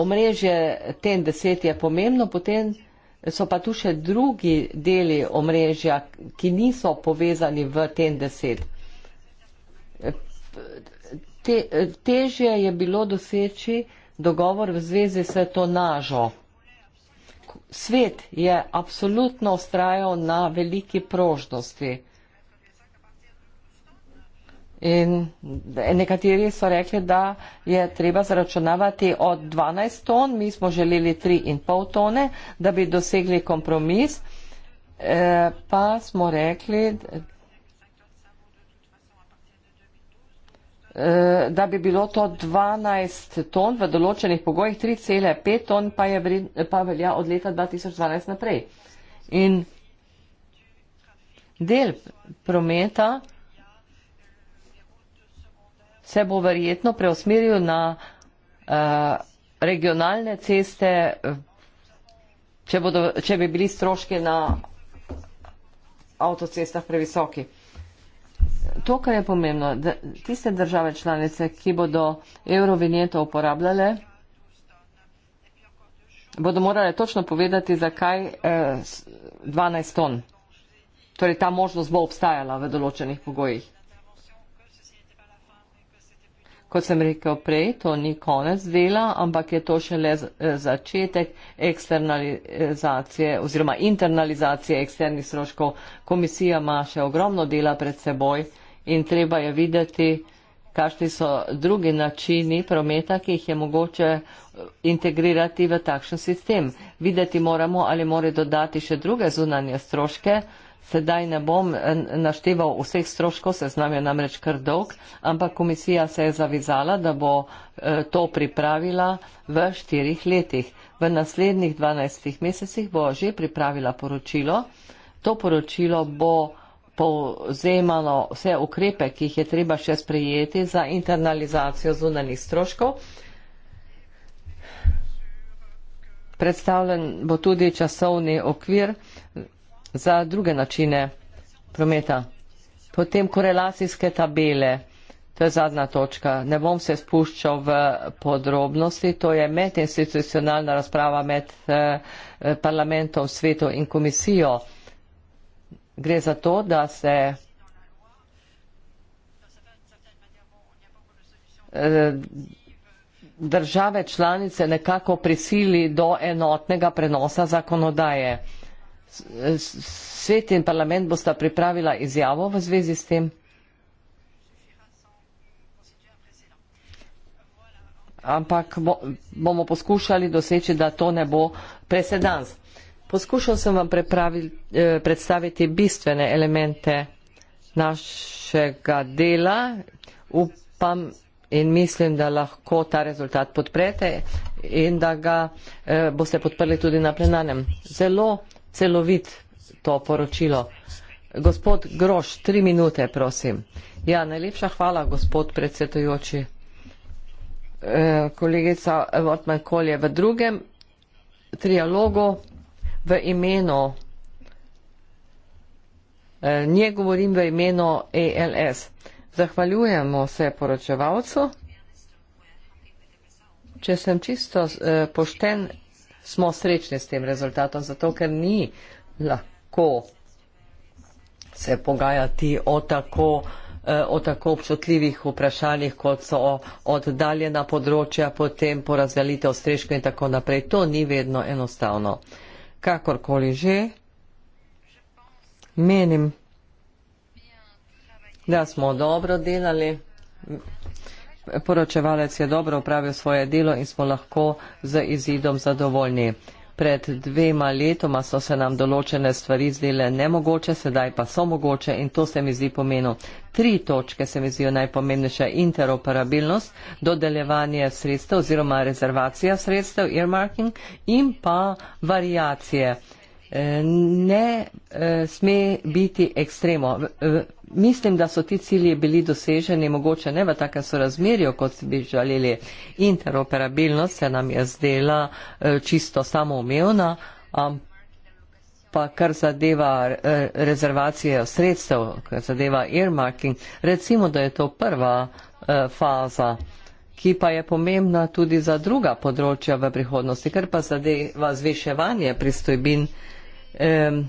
[SPEAKER 2] omrežje ten deset je pomembno, potem so pa tu še drugi deli omrežja, ki niso povezani v ten deset. Te, težje je bilo doseči dogovor v zvezi s to nažo. Svet je absolutno ustrajal na veliki prožnosti. In nekateri so rekli, da je treba zračunavati od 12 ton, mi smo želeli 3,5 tone, da bi dosegli kompromis, e, pa smo rekli, eh, da bi bilo to 12 ton v določenih pogojih, 3,5 ton pa, je, pa velja od leta 2012 naprej. In del prometa se bo verjetno preusmeril na uh, regionalne ceste, če, bodo, če bi bili stroški na avtocestah previsoki. To, kar je pomembno, da tiste države članice, ki bodo eurovinjeto uporabljale, bodo morale točno povedati, zakaj eh, 12 ton. Torej, ta možnost bo obstajala v določenih pogojih kot sem rekel prej, to ni konec dela, ampak je to šele eh, začetek eksternalizacije oziroma internalizacije eksternih stroškov. Komisija ima še ogromno dela pred seboj in treba je videti, kakšni so drugi načini prometa, ki jih je mogoče eh, integrirati v takšen sistem. Videti moramo, ali more dodati še druge zunanje stroške. Sedaj ne bom eh, našteval vseh stroškov, se znam je namreč kar dolg, ampak komisija se je zavizala, da bo eh, to pripravila v štirih letih. V naslednjih dvanajstih mesecih bo že pripravila poročilo. To poročilo bo povzemalo vse ukrepe, ki jih je treba še sprejeti za internalizacijo zunanih stroškov. Predstavljen bo tudi časovni okvir za druge načine prometa. Potem korelacijske tabele, to je zadnja točka. Ne bom se spuščal v podrobnosti, to je medinstitucionalna razprava med eh, parlamentom, svetom in komisijo. Gre za to, da se eh, države članice nekako prisili do enotnega prenosa zakonodaje svet in parlament bosta pripravila izjavo v zvezi s tem. Ampak bo, bomo poskušali doseči, da to ne bo presedans. Poskušal sem vam eh, predstaviti bistvene elemente našega dela. Upam in mislim, da lahko ta rezultat podprete in da ga eh, boste podprli tudi na plenarnem. Zelo celovit to poročilo. Gospod Groš, tri minute, prosim. Ja, najlepša hvala, gospod predsedujoči. E, kolegica Vortman Kolje v drugem trialogu v imenu e, nje govorim v imenu ALS. Zahvaljujemo se poročevalcu. Če sem čisto e, pošten, smo srečni s tem rezultatom, zato ker ni lahko se pogajati o tako, eh, o tako občutljivih vprašanjih, kot so oddaljena področja, potem porazdelitev strežka in tako naprej. To ni vedno enostavno. Kakorkoli že, menim, da smo dobro delali poročevalec je dobro upravil svoje delo in smo lahko z izidom zadovoljni. Pred dvema letoma so se nam določene stvari zdele nemogoče, sedaj pa so mogoče in to se mi zdi pomenu. Tri točke se mi zdijo najpomembnejše. Interoperabilnost, dodeljevanje sredstev oziroma rezervacija sredstev, earmarking in pa variacije. E, ne e, sme biti ekstremo. Mislim, da so ti cilji bili doseženi, mogoče ne v takem sorazmerju, kot bi želeli. Interoperabilnost se nam je zdela eh, čisto samoumevna, ampak kar zadeva eh, rezervacije sredstev, kar zadeva earmarking, recimo, da je to prva eh, faza, ki pa je pomembna tudi za druga področja v prihodnosti, ker pa zadeva zviševanje pristojbin. Um,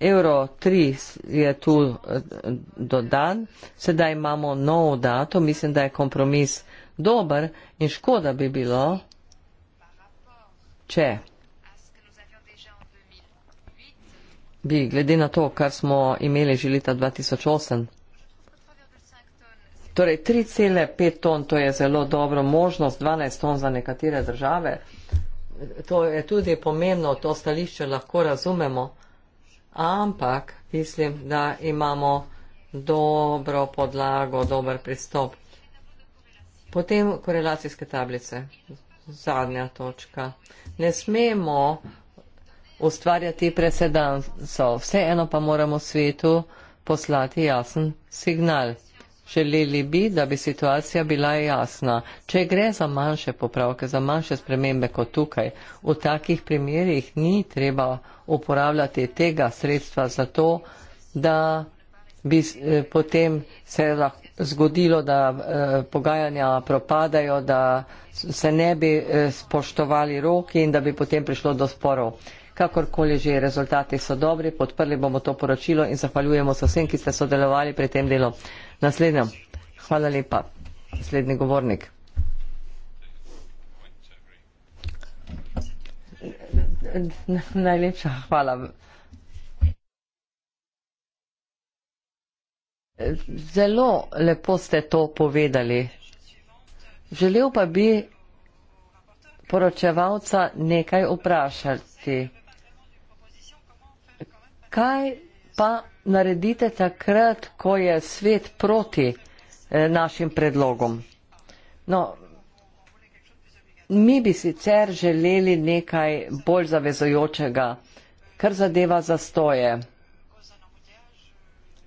[SPEAKER 2] Euro 3 je tu eh, dodan, sedaj imamo nov dato, mislim, da je kompromis dober in škoda bi bilo, če bi glede na to, kar smo imeli že leta 2008. Torej 3,5 ton, to je zelo dobro možnost, 12 ton za nekatere države. To je tudi pomembno, to stališče lahko razumemo ampak mislim, da imamo dobro podlago, dober pristop. Potem korelacijske tablice, zadnja točka. Ne smemo ustvarjati presedancov, vseeno pa moramo svetu poslati jasen signal. Želeli bi, da bi situacija bila jasna. Če gre za manjše popravke, za manjše spremembe kot tukaj, v takih primerjih ni treba uporabljati tega sredstva za to, da bi eh, potem se zgodilo, da eh, pogajanja propadajo, da se ne bi eh, spoštovali roki in da bi potem prišlo do sporov. Kakorkoli že, rezultati so dobri, podprli bomo to poročilo in zahvaljujemo se vsem, ki ste sodelovali pri tem delu. Naslednja. Hvala lepa. Naslednji govornik. Najlepša hvala. Zelo lepo ste to povedali. Želel pa bi poročevalca nekaj vprašati. Kaj pa naredite takrat, ko je svet proti eh, našim predlogom. No, mi bi sicer želeli nekaj bolj zavezojočega, kar zadeva zastoje.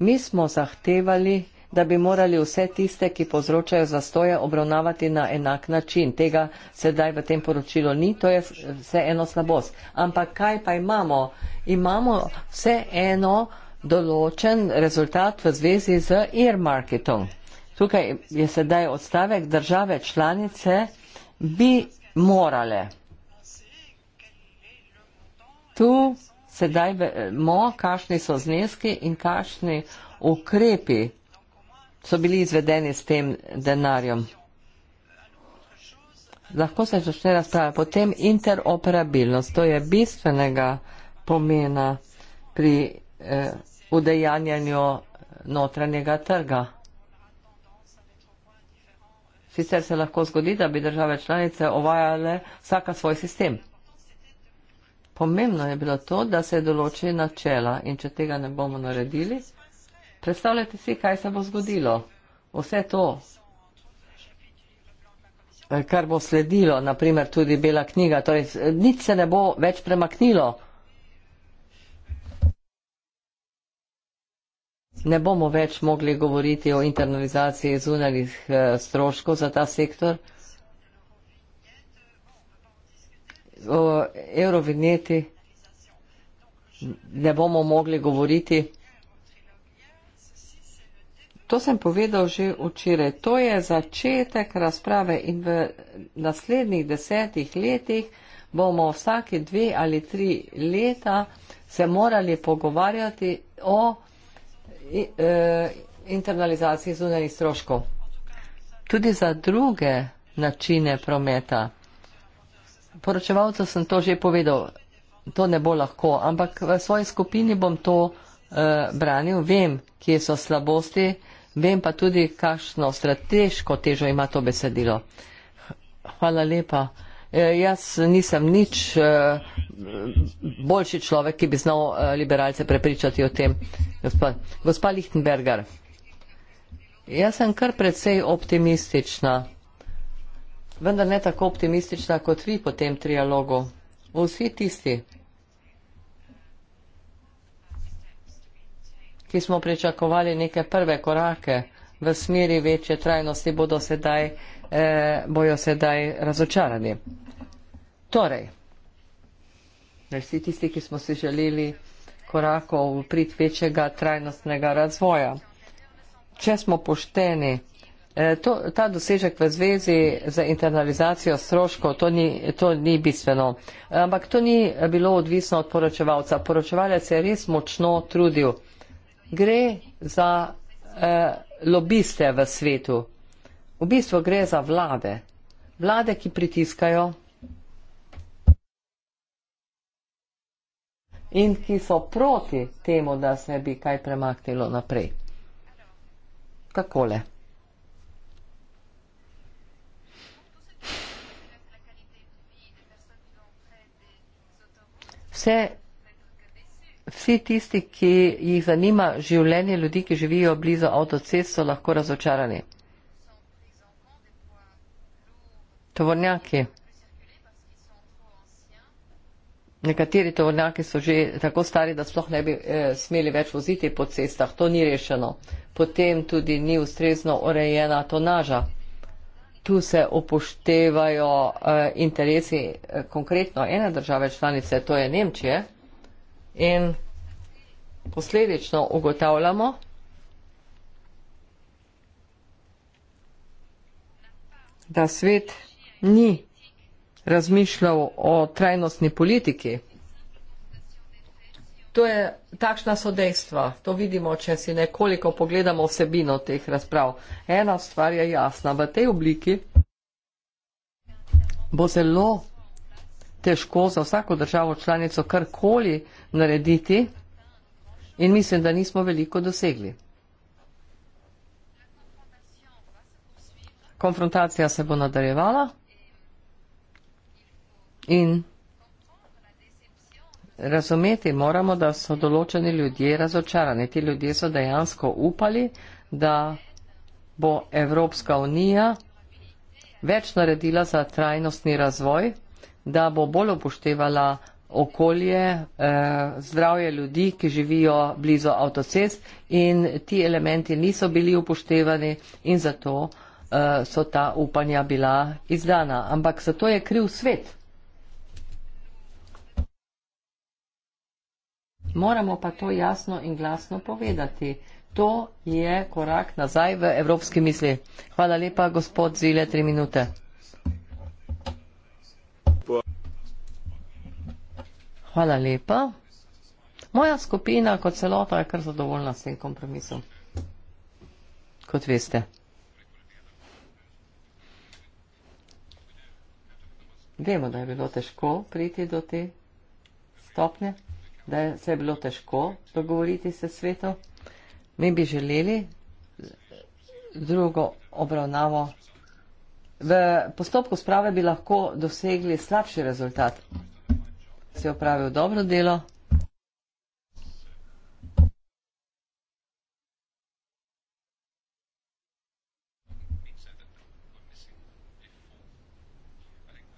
[SPEAKER 2] Mi smo zahtevali, da bi morali vse tiste, ki povzročajo zastoje, obravnavati na enak način. Tega sedaj v tem poročilu ni, to je vse eno slabost. Ampak kaj pa imamo? Imamo vse eno določen rezultat v zvezi z earmarketom. Tukaj je sedaj odstavek države članice bi morale. Tu sedaj vemo, kakšni so zneski in kakšni ukrepi so bili izvedeni s tem denarjem. Lahko se začne razprava. Potem interoperabilnost. To je bistvenega pomena pri. Eh, udejanjanju notranjega trga. Sicer se lahko zgodi, da bi države članice ovajale vsaka svoj sistem. Pomembno je bilo to, da se določi načela in če tega ne bomo naredili, predstavljate si, kaj se bo zgodilo. Vse to, eh, kar bo sledilo, naprimer tudi bela knjiga, torej eh, nič se ne bo več premaknilo. ne bomo več mogli govoriti o internalizaciji zunanjih eh, stroškov za ta sektor. O eurovinjeti ne bomo mogli govoriti. To sem povedal že včeraj. To je začetek razprave in v naslednjih desetih letih bomo vsake dve ali tri leta se morali pogovarjati o Eh, internalizaciji zunanjih stroškov. Tudi za druge načine prometa. Poročevalcu sem to že povedal, to ne bo lahko, ampak v svoji skupini bom to uh, branil. Vem, kje so slabosti, vem pa tudi, kakšno strateško težo ima to besedilo. Hvala lepa. Eh, jaz nisem nič eh, boljši človek, ki bi znal eh, liberalce prepričati o tem. Gospa, gospa Lichtenberger, jaz sem kar predvsej optimistična, vendar ne tako optimistična kot vi po tem trialogu. Vsi tisti, ki smo pričakovali neke prve korake v smeri večje trajnosti, bodo sedaj eh, bojo sedaj razočarani. Torej, vsi tisti, ki smo si želeli korakov v prid večjega trajnostnega razvoja. Če smo pošteni, eh, to, ta dosežek v zvezi za internalizacijo stroškov, to ni, to ni bistveno. Ampak to ni bilo odvisno od poročevalca. Poročevalec je res močno trudil. Gre za eh, lobiste v svetu, V bistvu gre za vlade. Vlade, ki pritiskajo in ki so proti temu, da se bi kaj premaknilo naprej. Takole. Vse, vsi tisti, ki jih zanima življenje ljudi, ki živijo blizu avtocest, so lahko razočarani. tovornjaki. Nekateri tovornjaki so že tako stari, da sploh ne bi eh, smeli več voziti po cestah. To ni rešeno. Potem tudi ni ustrezno urejena tonaža. Tu se upoštevajo eh, interesi eh, konkretno ene države članice, to je Nemčije. In posledično ugotavljamo, da svet ni razmišljal o trajnostni politiki. To je, takšna so dejstva. To vidimo, če si nekoliko pogledamo vsebino teh razprav. Ena stvar je jasna. V tej obliki bo zelo težko za vsako državo članico karkoli narediti in mislim, da nismo veliko dosegli. Konfrontacija se bo nadaljevala. In razumeti moramo, da so določeni ljudje razočarani. Ti ljudje so dejansko upali, da bo Evropska unija več naredila za trajnostni razvoj, da bo bolj upoštevala okolje, eh, zdravje ljudi, ki živijo blizu avtocest in ti elementi niso bili upoštevani in zato eh, so ta upanja bila izdana. Ampak zato je kriv svet. Moramo pa to jasno in glasno povedati. To je korak nazaj v evropski misli. Hvala lepa, gospod Zile, tri minute. Hvala lepa. Moja skupina kot celota je kar zadovoljna s tem kompromisom. Kot veste. Vemo, da je bilo težko priti do te stopnje da se je bilo težko dogovoriti se svetu. Mi bi želeli drugo obravnavo. V postopku sprave bi lahko dosegli slabši rezultat. Si opravil dobro delo.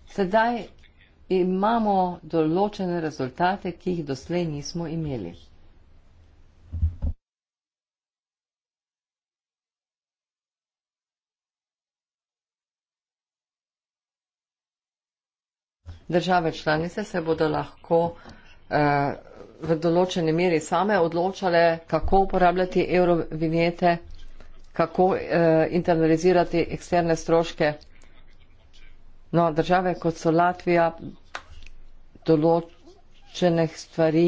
[SPEAKER 2] Sedaj imamo določene rezultate, ki jih doslej nismo imeli. Države članice se bodo lahko eh, v določeni meri same odločale, kako uporabljati eurovinjete, kako eh, internalizirati eksterne stroške. No, države kot so Latvija, določenih stvari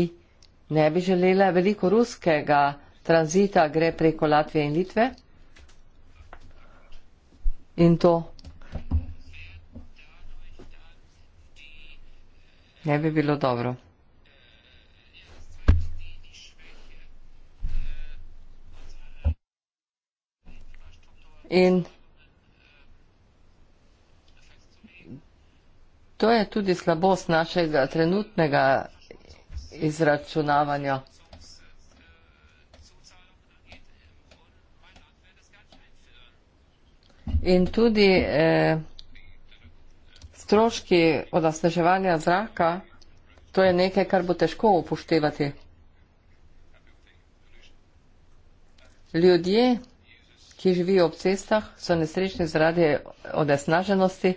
[SPEAKER 2] ne bi želela. Veliko ruskega tranzita gre preko Latvije in Litve. In to ne bi bilo dobro. In to je tudi slabost našega trenutnega izračunavanja. In tudi eh, stroški odasneževanja zraka, to je nekaj, kar bo težko upoštevati. Ljudje, ki živijo ob cestah, so nesrečni zaradi odesnaženosti.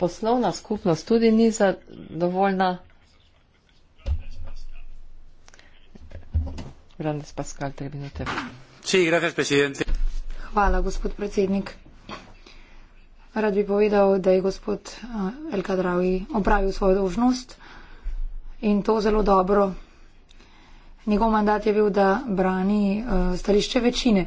[SPEAKER 2] poslovna skupnost tudi ni zadovoljna.
[SPEAKER 6] Grandes Pascal, tri minute.
[SPEAKER 4] Sí, gracias, presidente.
[SPEAKER 6] Hvala, gospod predsednik. Rad bi povedal, da je gospod eh, El Kadravi opravil svojo dožnost in to zelo dobro. Njegov mandat je bil, da brani uh, stališče večine. Uh,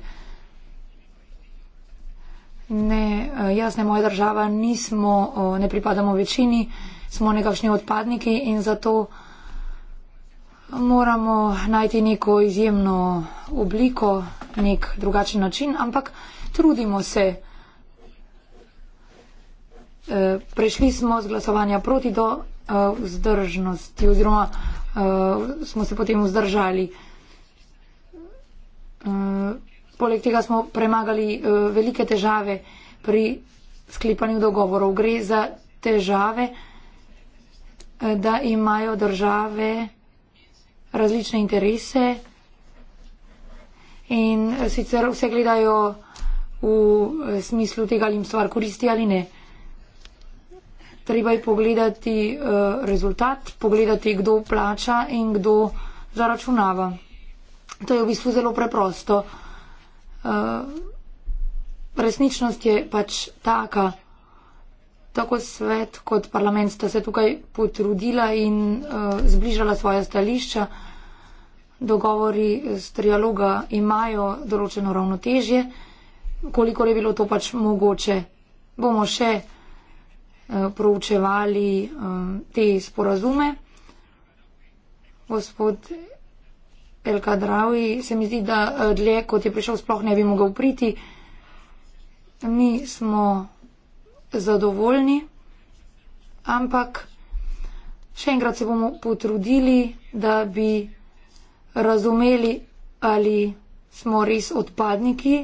[SPEAKER 6] ne, eh, jaz ne moja država, nismo, eh, ne pripadamo večini, smo nekakšni odpadniki in zato moramo najti neko izjemno obliko, nek drugačen način, ampak trudimo se. Eh, prešli smo z glasovanja proti do vzdržnosti oziroma smo se potem vzdržali. Poleg tega smo premagali uh, velike težave pri sklepanju dogovorov. Gre za težave, eh, da imajo države različne interese in eh, sicer vse gledajo v smislu tega, ali jim stvar koristi ali ne. Treba je pogledati uh, rezultat, pogledati, kdo plača in kdo zaračunava. To je v bistvu zelo preprosto. Uh, Eh, resničnost je pač taka. Tako svet kot parlament sta se tukaj potrudila in uh, zbližala svoja stališča. Dogovori z trialoga imajo določeno ravnotežje, koliko je bilo to pač mogoče. Bomo še uh, proučevali uh, te sporazume. Gospod El Kadravi, se mi zdi, da eh, dlje kot je prišel, sploh ne bi mogel priti. Mi smo zadovoljni, ampak še enkrat se bomo potrudili, da bi razumeli, ali smo res odpadniki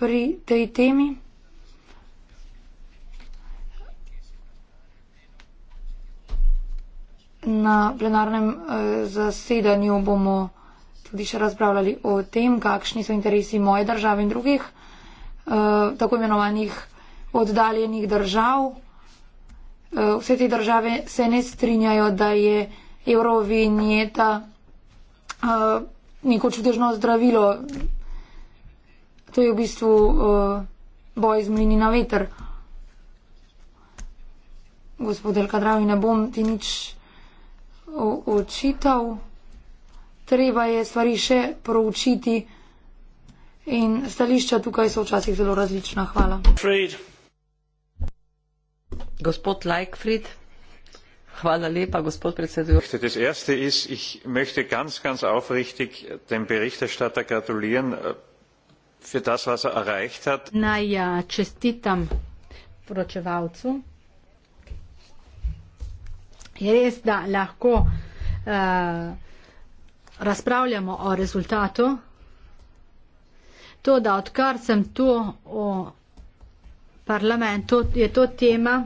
[SPEAKER 6] pri tej temi. Na plenarnem eh, zasedanju bomo tudi še razpravljali o tem, kakšni so interesi moje države in drugih eh, tako imenovanih oddaljenih držav. Eh, vse te države se ne strinjajo, da je eurovinjeta neko čudežno zdravilo. To je v bistvu boj z mlini na veter. Gospod Elkadravi, ne bom ti nič očital. Treba je stvari še proučiti in stališča tukaj so včasih zelo različna. Hvala.
[SPEAKER 2] Fried. Gospod Lajkfrid. Hvala lepa, gospod predsedujoč.
[SPEAKER 4] Äh, er
[SPEAKER 3] Naj ja čestitam poročevalcu je res, da lahko uh, razpravljamo o rezultatu. To, da odkar sem tu v parlamentu, je to tema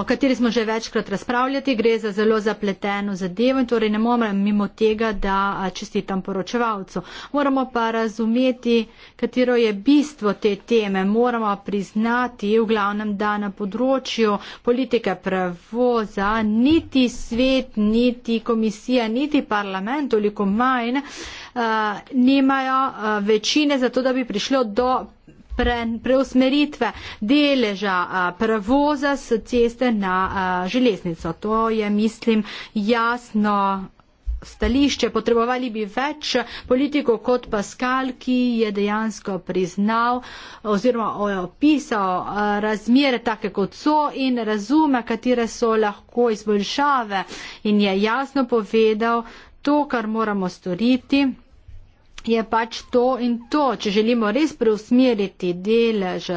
[SPEAKER 3] o kateri smo že večkrat razpravljali, gre za zelo zapleteno zadevo in torej ne moremo mimo tega, da čestitam poročevalcu. Moramo pa razumeti, katero je bistvo te teme. Moramo priznati, v glavnem, da na področju politike prevoza niti svet, niti komisija, niti parlament, toliko manj, nimajo večine za to, da bi prišlo do pre, preusmeritve deleža a, prevoza s ceste na a, železnico. To je, mislim, jasno stališče. Potrebovali bi več politikov kot Pascal, ki je dejansko priznal oziroma opisal razmere take kot so in razume, katere so lahko izboljšave in je jasno povedal to, kar moramo storiti je pač to in to, če želimo res preusmeriti delež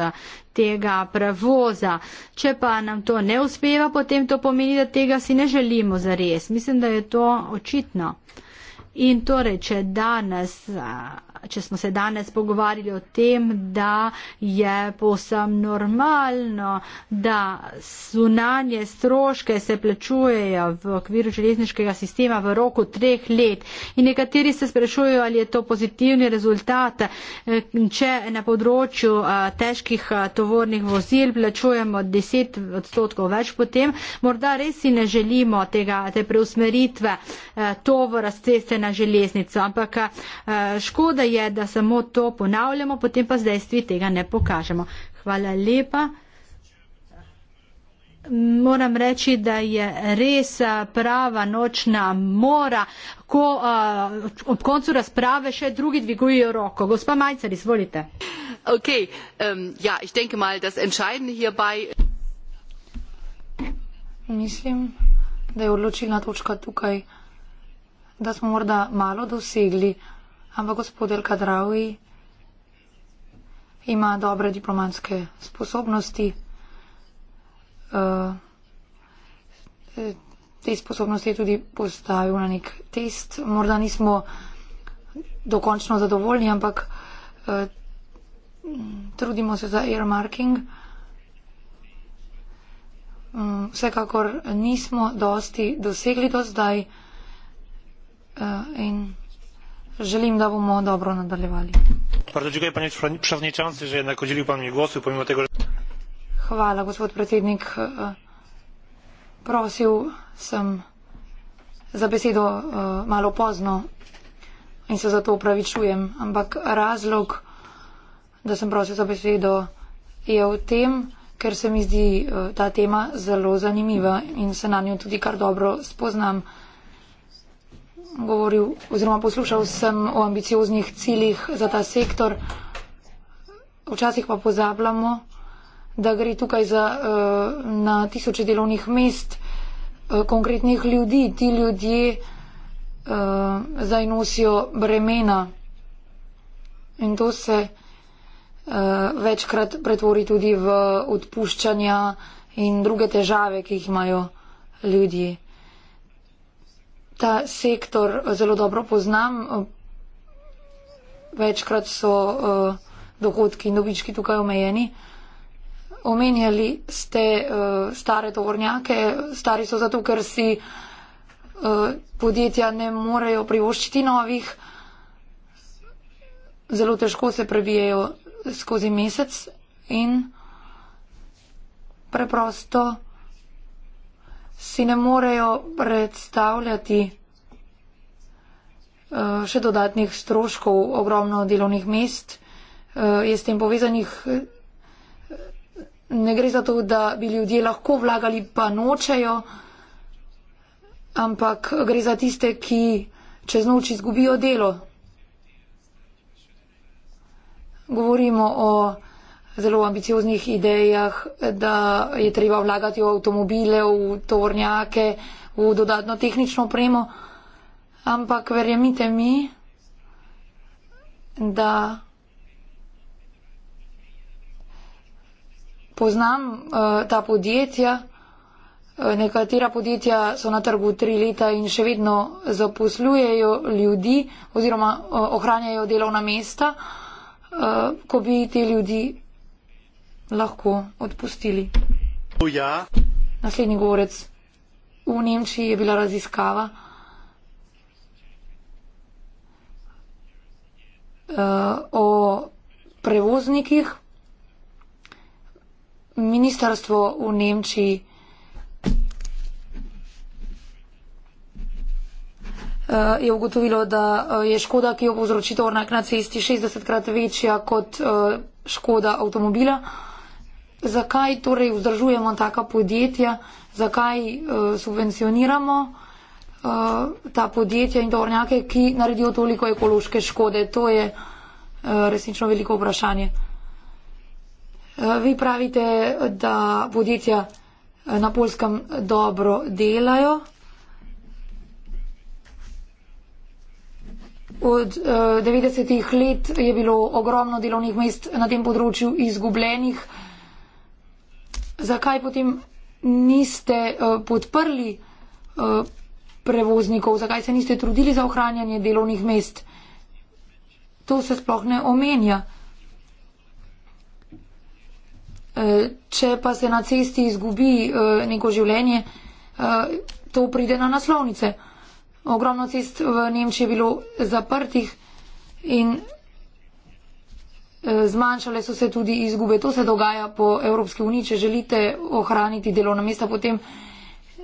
[SPEAKER 3] tega prevoza. Če pa nam to ne uspeva, potem to pomeni, da tega si ne želimo zares. Mislim, da je to očitno. In torej, če danes. A, če smo se danes pogovarjali o tem, da je posem normalno, da sunanje stroške se plačujejo v okviru železniškega sistema v roku treh let. In nekateri se sprašujejo, ali je to pozitivni rezultat, če na področju eh, težkih eh, tovornih vozil plačujemo 10 odstotkov več potem. Morda res si ne želimo tega, te preusmeritve eh, tovora s ceste na železnico, ampak škoda je je, da samo to ponavljamo, potem pa z dejstvi tega ne pokažemo. Hvala lepa. Moram reči, da je res prava nočna mora, ko a, ob koncu razprave še drugi dvigujejo roko. Gospa Majcer, izvolite. Ok, um, ja, ich denke mal, das entscheidende hierbei.
[SPEAKER 6] Mislim, da je odločilna točka tukaj, da smo morda malo dosegli ampak gospod El Kadravi ima dobre diplomatske sposobnosti. Eh, te sposobnosti je tudi postavil na nek test. Morda nismo dokončno zadovoljni, ampak eh, trudimo se za earmarking. Mm, vsekakor nismo dosti dosegli do zdaj. Uh, in želim da bomo dobro nadaljevali
[SPEAKER 1] bardzo dziękuję panie
[SPEAKER 4] przewodniczący że jednak udzielił pan mi głosu pomimo tego że
[SPEAKER 6] hvala gospod predsednik e, prosil sem za besedo e, malo pozno in se zato upravičujem ampak razlog da sem prosil za besedo je v tem ker se mi zdi e, ta tema zelo zanimiva in se na njo tudi kar dobro spoznam govoril oziroma poslušal sem o ambicioznih ciljih za ta sektor. Včasih pa pozabljamo, da gre tukaj za, eh, na tisoče delovnih mest eh, konkretnih ljudi. Ti ljudje eh, zdaj nosijo bremena in to se večkrat pretvori tudi v odpuščanja in druge težave, ki jih imajo ljudje ta sektor eh, zelo dobro poznam. Eh, večkrat so eh, dogodki in dobički tukaj omejeni. Omenjali ste stare tovornjake, stari so zato, ker si podjetja ne morejo privoščiti novih. Zelo težko se prebijajo skozi mesec in preprosto si ne morejo predstavljati eh, še dodatnih stroškov, ogromno delovnih mest eh, je s tem povezanih. Eh, ne gre za to, da bi ljudje lahko vlagali, pa nočejo, ampak gre za tiste, ki čez noč izgubijo delo. Govorimo o zelo ambicioznih idejah, da je treba vlagati v avtomobile, v tovornjake, v dodatno tehnično opremo. Ampak verjemite mi, da poznam uh, ta podjetja, eh, nekatera podjetja so na trgu tri leta in še vedno zaposlujejo ljudi oziroma uh, ohranjajo delovna mesta, uh, ko bi te ljudi lahko odpustili. Oh, ja. Naslednji govorec. V Nemčiji je bila raziskava. Uh, o prevoznikih. Ministrstvo v Nemčiji uh, je ugotovilo, da uh, je škoda, ki jo povzroči tovornjak na cesti, 60 krat večja kot uh, škoda avtomobila. Uh, zakaj torej vzdržujemo taka podjetja, zakaj uh, subvencioniramo uh, ta podjetja in tovornjake, ki naredijo toliko ekološke škode. To je uh, resnično veliko vprašanje. Uh, vi pravite, da podjetja na polskem dobro delajo. Od uh, 90-ih let je bilo ogromno delovnih mest na tem področju izgubljenih zakaj potem niste uh, podprli uh, prevoznikov, zakaj se niste trudili za ohranjanje delovnih mest. To se sploh ne omenja. Eh, če pa se na cesti izgubi neko življenje, to pride na naslovnice. Ogromno cest v Nemčiji je bilo zaprtih in zmanjšale so se tudi izgube. To se dogaja po Evropski uniji. Če želite ohraniti delovna mesta, potem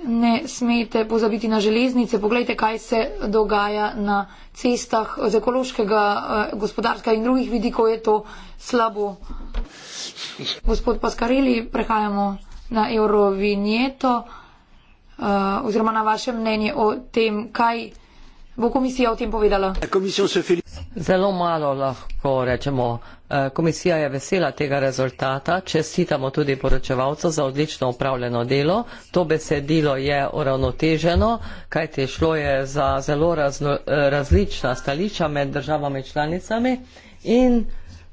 [SPEAKER 6] ne smete pozabiti na železnice. Poglejte, kaj se dogaja na cestah z ekološkega, eh, gospodarska in drugih vidikov je to slabo. Gospod Paskarili, prehajamo na Eurovinjeto eh, oziroma na vaše mnenje o tem, kaj bo komisija o tem povedala?
[SPEAKER 2] Zelo malo lahko rečemo. E, komisija je vesela tega rezultata. Čestitamo tudi poročevalcu za odlično upravljeno delo. To besedilo je uravnoteženo, kajte šlo je za zelo razno, e, različna stališča med državami članicami in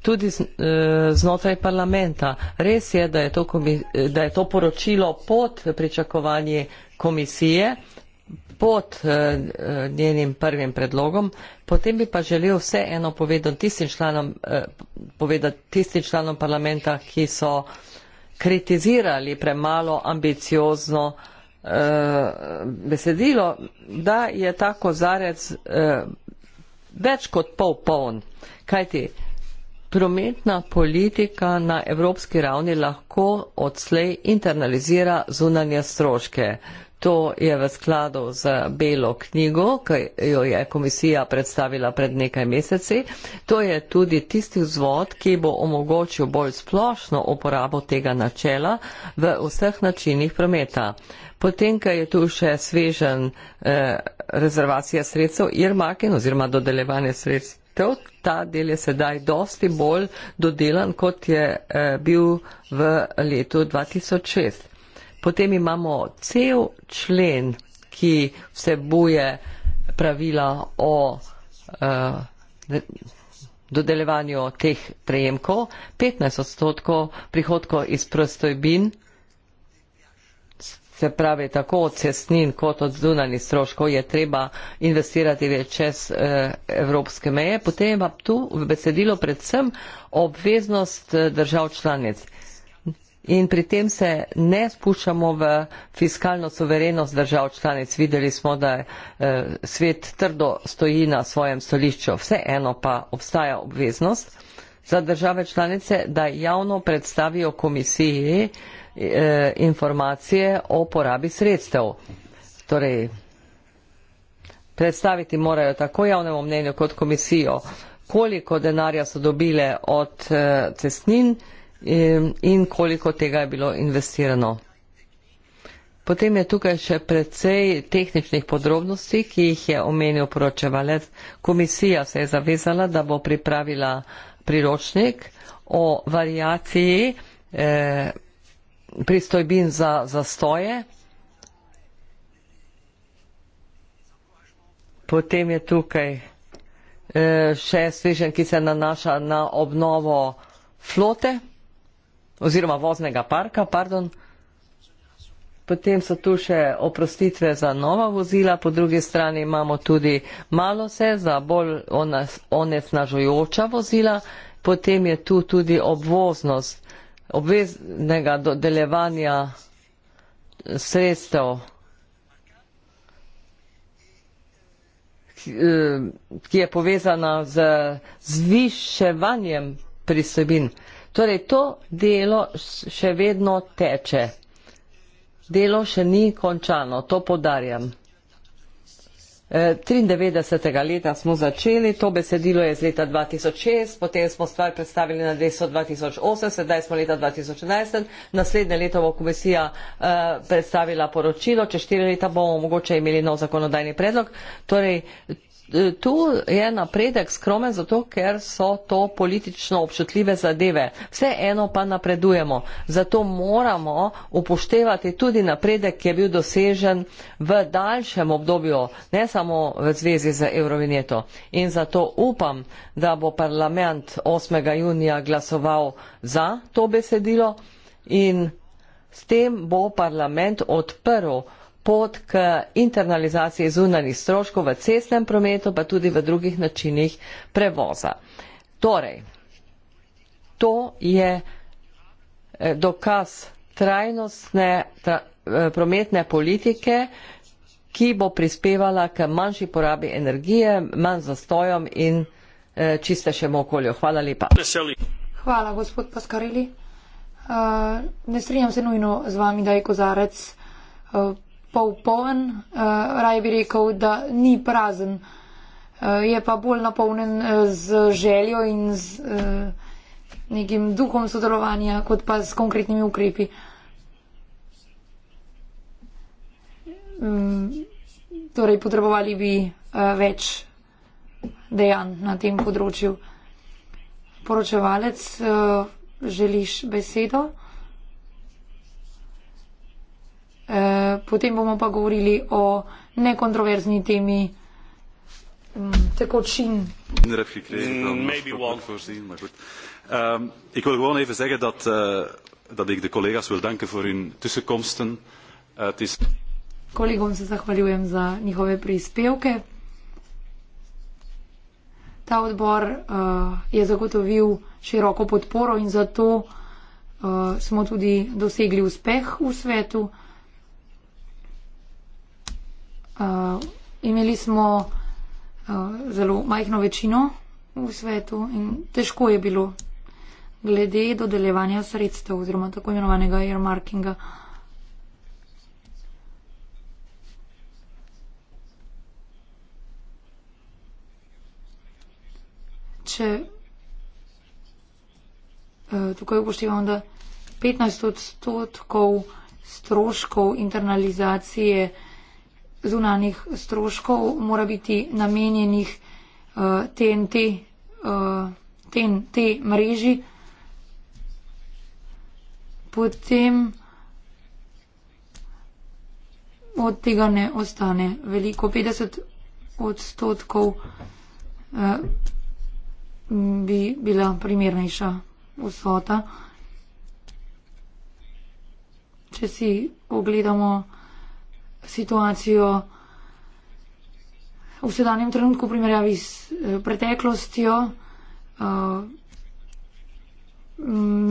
[SPEAKER 2] tudi z, e, znotraj parlamenta. Res je, da je to, komis, da je to poročilo pod pričakovanji komisije pot eh, eh, njenim prvim predlogom, potem bi pa želel vseeno povedati tistim članom, eh, povedati tistim članom parlamenta, ki so kritizirali premalo ambiciozno besedilo, da je ta kozarec več kot pol poln. Kajti prometna politika na evropski ravni lahko odslej internalizira zunanje stroške. To je v skladu z belo knjigo, ki jo je komisija predstavila pred nekaj meseci. To je tudi tisti vzvod, ki bo omogočil bolj splošno uporabo tega načela v vseh načinih prometa. Potem, ker je tu še svežen eh, rezervacija sredstev Irmaken oziroma dodelevanje sredstev, ta del je sedaj dosti bolj dodelan, kot je eh, bil v letu 2006. Potem imamo cel člen, ki vsebuje pravila o uh, eh, dodelevanju teh prejemkov. 15 odstotkov prihodkov iz prostojbin, se pravi tako od cestnin kot od zunanih stroškov, je treba investirati več čez uh, evropske meje. Potem imam tu v besedilo predvsem obveznost eh, držav članic in pri tem se ne spuščamo v fiskalno soverenost držav članic. Videli smo, da eh, svet trdo stoji na svojem stolišču. Vseeno pa obstaja obveznost za države članice, da javno predstavijo komisiji eh, informacije o porabi sredstev. Torej, predstaviti morajo tako javnemu mnenju kot komisijo, koliko denarja so dobile od eh, cestnin, in, in koliko tega je bilo investirano. Potem je tukaj še precej tehničnih podrobnosti, ki jih je omenil poročevalec. Komisija se je zavezala, da bo pripravila priročnik o variaciji eh, pristojbin za zastoje. Potem je tukaj eh, še svežen, ki se nanaša na obnovo flote oziroma voznega parka, pardon. Potem so tu še oprostitve za nova vozila, po drugi strani imamo tudi malo se za bolj onesnažujoča vozila, potem je tu tudi obvoznost obveznega dodelevanja sredstev, eh, ki je povezana z zviševanjem pristojbin. Torej, to delo še vedno teče. Delo še ni končano, to podarjam. 93. E, leta smo začeli, to besedilo je iz leta 2006, potem smo stvar predstavili na deso 2008, sedaj smo leta 2011, naslednje leto bo komisija uh, predstavila poročilo, čez 4 leta bomo mogoče imeli nov zakonodajni predlog. Torej, tu je napredek skromen, zato ker so to politično občutljive zadeve. Vseeno pa napredujemo. Zato moramo upoštevati tudi napredek, ki je bil dosežen v daljšem obdobju, ne samo v zvezi z Eurovinjeto. In zato upam, da bo parlament 8. junija glasoval za to besedilo in s tem bo parlament odprl pot k internalizaciji zunanih stroškov v cestnem prometu, pa tudi v drugih načinih prevoza. Torej, to je eh, dokaz trajnostne tra, eh, prometne politike, ki bo prispevala k manjši porabi energije, manj zastojom in eh, čistejšemu okolju. Hvala lepa.
[SPEAKER 6] Hvala, gospod Paskarili. Uh, ne strinjam se nujno z vami, da je kozarec uh, pol poln, uh, eh, raje bi rekel, da ni prazen, uh, je pa bolj napolnen eh, z željo in z uh, nekim duhom sodelovanja, kot pa s konkretnimi ukrepi. Um, torej, potrebovali bi uh, več dejanj na tem področju. Poročevalec, uh, želiš besedo? potem bomo pa govorili o nekontroverzni temi mm, tekočin.
[SPEAKER 1] Mm, ehm, ik wil gewoon even zeggen dat, uh, dat ik de collega's wil danken voor hun tussenkomsten. Uh, het is...
[SPEAKER 6] Kolegom se zahvaljujem za njihove prispevke. Ta odbor uh, je zagotovil široko podporo in zato uh, smo tudi dosegli uspeh v svetu. Uh, imeli smo uh, zelo majhno večino v svetu in težko je bilo glede dodeljevanja sredstev oziroma tako imenovanega earmarkinga. Če eh, tukaj upoštevam, da 15 odstotkov stroškov internalizacije uh, zunanih stroškov mora biti namenjenih uh, eh, TNT, uh, eh, TNT mreži. Potem od tega ne ostane veliko, 50 odstotkov uh, bi bila primernejša vsota. Če si ogledamo situacijo v sedanjem trenutku v primerjavi s eh, preteklostjo. Uh,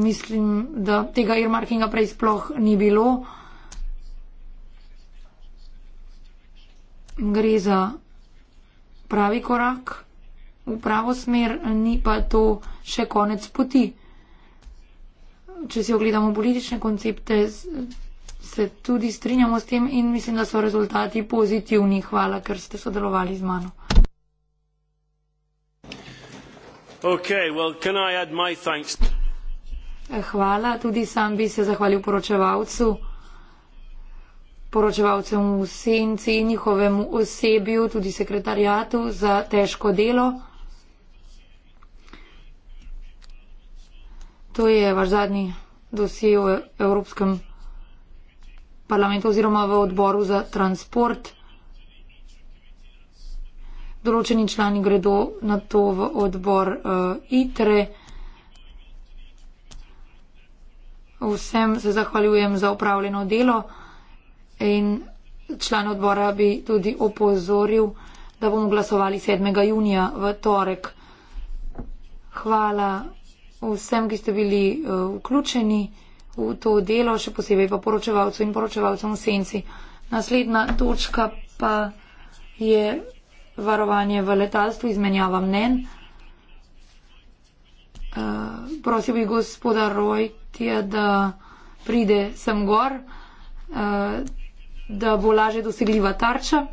[SPEAKER 6] mislim, da tega earmarkinga prej sploh ni bilo. Gre za pravi korak v pravo smer, ni pa to še konec poti. Če si ogledamo politične koncepte, se tudi strinjamo s tem in mislim, da so rezultati pozitivni. Hvala, ker ste sodelovali z mano.
[SPEAKER 1] Okay, well,
[SPEAKER 6] eh, Hvala, tudi sam bi se zahvalil poročevalcu, poročevalcem v senci, njihovemu osebju, tudi sekretarijatu za težko delo. To je vaš zadnji dosje v Evropskem parlamentu parlamentu oziroma v odboru za transport. Določeni člani gredo na to v odbor uh, ITRE. Vsem se zahvaljujem za upravljeno delo in član odbora bi tudi opozoril, da bomo glasovali 7. junija v torek. Hvala vsem, ki ste bili uh, vključeni v to delo, še posebej pa poročevalcu in poročevalcem v senci. Naslednja točka pa je varovanje v letalstvu, izmenjava mnen. Uh, prosil bi gospoda Rojtija, da pride sem gor, uh, da bo laže dosegljiva tarča.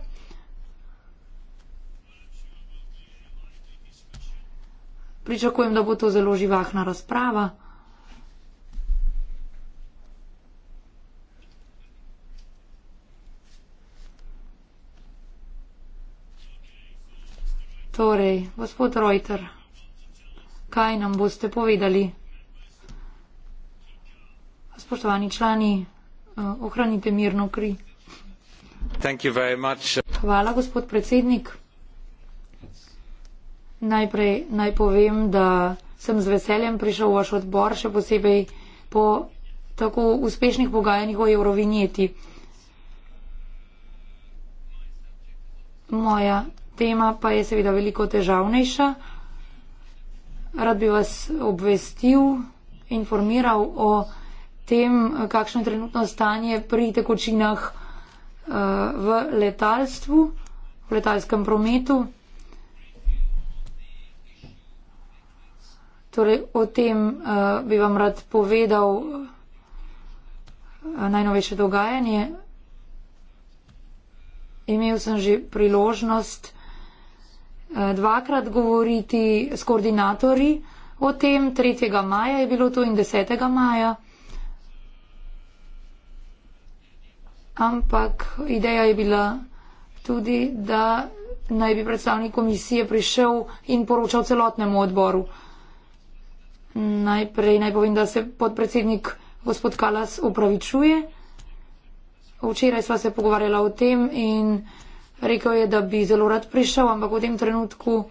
[SPEAKER 6] Pričakujem, da bo to zelo živahna razprava. Torej, gospod Reuter, kaj nam boste povedali? Spoštovani člani, eh, ohranite mirno kri. Hvala, gospod predsednik. Najprej naj povem, da sem z veseljem prišel v vaš odbor, še posebej po tako uspešnih pogajanjih o eurovinjeti. Moja tema pa je seveda veliko težavnejša. Rad bi vas obvestil, informiral o tem, kakšno je trenutno stanje pri tekočinah eh, v letalstvu, v letalskem prometu. Torej, o tem uh, bi vam rad povedal uh, najnovejše dogajanje. Imel sem že priložnost Eh, dvakrat govoriti s koordinatorji o tem, 3. maja je bilo to in 10. maja. Ampak ideja je bila tudi, da naj bi predstavnik komisije prišel in poročal celotnemu odboru. Najprej naj povem, da se podpredsednik gospod Kalas upravičuje. Včeraj sva se pogovarjala o tem in. Rekel je, da bi zelo rad prišel, ampak v tem trenutku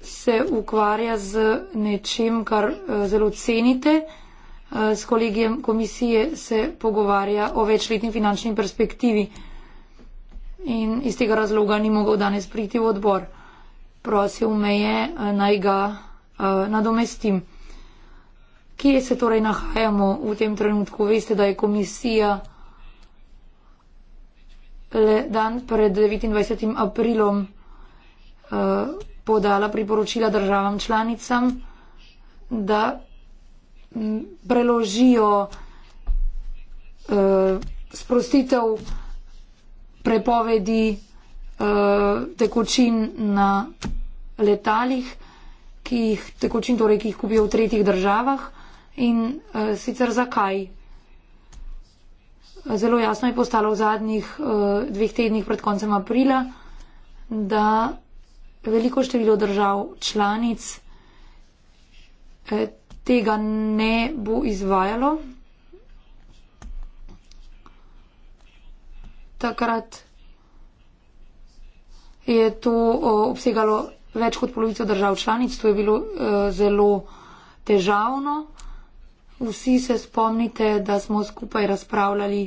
[SPEAKER 6] se ukvarja z nečem, kar eh, zelo cenite. Eh, s kolegijem komisije se pogovarja o večletni finančni perspektivi in iz tega razloga ni mogel danes priti v odbor. Prosil me je, eh, naj ga nadomestim. Kje se torej nahajamo v tem trenutku? Veste, da je komisija le dan pred 29. aprilom uh, podala priporočila državam članicam, da preložijo uh, sprostitev prepovedi uh, tekočin na letalih, ki jih tekočin, torej, ki jih kupijo v tretjih državah in uh, sicer zakaj zelo jasno je postalo v zadnjih eh, dveh tednih pred koncem aprila, da veliko število držav članic eh, tega ne bo izvajalo. Takrat je to eh, obsegalo več kot polovico držav članic, to je bilo zelo težavno. Vsi se spomnite, da smo skupaj razpravljali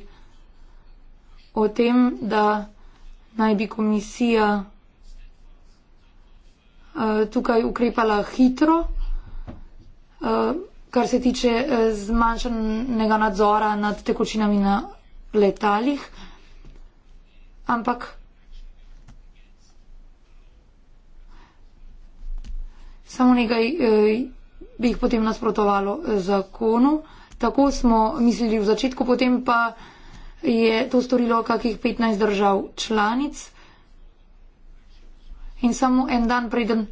[SPEAKER 6] o tem, da naj bi komisija uh, tukaj ukrepala hitro, uh, kar se tiče uh, zmanjšanega nadzora nad tekočinami na letalih. Ampak samo nekaj uh, bi jih potem nasprotovalo zakonu. Tako smo mislili v začetku, potem pa je to storilo kakih 15 držav članic. In samo en dan preden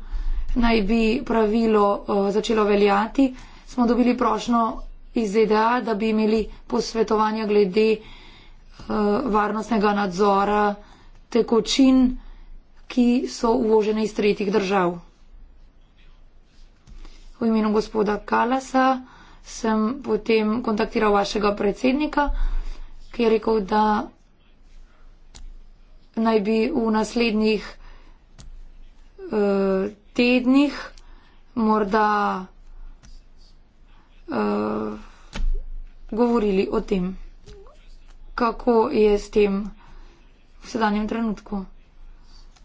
[SPEAKER 6] naj bi pravilo uh, začelo veljati, smo dobili prošno iz ZDA, da bi imeli posvetovanja glede uh, varnostnega nadzora tekočin, ki so uvožene iz tretjih držav. V imenu gospoda Kalasa sem potem kontaktiral vašega predsednika ki je rekel, da naj bi v naslednjih uh, tednih morda uh, govorili o tem, kako je s tem v sedanjem trenutku.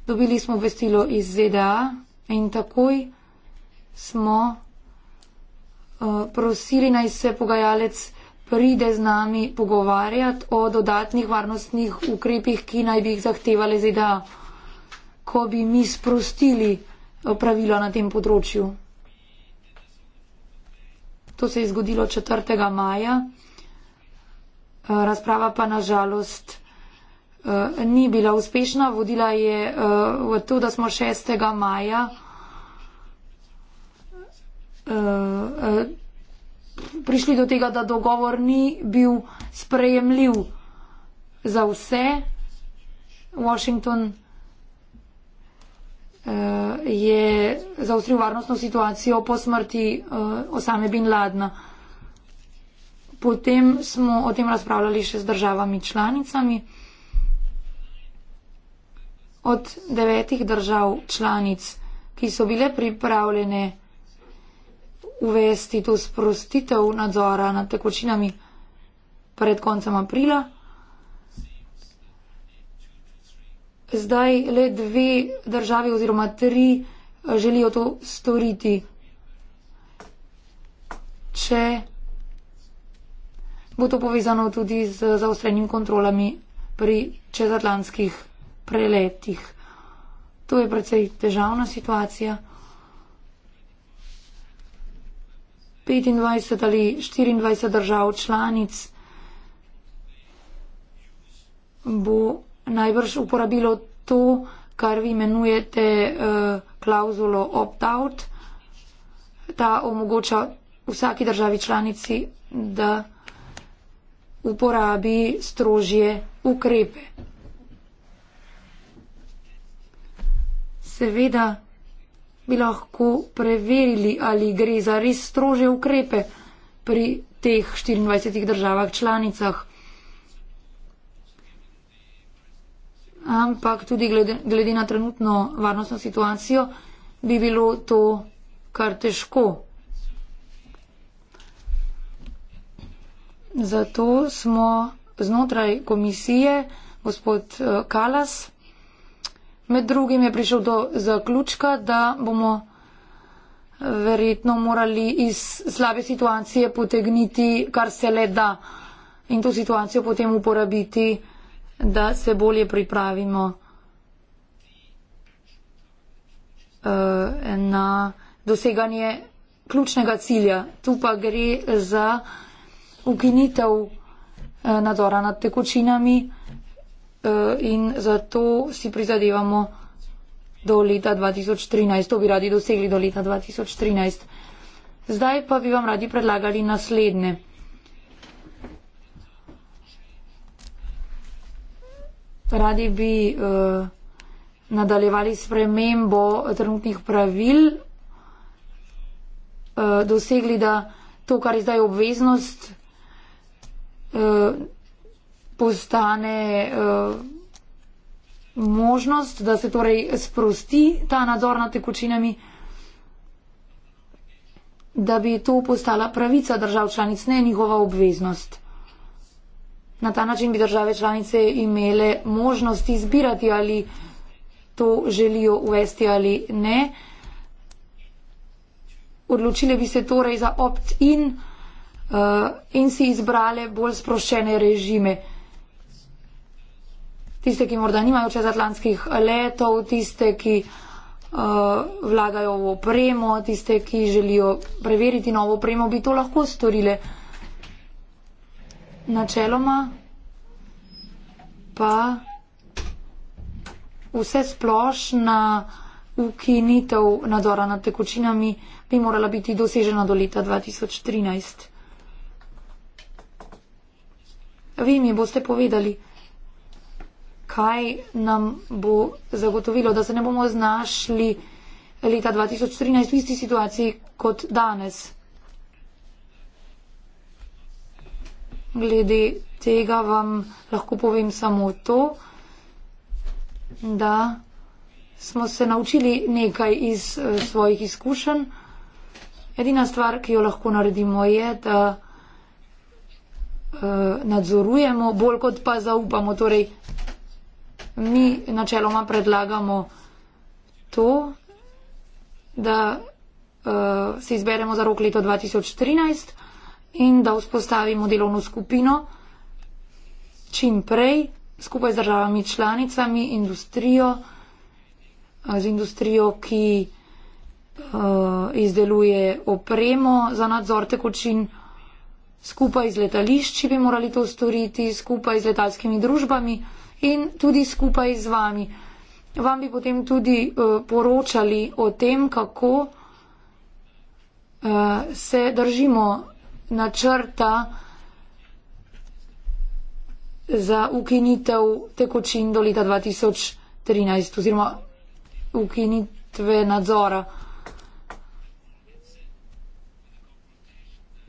[SPEAKER 6] Dobili smo vestilo iz ZDA in takoj smo uh, prosili naj se pogajalec pride z nami pogovarjati o dodatnih varnostnih ukrepih, ki naj bi jih zahtevali ZDA, ko bi mi sprostili eh, pravila na tem področju. To se je zgodilo 4. maja. Eh, razprava pa nažalost eh, ni bila uspešna. Vodila je v to, da smo 6. maja prišli do tega, da dogovor ni bil sprejemljiv za vse. Washington uh, je zaostril varnostno situacijo po smrti uh, Osame Bin Ladna. Potem smo o tem razpravljali še z državami članicami. Od devetih držav članic, ki so bile pripravljene uvesti to sprostitev nadzora nad tekočinami pred koncem aprila. Zdaj le dve države oziroma tri eh, želijo to storiti. Če bo to povezano tudi z zaostrenim kontrolami pri čezatlantskih preletih. To je precej težavna situacija. 25 ali 24 držav članic bo najbrž uporabilo to, kar vi imenujete eh, klauzulo opt-out. Ta omogoča vsaki državi članici, da uporabi strožje ukrepe. Seveda bi lahko preverili, ali gre za res strože ukrepe pri teh 24 državah članicah. Ampak tudi glede, glede na trenutno varnostno situacijo bi bilo to kar težko. Zato smo znotraj komisije, gospod eh, Kalas, med drugim je prišel do zaključka, da bomo eh, verjetno morali iz slabe situacije potegniti, kar se le da, in to situacijo potem uporabiti, da se bolje pripravimo eh, na doseganje ključnega cilja. Tu pa gre za ukinitev eh, nadzora nad tekočinami. Eh, in zato si prizadevamo do leta 2013. To bi radi dosegli do leta 2013. Zdaj pa bi vam radi predlagali naslednje. Radi bi uh, nadaljevali spremembo trenutnih pravil, uh, dosegli, da to, kar je zdaj obveznost, uh, postane uh, možnost, da se torej sprosti ta nadzor nad tekočinami, da bi to postala pravica držav članic, ne njihova obveznost. Na ta način bi države članice imele možnost izbirati, ali to želijo uvesti ali ne. Odločile bi se torej za opt-in uh, in si izbrale bolj sproščene režime tiste, ki morda nimajo čezatlantskih letov, tiste, ki uh, vlagajo v opremo, tiste, ki želijo preveriti novo opremo, bi to lahko storile. Načeloma pa vse splošna ukinitev nadzora nad tekočinami bi morala biti dosežena do leta 2013. Vi mi boste povedali kaj nam bo zagotovilo, da se ne bomo znašli leta 2013 v isti situaciji kot danes. Glede tega vam lahko povem samo to, da smo se naučili nekaj iz eh, svojih izkušenj. Edina stvar, ki jo lahko naredimo, je, da eh, nadzorujemo bolj kot pa zaupamo. Torej, mi načeloma predlagamo to, da uh, eh, se izberemo za rok leto 2013 in da vzpostavimo delovno skupino čim prej skupaj z državami članicami, industrijo, eh, z industrijo, ki uh, izdeluje opremo za nadzor tekočin, skupaj z letališči bi morali to storiti, skupaj z letalskimi družbami. Uh, in tudi skupaj z vami. Vam bi potem tudi uh, poročali o tem, kako uh, se držimo načrta za ukinitev tekočin do leta 2013 oziroma ukinitve nadzora.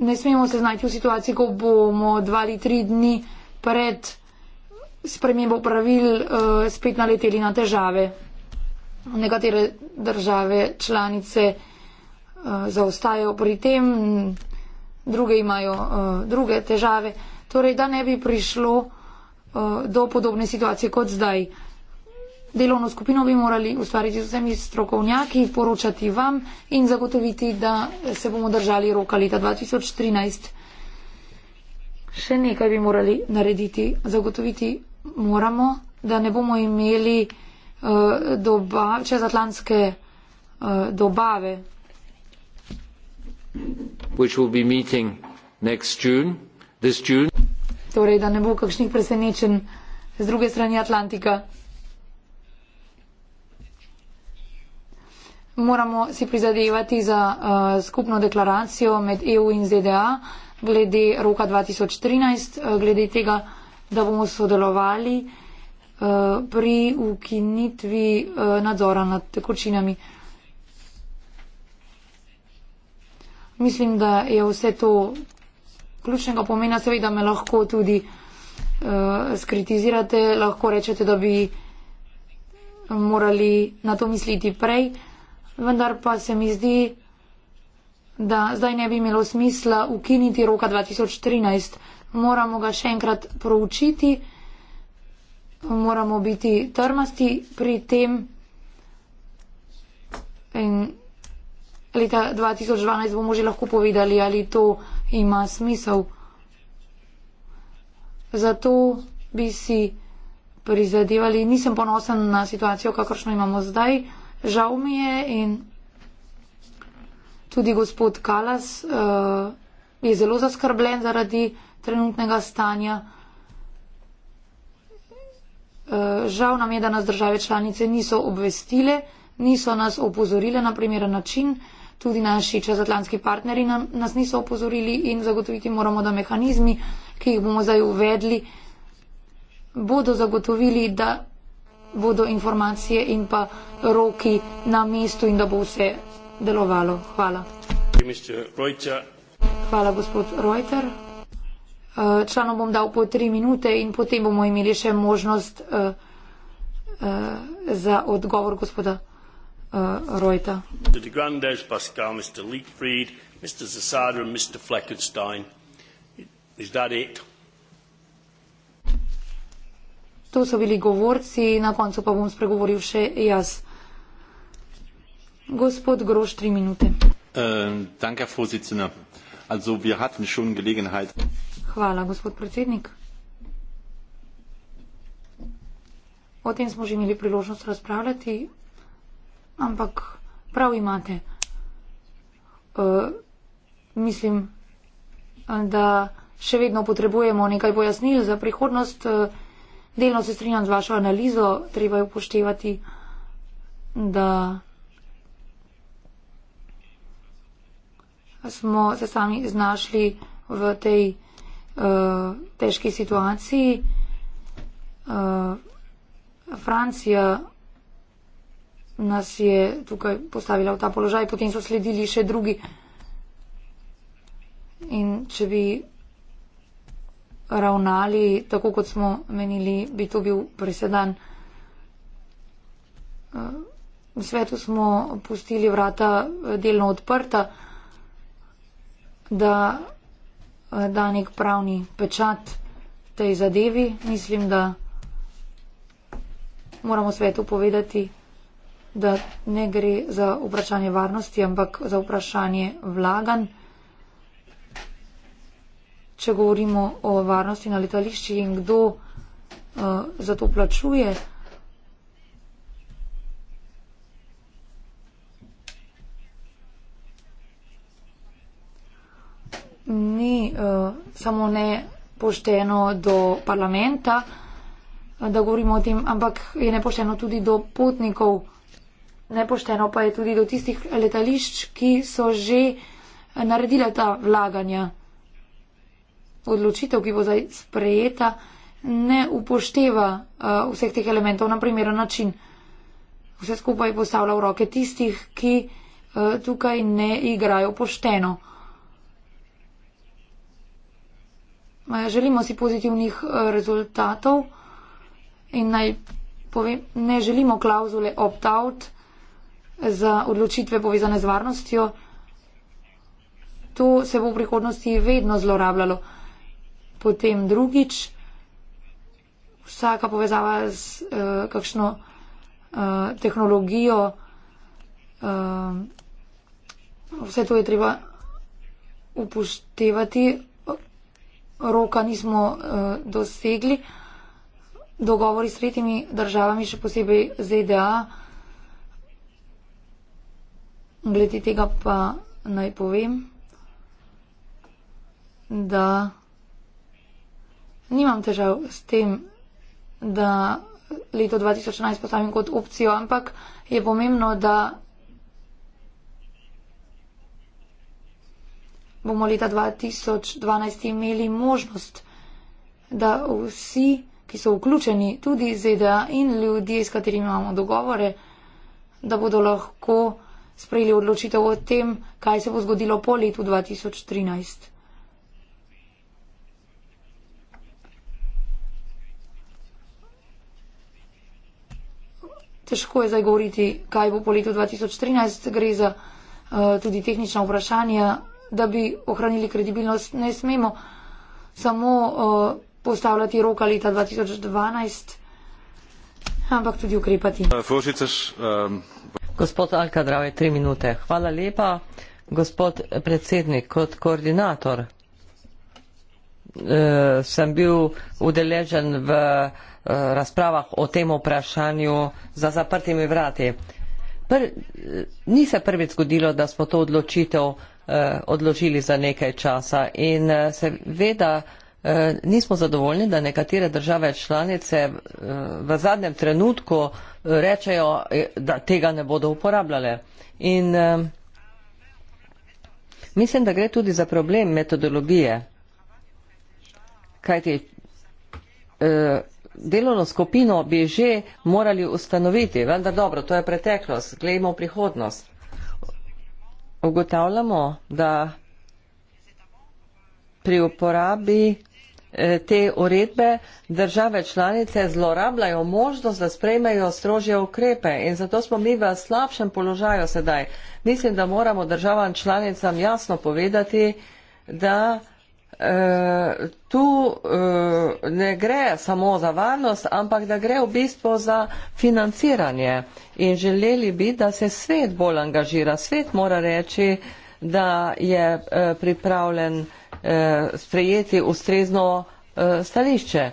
[SPEAKER 6] Ne smemo se znajti v situaciji, ko bomo dva ali tri dni pred spremembo pravil uh, spet naleteli na težave. Nekatere države članice uh, zaostajajo pri tem, druge imajo uh, druge težave. Torej, da ne bi prišlo uh, do podobne situacije kot zdaj. Delovno skupino bi morali ustvariti z vsemi strokovnjaki, poročati vam in zagotoviti, da se bomo držali roka leta 2013. Še nekaj bi morali narediti, zagotoviti moramo, da ne bomo imeli uh, doba, čezatlantske uh, dobave.
[SPEAKER 4] June, June.
[SPEAKER 6] Torej, da ne bo kakšnih presenečen z druge strani Atlantika. Moramo si prizadevati za uh, skupno deklaracijo med EU in ZDA glede roka 2013, uh, glede tega, da bomo sodelovali uh, pri ukinitvi uh, nadzora nad tekočinami. Mislim, da je vse to ključnega pomena, seveda me lahko tudi uh, skritizirate, lahko rečete, da bi morali na to misliti prej, vendar pa se mi zdi, da zdaj ne bi imelo smisla ukiniti roka 2013 moramo ga še enkrat proučiti, moramo biti trmasti pri tem. In leta 2012 bomo že lahko povedali, ali to ima smisel. Zato bi si prizadevali, nisem ponosen na situacijo, kakršno imamo zdaj, žal mi je in tudi gospod Kalas uh, je zelo zaskrbljen zaradi trenutnega stanja. E, žal nam je, da nas države članice niso obvestile, niso nas opozorile na primeren način, tudi naši čezatlantski partneri nas niso opozorili in zagotoviti moramo, da mehanizmi, ki jih bomo zdaj uvedli, bodo zagotovili, da bodo informacije in pa roki na mestu in da bo vse delovalo. Hvala. Hvala, gospod Reuter. Eh, članom bom dal po tri minute in potem bomo imeli še možnost eh, eh, za odgovor gospoda Rojta. To so bili govorci, na koncu pa bom spregovoril še jaz. Gospod Groš, tri minute.
[SPEAKER 4] Uh, danke,
[SPEAKER 6] Hvala, gospod predsednik. O tem smo že imeli priložnost razpravljati, ampak prav imate. Uh, mislim, da še vedno potrebujemo nekaj pojasnil za prihodnost. E, delno se strinjam z vašo analizo, treba je upoštevati, da smo se sami znašli v tej Eh, težki situaciji. Uh, Francija nas je tukaj postavila v ta položaj, potem so sledili še drugi. In če bi ravnali tako, kot smo menili, bi to bil presedan. Eh, v svetu smo pustili vrata delno odprta, da Eh, da nek pravni pečat tej zadevi. Mislim, da moramo svetu povedati, da ne gre za vprašanje varnosti, ampak za vprašanje vlagan. Če govorimo o varnosti na letališči in kdo uh, za to plačuje. ni uh, samo ne pošteno do parlamenta, eh, da govorimo o tem, ampak je nepošteno tudi do potnikov, nepošteno pa je tudi do tistih letališč, ki so že naredile ta vlaganja. Odločitev, ki bo zdaj sprejeta, ne upošteva uh, vseh teh elementov na primeren način. Vse skupaj postavlja v roke tistih, ki uh, tukaj ne igrajo pošteno. Želimo si pozitivnih e, rezultatov in naj povem, ne želimo klauzule opt-out za odločitve povezane z varnostjo. To se bo v prihodnosti vedno zlorabljalo. Potem drugič, vsaka povezava z uh, e, kakšno uh, tehnologijo, uh, vse to je treba upoštevati roka nismo uh, dosegli. Dogovori s tretjimi državami, še posebej ZDA, glede tega pa naj povem, da nimam težav s tem, da leto 2011 postavim kot opcijo, ampak je pomembno, da bomo leta 2012 imeli možnost, da vsi, ki so vključeni tudi iz ZDA in ljudje, s katerimi imamo dogovore, da bodo lahko sprejeli odločitev o tem, kaj se bo zgodilo po letu 2013. Težko je zdaj govoriti, kaj bo po letu 2013, gre za uh, tudi tehnična vprašanja, da bi ohranili kredibilnost. Ne smemo samo uh, postavljati roka leta 2012, ampak tudi ukrepati.
[SPEAKER 4] Eh, ehm, Gospod Alka
[SPEAKER 2] Drave, tri minute. Hvala lepa. Gospod predsednik, kot koordinator uh, sem bil udeležen v razpravah o tem vprašanju za zaprtimi vrati. Pr, ni se prvič zgodilo, da smo to odločitev uh, Eh, odložili za nekaj časa. In eh, seveda eh, nismo zadovoljni, da nekatere države članice v zadnjem trenutku rečejo, da tega ne bodo uporabljale. In mislim, da gre tudi za problem metodologije. Kajti delovno skupino bi že morali ustanoviti, vendar dobro, to je preteklost, gledimo prihodnost ugotavljamo, da pri uporabi eh, te uredbe države članice zlorabljajo možnost, da sprejmejo strožje ukrepe in zato smo mi v slabšem položaju sedaj. Mislim, da moramo državam članicam jasno povedati, da Eh, tu eh, ne gre samo za varnost, ampak da gre v bistvu za financiranje. In želeli bi, da se svet bolj angažira. Svet mora reči, da je eh, pripravljen sprejeti ustrezno stališče.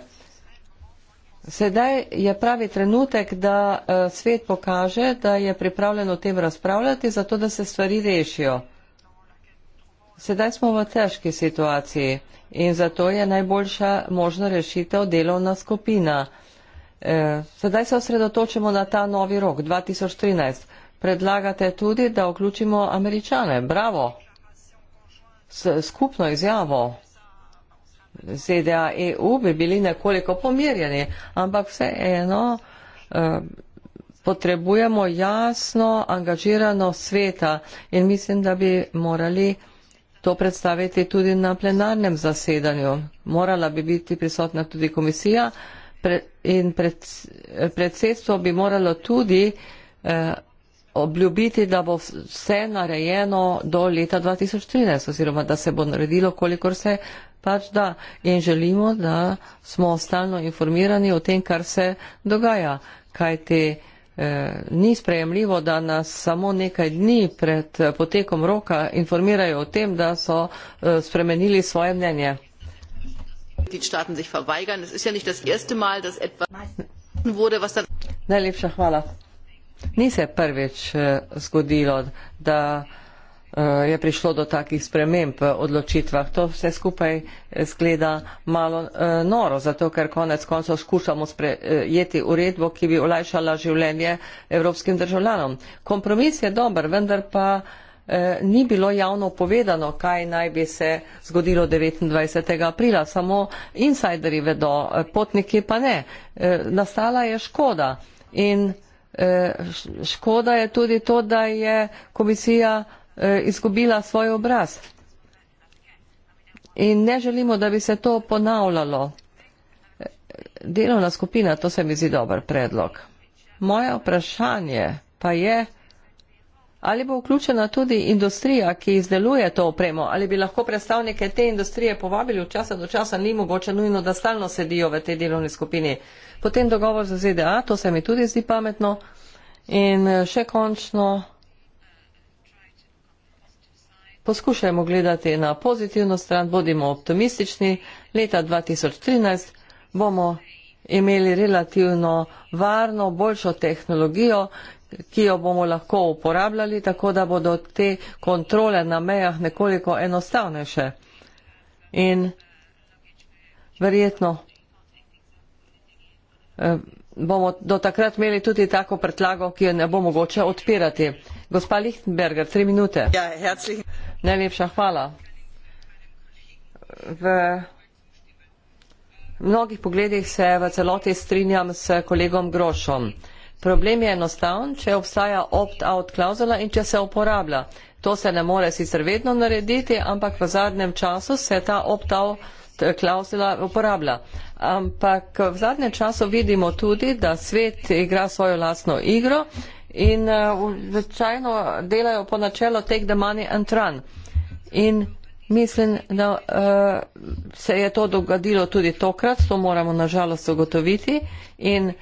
[SPEAKER 2] Sedaj je pravi trenutek, da svet pokaže, da je pripravljen o tem razpravljati, zato da se stvari rešijo. Sedaj smo v težki situaciji in zato je najboljša možna rešitev delovna skupina. E, sedaj se osredotočimo na ta novi rok, 2013. Predlagate tudi, da vključimo američane. Bravo! S skupno izjavo ZDA EU bi bili nekoliko pomirjeni, ampak vseeno e, potrebujemo jasno angažirano sveta in mislim, da bi morali to predstaviti tudi na plenarnem zasedanju. Morala bi biti prisotna tudi komisija in predsedstvo bi moralo tudi eh, obljubiti, da bo vse narejeno do leta 2013 oziroma da se bo naredilo, kolikor se pač da. In želimo, da smo stalno informirani o tem, kar se dogaja. Kaj te Eh, ni sprejemljivo, da nas samo nekaj dni pred eh, potekom roka informirajo o tem, da so eh, spremenili svoje mnenje. Ja Najlepša hvala. Ni se prvič zgodilo, da. Eh, je prišlo do takih sprememb v odločitvah. To vse skupaj skleda eh, malo eh, noro, zato ker konec koncev skušamo sprejeti uredbo, ki bi olajšala življenje evropskim državljanom. Kompromis je dober, vendar pa ni bilo javno povedano, kaj naj bi se zgodilo 29. aprila. Samo insajderi vedo, potniki pa ne. Nastala je škoda. In škoda je tudi to, da je komisija Eh, izgubila svoj obraz. In ne želimo, da bi se to ponavljalo. Delovna skupina, to se mi zdi dober predlog. Moje vprašanje pa je, ali bo vključena tudi industrija, ki izdeluje to opremo, ali bi lahko predstavnike te industrije povabili v časa do časa, ni mogoče nujno, da stalno sedijo v tej delovni skupini. Potem dogovor z ZDA, to se mi tudi zdi pametno. In eh, še končno, poskušajmo gledati na pozitivno stran, bodimo optimistični. Leta 2013 bomo imeli relativno varno, boljšo tehnologijo, ki jo bomo lahko uporabljali, tako da bodo te kontrole na mejah nekoliko enostavnejše. In verjetno eh, bomo do takrat imeli tudi tako pretlago, ki jo ne bo mogoče odpirati. Gospa Lichtenberger, tri minute. Ja, herzlich. Najlepša hvala. V mnogih pogledih se v celoti strinjam s kolegom Grošom. Problem je enostavn, če obstaja opt-out klauzula in če se uporablja. To se ne more sicer vedno narediti, ampak v zadnjem času se ta opt-out klauzula uporablja. Ampak v zadnjem času vidimo tudi, da svet igra svojo lastno igro in zvečajno eh, uh, delajo po načelu take the money and run. In mislim, da uh, se je to dogodilo tudi tokrat, to moramo nažalost ugotoviti in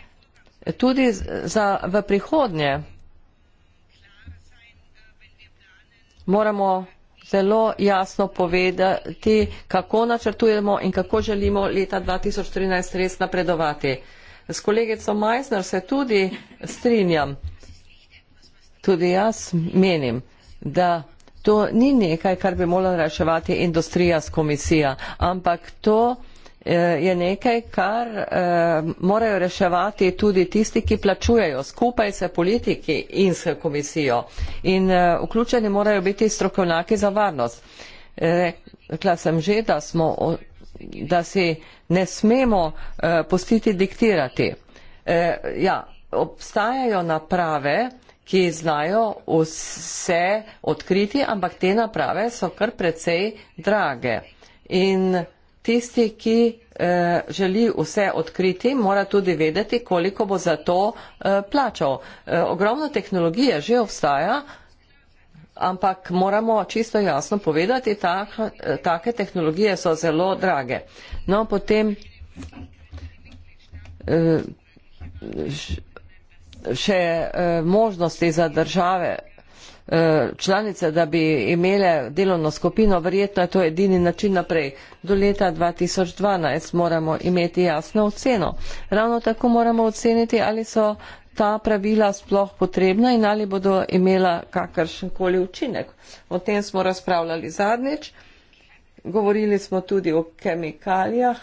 [SPEAKER 2] tudi za, v prihodnje moramo zelo jasno povedati, kako načrtujemo in kako želimo leta 2013 res napredovati. S kolegico Meissner se tudi strinjam. Tudi jaz menim, da to ni nekaj, kar bi morala reševati industrija s komisija, ampak to eh, je nekaj, kar eh, morajo reševati tudi tisti, ki plačujejo skupaj se politiki in se komisijo. In eh, vključeni morajo biti strokovnjaki za varnost. Rekla sem že, da, smo, da si ne smemo pustiti diktirati. Ja, obstajajo naprave, ki znajo vse odkriti, ampak te naprave so kar precej drage. In tisti, ki eh, želi vse odkriti, mora tudi vedeti, koliko bo za to eh, plačal. Eh, ogromno tehnologije že obstaja, ampak moramo čisto jasno povedati, tak, eh, take tehnologije so zelo drage. No, potem. Eh, še eh, možnosti za države eh, članice, da bi imele delovno skupino, verjetno je to edini način naprej. Do leta 2012 moramo imeti jasno oceno. Ravno tako moramo oceniti, ali so ta pravila sploh potrebna in ali bodo imela kakršenkoli učinek. O tem smo razpravljali zadnjič. Govorili smo tudi o kemikalijah,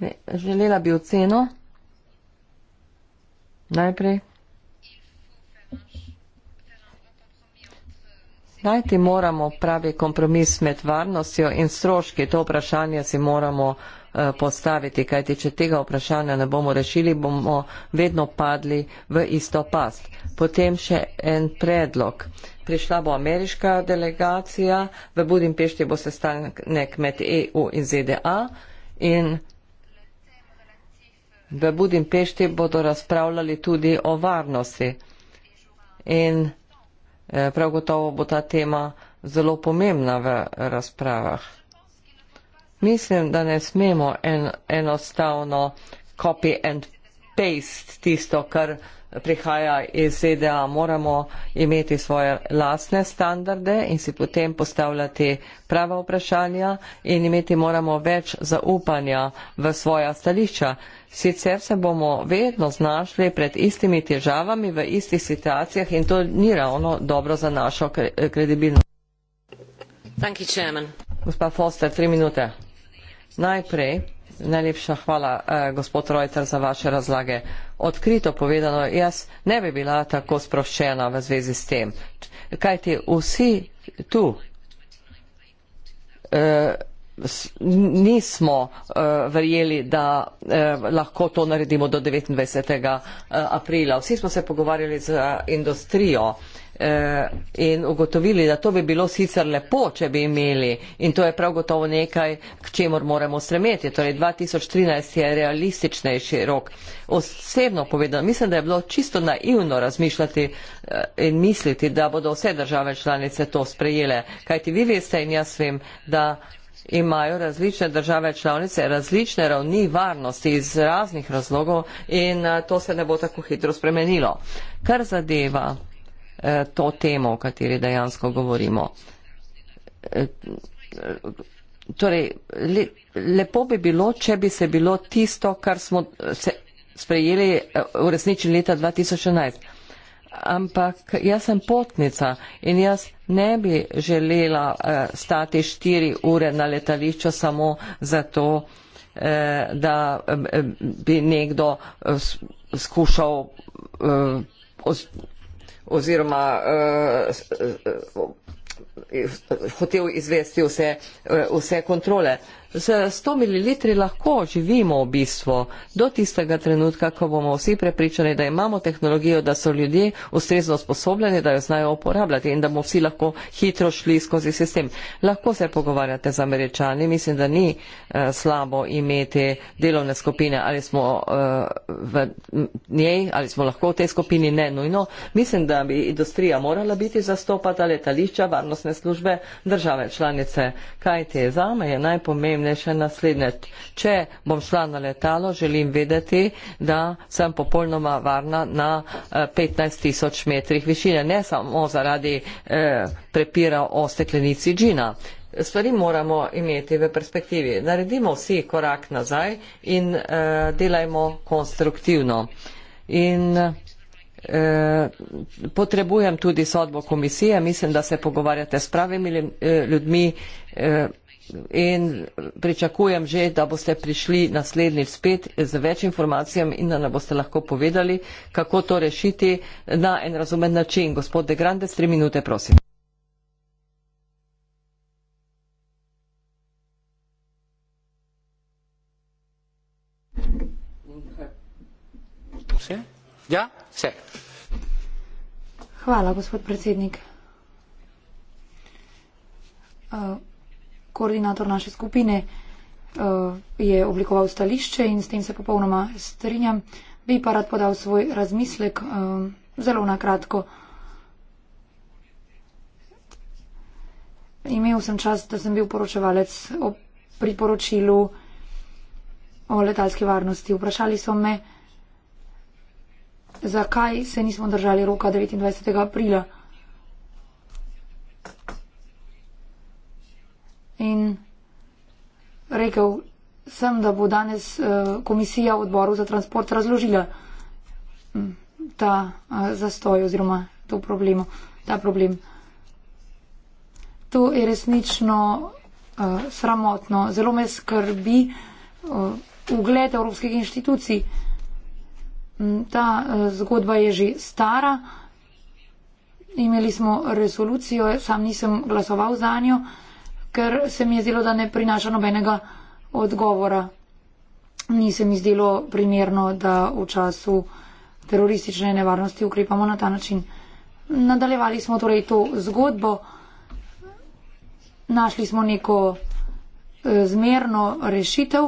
[SPEAKER 2] Ne, torej, želela bi oceno. Najprej. Najti moramo pravi kompromis med varnostjo in stroški. To vprašanje si moramo eh, postaviti, kajti če tega vprašanja ne bomo rešili, bomo vedno padli v isto past. Potem še en predlog. Prišla bo ameriška delegacija, v Budimpešti bo sestanek med EU in ZDA in v Budimpešti bodo razpravljali tudi o varnosti. In eh, prav gotovo bo ta tema zelo pomembna v razpravah. Mislim, da ne smemo en, enostavno copy and paste tisto, kar prihaja iz ZDA. Moramo imeti svoje lasne standarde in si potem postavljati prava vprašanja in imeti moramo več zaupanja v svoja stališča. Sicer se bomo vedno znašli pred istimi težavami v istih situacijah in to ni ravno dobro za našo eh, kredibilnost.
[SPEAKER 5] Thank you, chairman.
[SPEAKER 2] Gospa Foster, tri minute. Najprej, najlepša hvala eh, gospod Reuter za vaše razlage. Odkrito povedano, jaz ne bi bila tako sproščena v zvezi s tem. Kajti vsi tu. Eh, nismo uh, verjeli, da uh, lahko to naredimo do 29. Eh, aprila. Vsi smo se pogovarjali z industrijo in ugotovili, da to bi bilo sicer lepo, če bi imeli in to je prav gotovo nekaj, k čemor moramo stremeti. Torej, 2013 je realističnejši rok. Osebno povedano, mislim, da je bilo čisto naivno razmišljati in misliti, da bodo vse države članice to sprejele, kajti vi veste in jaz vem, da imajo različne države članice različne ravni varnosti iz raznih razlogov in eh, to se ne bo tako hitro spremenilo. Kar zadeva eh, to temo, o kateri dejansko govorimo. Eh, torej, lepo bi bilo, če bi se bilo tisto, kar smo se sprejeli v resniči leta 2011 ampak jaz sem potnica in jaz ne bi želela uh, stati štiri ure na letališču samo zato, uh, da eh, bi nekdo uh, skušal uh, oziroma uh, uh, uh, hotel izvesti vse, uh, vse kontrole. Uh, Z 100 ml lahko živimo v bistvu do tistega trenutka, ko bomo vsi prepričani, da imamo tehnologijo, da so ljudje ustrezno sposobljeni, da jo znajo uporabljati in da bomo vsi lahko hitro šli skozi sistem. Lahko se pogovarjate z američani, mislim, da ni eh, slabo imeti delovne skupine, ali smo eh, v njej, ali smo lahko v tej skupini, ne nujno. Mislim, da bi industrija morala biti zastopata, letališča, varnostne službe, države članice. Kaj te je za me, je najpomembnejše le še naslednje. Če bom šla na letalo, želim vedeti, da sem popolnoma varna na 15 eh, tisoč metrih višine, ne samo zaradi eh, prepira o steklenici džina. Stvari moramo imeti v perspektivi. Naredimo vsi korak nazaj in eh, delajmo konstruktivno. In, eh, potrebujem tudi sodbo komisije, mislim, da se pogovarjate s pravimi ljudmi. Eh, in pričakujem že, da boste prišli naslednjič spet z več informacijami in da nam boste lahko povedali, kako to rešiti na en razumen način. Gospod De Grande, tri minute, prosim.
[SPEAKER 6] Vse? Ja, vse. Hvala, gospod predsednik. Uh, koordinator naše skupine eh, je oblikoval stališče in s tem se popolnoma strinjam. Bi pa rad podal svoj razmislek eh, zelo na kratko. Imel sem čas, da sem bil poročevalec o priporočilu o letalski varnosti. Vprašali so me, zakaj se nismo držali roka 29. aprila. in rekel sem, da bo danes eh, komisija v odboru za transport razložila hm, ta eh, zastoj oziroma to problemo, ta problem. To je resnično uh, sramotno. Zelo me skrbi uh, ugled evropskih inštitucij. Hm, ta uh, zgodba je že stara. Imeli smo resolucijo, sam nisem glasoval za njo. Uh, ker se mi je zdelo, da ne prinaša nobenega odgovora. Ni se mi zdelo primerno, da v času teroristične nevarnosti ukrepamo na ta način. Nadaljevali smo torej to zgodbo, našli smo neko e, zmerno rešitev,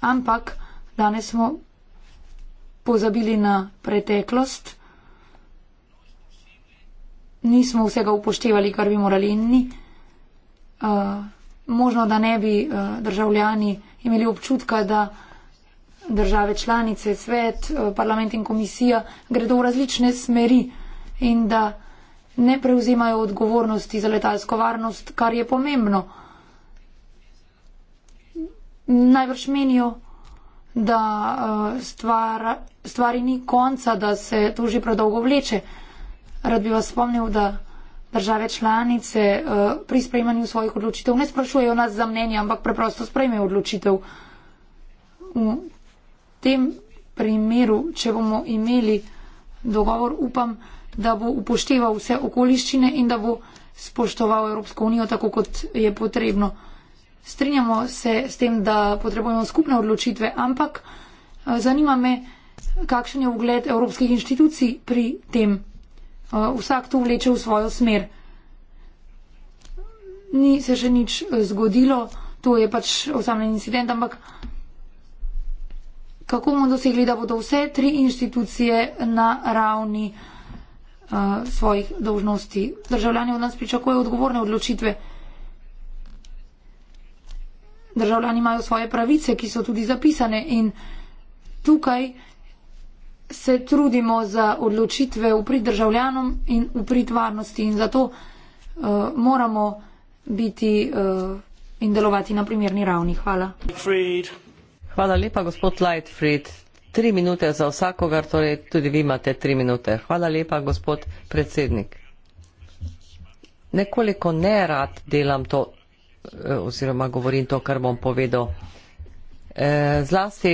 [SPEAKER 6] ampak danes smo pozabili na preteklost nismo vsega upoštevali, kar bi morali in ni. Uh, možno, da ne bi uh, državljani imeli občutka, da države članice, svet, uh, parlament in komisija gredo v različne smeri in da ne prevzemajo odgovornosti za letalsko varnost, kar je pomembno. Najbrž menijo, da uh, stvar, stvari ni konca, da se to že predolgo vleče. Rad bi vas spomnil, da države članice eh, pri sprejmanju svojih odločitev ne sprašujejo nas za mnenje, ampak preprosto sprejmejo odločitev. V tem primeru, če bomo imeli dogovor, upam, da bo upošteval vse okoliščine in da bo spoštoval Evropsko unijo tako, kot je potrebno. Strinjamo se s tem, da potrebujemo skupne odločitve, ampak eh, zanima me, kakšen je ugled evropskih inštitucij pri tem. Eh, vsak to vleče v svojo smer. Ni se še nič eh, zgodilo, to je pač osamljen incident, ampak kako bomo dosegli, da bodo vse tri inštitucije na ravni uh, svojih dolžnosti. Državljani od nas pričakujejo odgovorne odločitve. Državljani imajo svoje pravice, ki so tudi zapisane in tukaj se trudimo za odločitve v prid državljanom in v prid varnosti in zato uh, moramo biti uh, in delovati na primerni ravni. Hvala.
[SPEAKER 2] Fried. Hvala lepa, gospod Lightfried. Tri minute za vsakogar, torej tudi vi imate tri minute. Hvala lepa, gospod predsednik. Nekoliko nerad delam to, eh, oziroma govorim to, kar bom povedal. Zlasti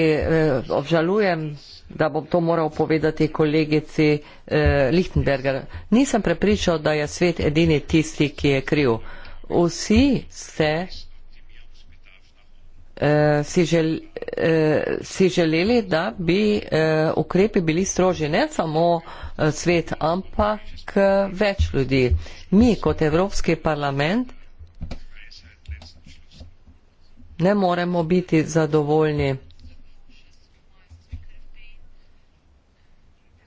[SPEAKER 2] obžalujem da bom to moral povedati kolegici eh, Lichtenberger. Nisem prepričal, da je svet edini tisti, ki je kriv. Vsi ste eh, Si, žel, eh, si želeli, da bi eh, ukrepi bili strožji, ne samo svet, ampak več ljudi. Mi kot Evropski parlament ne moremo biti zadovoljni.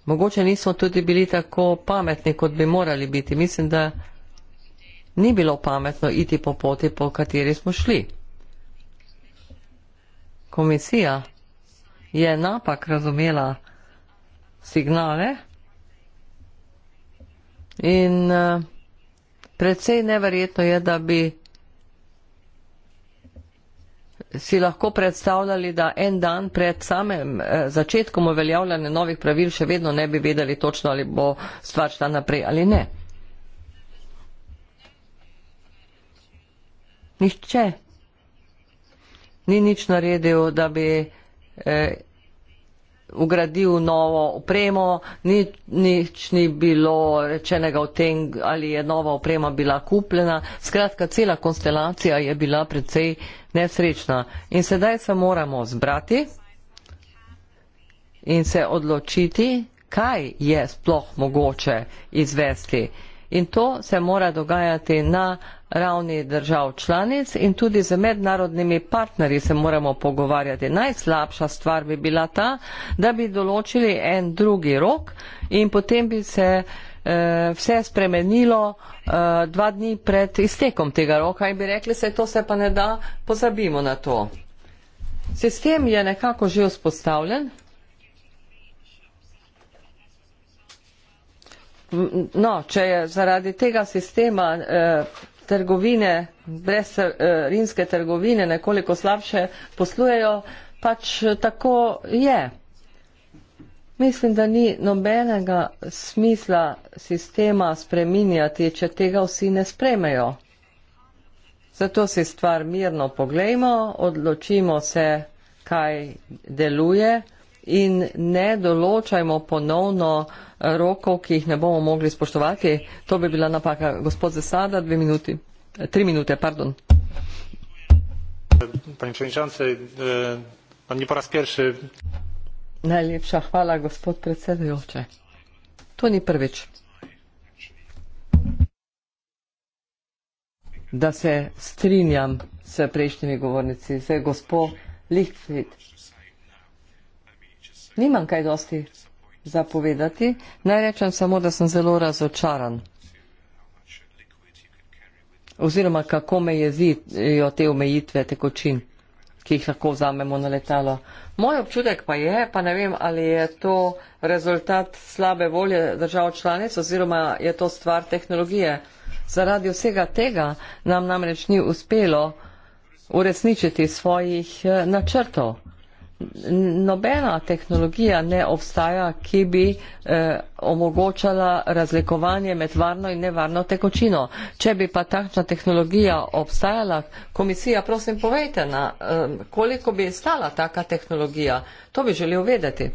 [SPEAKER 2] Mogoče nismo tudi bili tako pametni, kot bi morali biti. Mislim, da ni bilo pametno iti po poti, po kateri smo šli. Komisija je napak razumela signale in uh, eh, predvsej neverjetno je, da bi si lahko predstavljali, da en dan pred samim eh, začetkom uveljavljanja novih pravil še vedno ne bi vedeli točno, ali bo stvar šla naprej ali ne? Nihče ni nič naredil, da bi eh, ugradil novo opremo, nič, nič ni bilo rečenega o tem, ali je nova oprema bila kupljena. Skratka, cela konstelacija je bila precej nesrečna. In sedaj se moramo zbrati in se odločiti, kaj je sploh mogoče izvesti in to se mora dogajati na ravni držav članic in tudi z mednarodnimi partnerji se moramo pogovarjati. Najslabša stvar bi bila ta, da bi določili en drugi rok in potem bi se eh, vse spremenilo eh, dva dni pred iztekom tega roka in bi rekli se, to se pa ne da, pozabimo na to. Sistem je nekako že vzpostavljen. No, če je zaradi tega sistema eh, trgovine, brez eh, rimske trgovine, nekoliko slabše poslujejo, pač eh, tako je. Mislim, da ni nobenega smisla sistema spreminjati, če tega vsi ne spremejo. Zato si stvar mirno poglejmo, odločimo se, kaj deluje in ne določajmo ponovno eh, rokov, ki jih ne bomo mogli spoštovati. To bi bila napaka. Gospod Zesada, dve minuti, eh, tri minute, pardon.
[SPEAKER 1] Pani predsednica, eh, vam ni prav spirši.
[SPEAKER 2] Najlepša hvala, gospod predsedujoče. To ni prvič. Da se strinjam s prejšnjimi govornici, z gospod Lihtfried. Nimam kaj dosti zapovedati. Naj rečem samo, da sem zelo razočaran. Oziroma, kako me jezijo te omejitve tekočin, ki jih lahko vzamemo na letalo. Moj občutek pa je, pa ne vem, ali je to rezultat slabe volje držav članic, oziroma je to stvar tehnologije. Zaradi vsega tega nam namreč ni uspelo uresničiti svojih eh, načrtov nobena tehnologija ne obstaja, ki bi eh, omogočala razlikovanje med varno in nevarno tekočino. Če bi pa takšna tehnologija obstajala, komisija, prosim, povejte nam, eh, koliko bi stala taka tehnologija. To bi želel vedeti.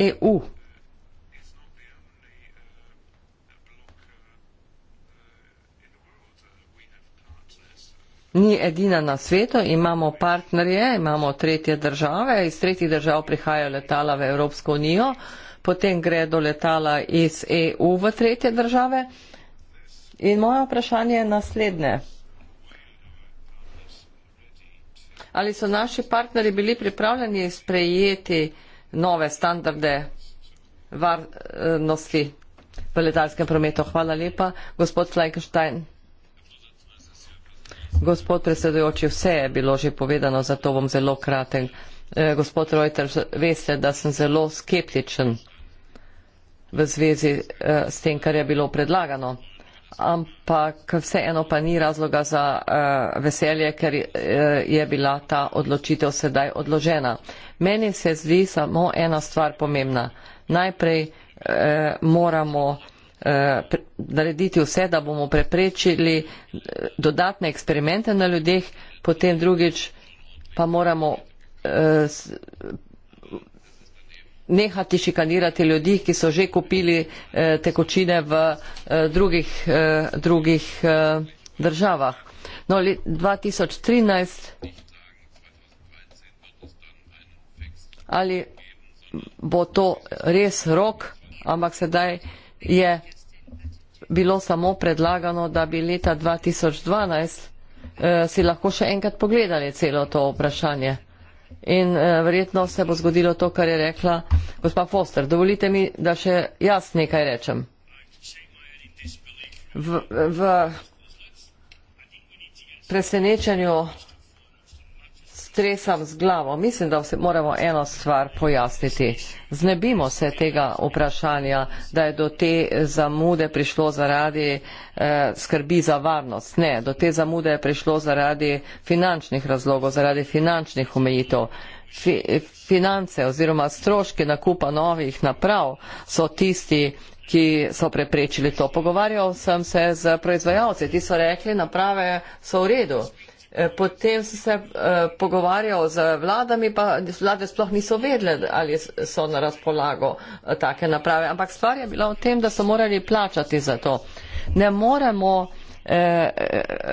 [SPEAKER 2] EU. ni edina na svetu, imamo partnerje, imamo tretje države, iz tretjih držav prihajajo letala v Evropsko unijo, potem gre do letala iz EU v tretje države. In moje vprašanje je naslednje. Ali so naši partnerji bili pripravljeni sprejeti nove standarde varnosti v letalskem prometu? Hvala lepa, gospod Fleikenstein. Gospod predsedujoči, vse je bilo že povedano, zato bom zelo kraten. Eh, gospod Reuter, veste, da sem zelo skeptičen v zvezi eh, s tem, kar je bilo predlagano. Ampak vseeno pa ni razloga za uh, veselje, ker je bila ta odločitev sedaj odložena. Meni se zdi samo ena stvar pomembna. Najprej uh, moramo Eh, narediti vse, da bomo preprečili eh, dodatne eksperimente na ljudeh, potem drugič pa moramo eh, nehati šikanirati ljudi, ki so že kupili tekočine v drugih, drugih državah. No, 2013 ali bo to res rok, ampak sedaj je bilo samo predlagano, da bi leta 2012 eh, si lahko še enkrat pogledali celo to vprašanje. In eh, verjetno se bo zgodilo to, kar je rekla gospa Foster. Dovolite mi, da še jaz nekaj rečem. V, v presenečenju stresam z glavo. Mislim, da se moramo eno stvar pojasniti. Znebimo se tega vprašanja, da je do te zamude prišlo zaradi eh, skrbi za varnost. Ne, do te zamude je prišlo zaradi finančnih razlogov, zaradi finančnih omejitev. Fi, finance oziroma stroški nakupa novih naprav so tisti, ki so preprečili to. Pogovarjal sem se z proizvajalci, ti so rekli, naprave so v redu. Eh, potem so se eh, pogovarjali z vladami, pa vlade sploh niso vedle, ali so na razpolago eh, take naprave. Ampak stvar je bila v tem, da so morali plačati za to. Ne moremo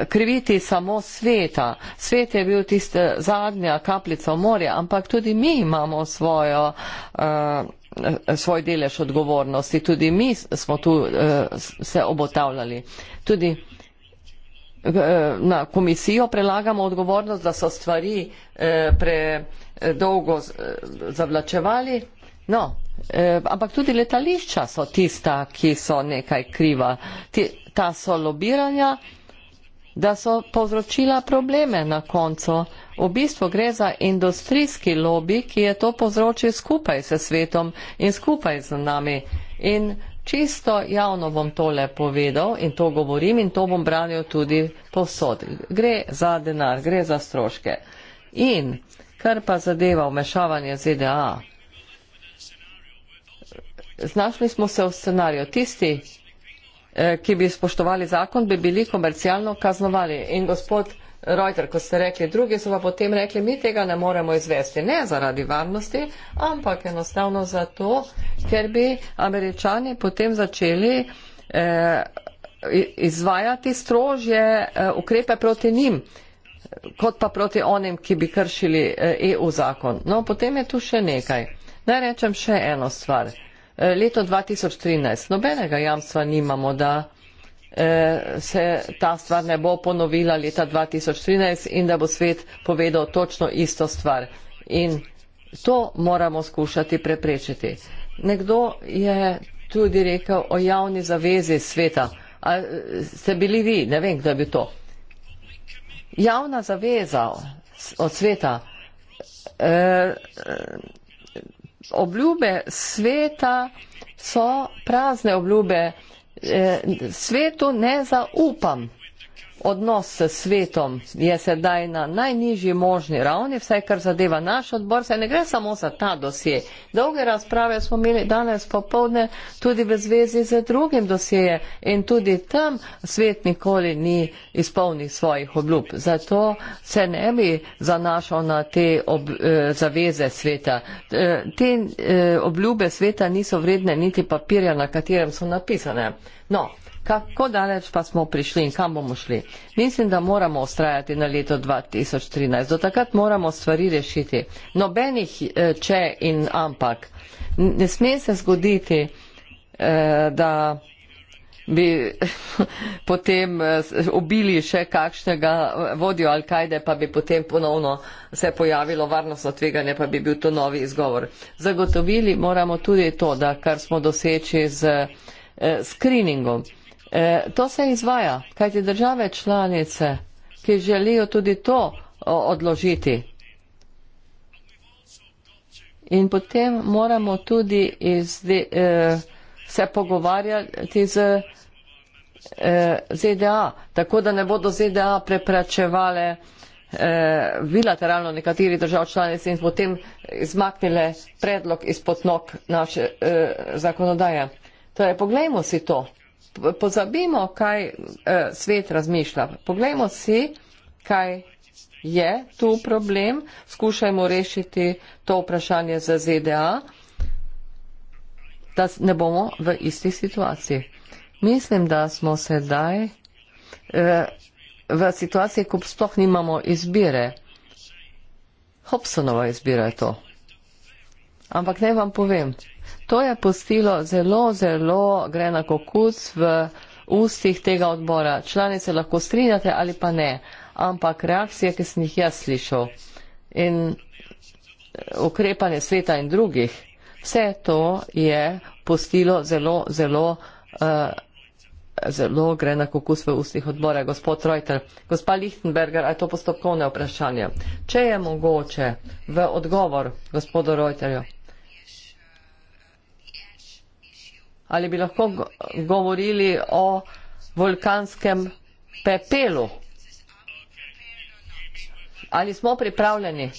[SPEAKER 2] kriviti samo sveta. Svet je bil tista zadnja kapljica morja, ampak tudi mi imamo svojo, svoj delež odgovornosti. Tudi mi smo tu se obotavljali. Tudi Eh, na komisijo prelagamo odgovornost, da so stvari eh, predolgo eh, zavlačevali. No, ampak tudi letališča so tista, ki so nekaj kriva. Ta so lobiranja, da so povzročila probleme na koncu. V bistvu gre za industrijski lobby, ki je to povzročil skupaj s svetom in skupaj z nami. In Čisto javno bom tole povedal in to govorim in to bom branil tudi posod. Gre za denar, gre za stroške. In kar pa zadeva vmešavanje ZDA, znašli smo se v scenariju. Tisti, eh, ki bi spoštovali zakon, bi bili komercialno kaznovali. In gospod Reuter, ko ste rekli druge, so pa potem rekli, mi tega ne moremo izvesti. Ne zaradi varnosti, ampak enostavno zato, ker bi američani potem začeli eh, izvajati strožje eh, ukrepe proti njim, kot pa proti onim, ki bi kršili eh, EU zakon. No, potem je tu še nekaj. Naj rečem še eno stvar. Eh, leto 2013. Nobenega jamstva nimamo, da Eh, se ta stvar ne bo ponovila leta 2013 in da bo svet povedal točno isto stvar. In to moramo skušati preprečiti. Nekdo je tudi rekel o javni zavezi sveta. A ste bili vi, ne vem, kdo je bil to. Javna zaveza od sveta. E, obljube sveta so prazne obljube. Eh, svetu ne zaupam odnos s svetom je sedaj na najnižji možni ravni, vsaj kar zadeva naš odbor, se ne gre samo za ta dosje. Dolge razprave smo imeli danes popovdne tudi v zvezi z drugim dosjejem in tudi tam svet nikoli ni izpolnil svojih obljub. Zato se ne bi zanašal na te ob, eh, zaveze sveta. Eh, te eh, obljube sveta niso vredne niti papirja, na katerem so napisane. No, kako daleč pa smo prišli in kam bomo šli. Mislim, da moramo ustrajati na leto 2013. Do takrat moramo stvari rešiti. Nobenih eh, če in ampak. Ne sme se zgoditi, eh, da bi potem eh, ubili še kakšnega vodjo Al-Kajde, pa bi potem ponovno se pojavilo varnostno tveganje, pa bi bil to novi izgovor. Zagotovili moramo tudi to, da kar smo doseči z screeningom. Eh, E, to se izvaja, kajti države članice, ki želijo tudi to odložiti. In potem moramo tudi izde, e, se pogovarjati z e, ZDA, tako da ne bodo ZDA preprečevale e, bilateralno nekateri držav članic in potem izmaknile predlog izpod nog naše eh, zakonodaje. Torej, poglejmo si to pozabimo, kaj eh, svet razmišlja. Poglejmo si, kaj je tu problem, skušajmo rešiti to vprašanje za ZDA, da ne bomo v isti situaciji. Mislim, da smo sedaj eh, v situaciji, ko sploh nimamo izbire. Hobsonova izbira je to. Ampak naj vam povem. To je postilo zelo, zelo gre na kokus v ustih tega odbora. Članice lahko strinjate ali pa ne, ampak reakcije, ki sem jih jaz slišal in eh, ukrepanje sveta in drugih, vse to je postilo zelo, zelo, uh, zelo gre na kokus v ustih odbora. Gospod Reuter, gospa Lichtenberger, je to postopkovne vprašanje? Če je mogoče v odgovor gospodu Reuterju. ali bi lahko govorili o vulkanskem pepelu. Ali smo pripravljeni?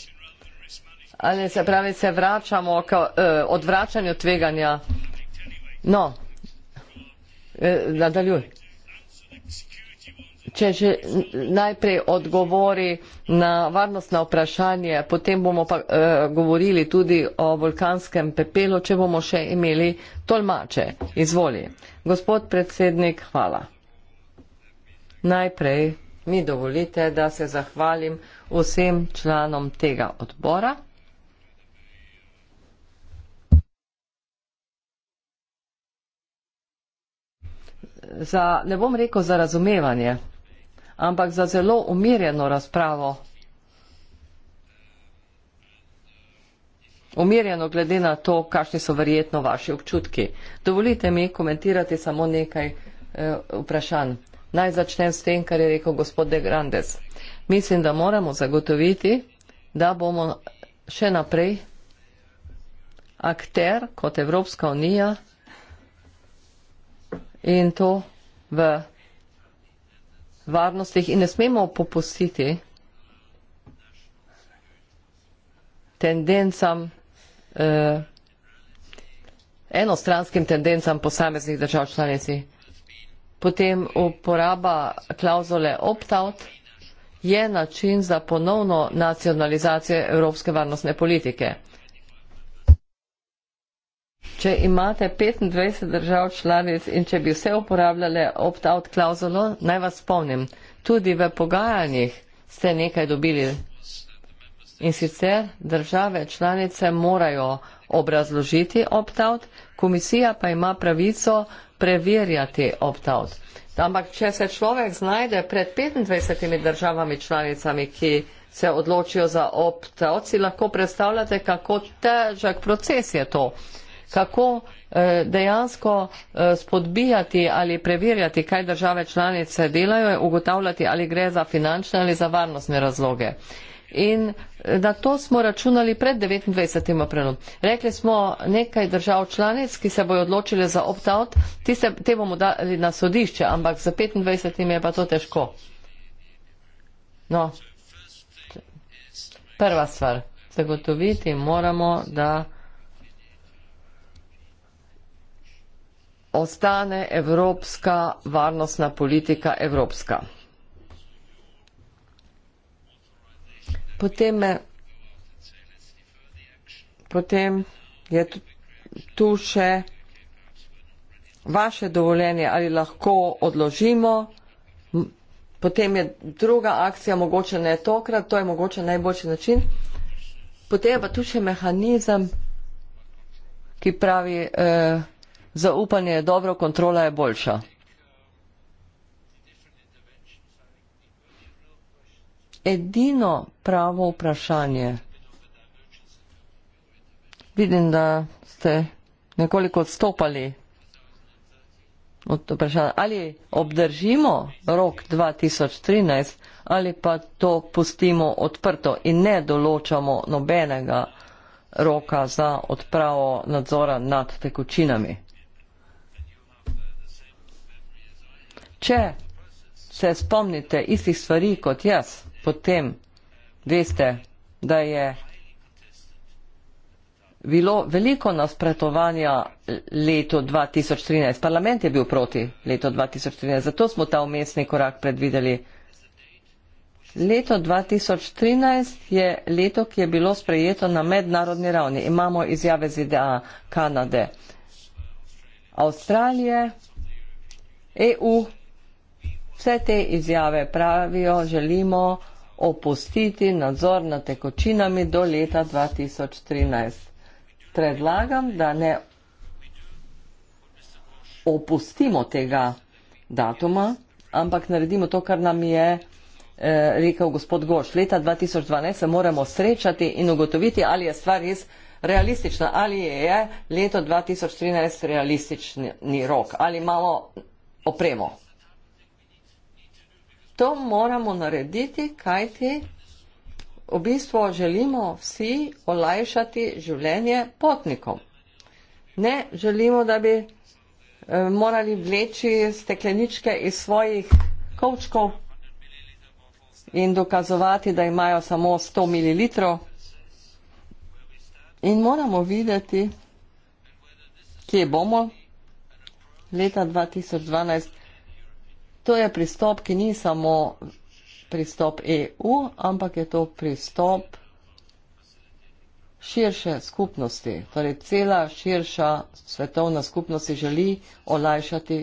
[SPEAKER 2] Ali se pravi, se vračamo k eh, odvračanju tveganja? No, eh, nadaljuj če že najprej odgovori na varnostna vprašanje, potem bomo pa eh, govorili tudi o vulkanskem pepelu, če bomo še imeli tolmače. Izvoli. Gospod predsednik, hvala. Najprej mi dovolite, da se zahvalim vsem članom tega odbora. Za, ne bom rekel za razumevanje, ampak za zelo umirjeno razpravo. Umirjeno glede na to, kakšni so verjetno vaši občutki. Dovolite mi komentirati samo nekaj e, vprašanj. Naj začnem s tem, kar je rekel gospod De Grandes. Mislim, da moramo zagotoviti, da bomo še naprej akter kot Evropska unija in to v varnostih in ne smemo popustiti tendencam, eh, enostranskim tendencam posameznih držav članici. Potem uporaba klauzule opt-out je način za ponovno nacionalizacijo evropske varnostne politike če imate 25 držav članic in če bi vse uporabljale opt-out klauzulo, naj vas spomnim, tudi v pogajanjih ste nekaj dobili. In sicer države članice morajo obrazložiti opt-out, komisija pa ima pravico preverjati opt-out. Ampak, če se človek znajde pred 25 državami članicami, ki se odločijo za opt-out, si lahko predstavljate, kako težek proces je to. Uh, kako eh, dejansko eh, spodbijati ali preverjati, kaj države članice delajo, ugotavljati, ali gre za finančne ali za varnostne razloge. In eh, na to smo računali pred 29. aprilom. Rekli smo nekaj držav članic, ki se bojo odločile za opt-out, te bomo dali na sodišče, ampak za 25. je pa to težko. No. Prva stvar. Zagotoviti moramo, da ostane evropska varnostna politika evropska. Potem, potem je tu, tu še vaše dovoljenje, ali lahko odložimo. Potem je druga akcija, mogoče ne tokrat, to je mogoče najboljši način. Potem je pa tu še mehanizem, ki pravi, eh, Zaupanje je dobro, kontrola je boljša. Edino pravo vprašanje, vidim, da ste nekoliko odstopali od vprašanja, ali obdržimo rok 2013 ali pa to pustimo odprto in ne določamo nobenega roka za odpravo nadzora nad tekočinami. če se spomnite istih stvari kot jaz, potem veste, da je bilo veliko nasprotovanja leto 2013. Parlament je bil proti leto 2013, zato smo ta umestni korak predvideli. Leto 2013 je leto, ki je bilo sprejeto na mednarodni ravni. Imamo izjave ZDA, Kanade, Avstralije, EU, Vse te izjave pravijo, želimo opustiti nadzor nad tekočinami do leta 2013. Predlagam, da ne opustimo tega datuma, ampak naredimo to, kar nam je eh, rekel gospod Goš. Leta 2012 se moramo srečati in ugotoviti, ali je stvar res realistična, ali je leto 2013 realistični rok, ali imamo opremo to moramo narediti, kajti v bistvu želimo vsi olajšati življenje potnikom. Ne želimo, da bi eh, morali vleči stekleničke iz svojih kovčkov in dokazovati, da imajo samo 100 ml. In moramo videti, kje bomo leta 2012, To je pristop, ki ni samo pristop EU, ampak je to pristop širše skupnosti. Torej, cela širša svetovna skupnost si želi olajšati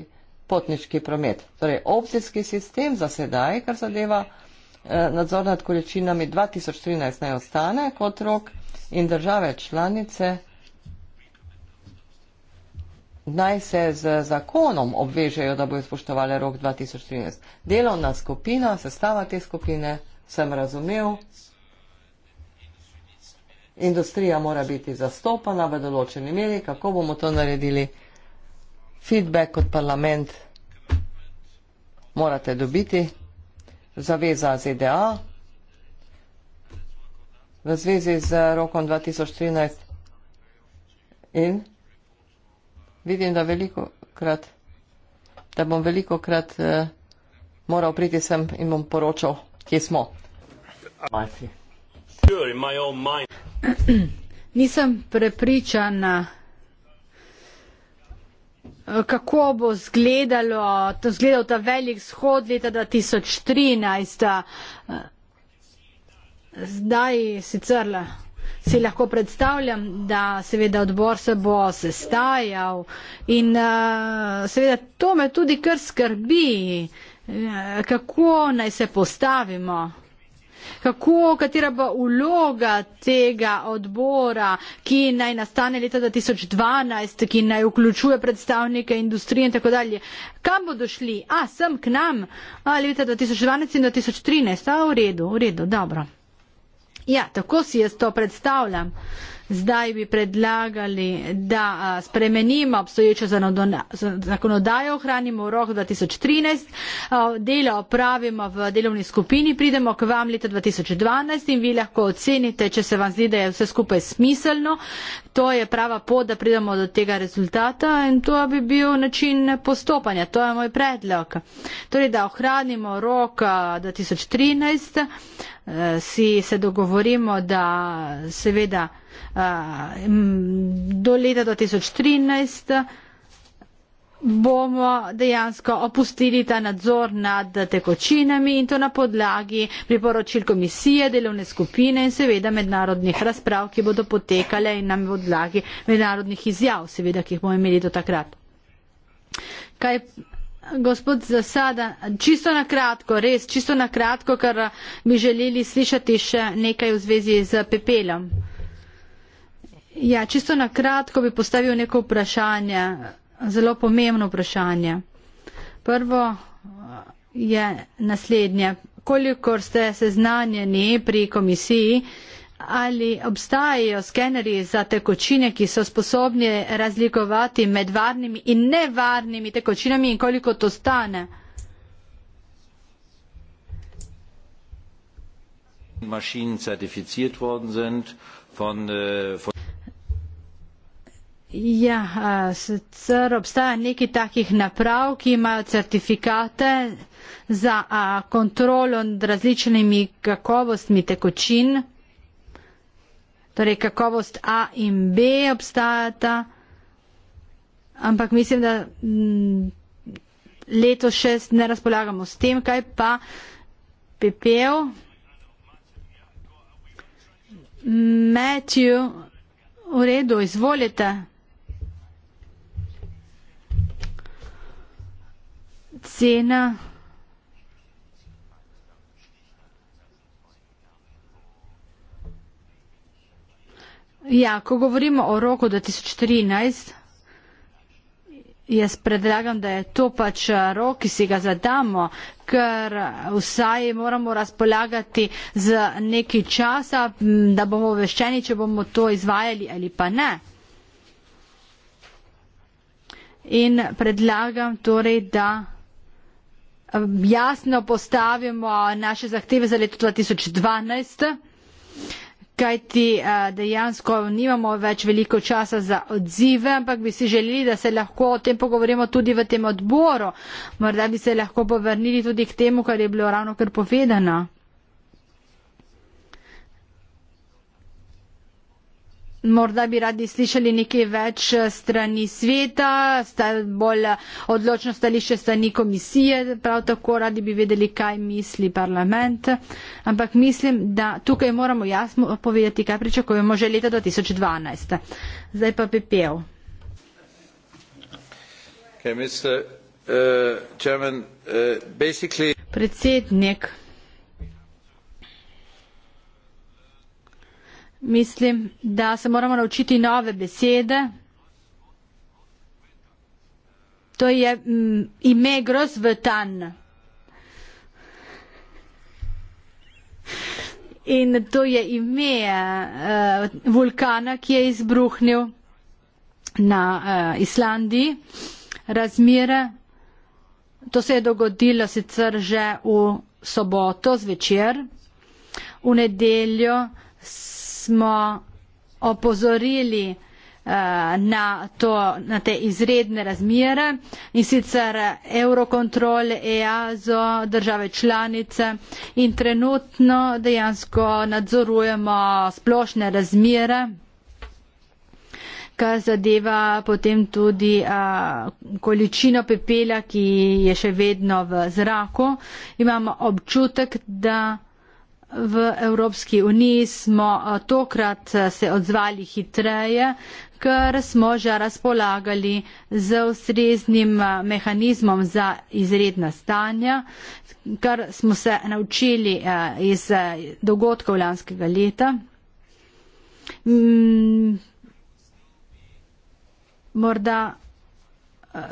[SPEAKER 2] potniški promet. Torej, opcijski sistem za sedaj, kar zadeva eh, nadzor nad količinami 2013 naj ostane kot rok in države članice naj se z zakonom obvežejo, da bojo spoštovali rok 2013. Delovna skupina, sestava te skupine, sem razumel, industrija mora biti zastopana v določeni meri, kako bomo to naredili, feedback od parlament morate dobiti, zaveza ZDA v zvezi z rokom 2013 in vidim, da veliko krat, da bom veliko krat eh, moral priti sem in bom poročal, kje smo.
[SPEAKER 3] Nisem prepričana, eh, kako bo zgledalo, to zgledal ta velik shod leta 2013. Eh, Zdaj sicer le si lahko predstavljam, da seveda odbor se bo sestajal in uh, seveda to me tudi kar skrbi, eh, kako naj se postavimo, kako, katera bo uloga tega odbora, ki naj nastane leta 2012, ki naj vključuje predstavnike industrije in tako dalje. Kam bodo šli? A, sem k nam, ali leta 2012 in 2013, a v redu, v redu, dobro. Ja, tako si jaz to predstavljam zdaj bi predlagali, da spremenimo obstoječo zakonodajo, ohranimo v roku 2013, delo opravimo v delovni skupini, pridemo k vam leta 2012 in vi lahko ocenite, če se vam zdi, da je vse skupaj smiselno. To je prava pot, da pridemo do tega rezultata in to bi bil način postopanja. To je moj predlog. Torej, da ohranimo rok 2013, si se dogovorimo, da seveda. Eh, do leta 2013 bomo dejansko opustili ta nadzor nad tekočinami in to na podlagi priporočil komisije, delovne skupine in seveda mednarodnih razprav, ki bodo potekale in na podlagi mednarodnih izjav, seveda, ki jih bomo imeli do takrat. Kaj gospod Zasada, čisto na kratko, res čisto na kratko, ker bi želeli slišati še nekaj v zvezi z pepelom. Ja, čisto na kratko bi postavil neko vprašanje, zelo pomembno vprašanje. Prvo eh, je naslednje. Kolikor ste seznanjeni pri komisiji, ali obstajajo skeneri za tekočine, ki so sposobni razlikovati med varnimi in nevarnimi tekočinami in koliko to stane?
[SPEAKER 4] Mašin certificirat worden sind von, äh, von...
[SPEAKER 3] Ja, sicer obstaja nekaj takih naprav, ki imajo certifikate za kontrolo nad različnimi kakovostmi tekočin. Torej, kakovost A in B obstajata, ampak mislim, da mm, letos še ne razpolagamo s tem, kaj pa pepel. Matthew, v redu, izvolite. cena. Ja, ko govorimo o roku 2014, jaz predlagam, da je to pač eh, rok, ki si ga zadamo, ker eh, vsaj moramo razpolagati z neki časa, da bomo obveščeni, če bomo to izvajali ali pa ne. In predlagam torej, da jasno postavimo naše zahteve za leto 2012, kajti eh, dejansko nimamo več veliko časa za odzive, ampak bi si želeli, da se lahko o tem pogovorimo tudi v tem odboru. Morda bi se lahko povrnili tudi k temu, kar je bilo ravno kar povedano. Morda bi radi slišali nekaj več eh, strani sveta, bolj eh, odločno stališče strani komisije, prav tako radi bi vedeli, kaj misli parlament, ampak mislim, da tukaj moramo jasno povedati, kaj pričakujemo že leta 2012. Zdaj pa pepel.
[SPEAKER 4] Okay, uh, uh, basically...
[SPEAKER 3] Predsednik. Mislim, da se moramo naučiti nove besede. To je mm, ime grozvetan. In to je ime uh, vulkana, ki je izbruhnil na uh, Islandiji. Razmere, to se je dogodilo sicer že v soboto zvečer, v nedeljo smo opozorili eh, na, to, na te izredne razmere in sicer Eurocontrol, EASO, države članice in trenutno dejansko nadzorujemo splošne razmere, kar zadeva potem tudi a, eh, količino pepela, ki je še vedno v zraku. Imamo občutek, da V Evropski uniji smo eh, tokrat eh, se odzvali hitreje, ker smo že razpolagali z ustreznim eh, mehanizmom za izredna stanja, kar smo se naučili iz dogodkov lanskega leta. Mm, morda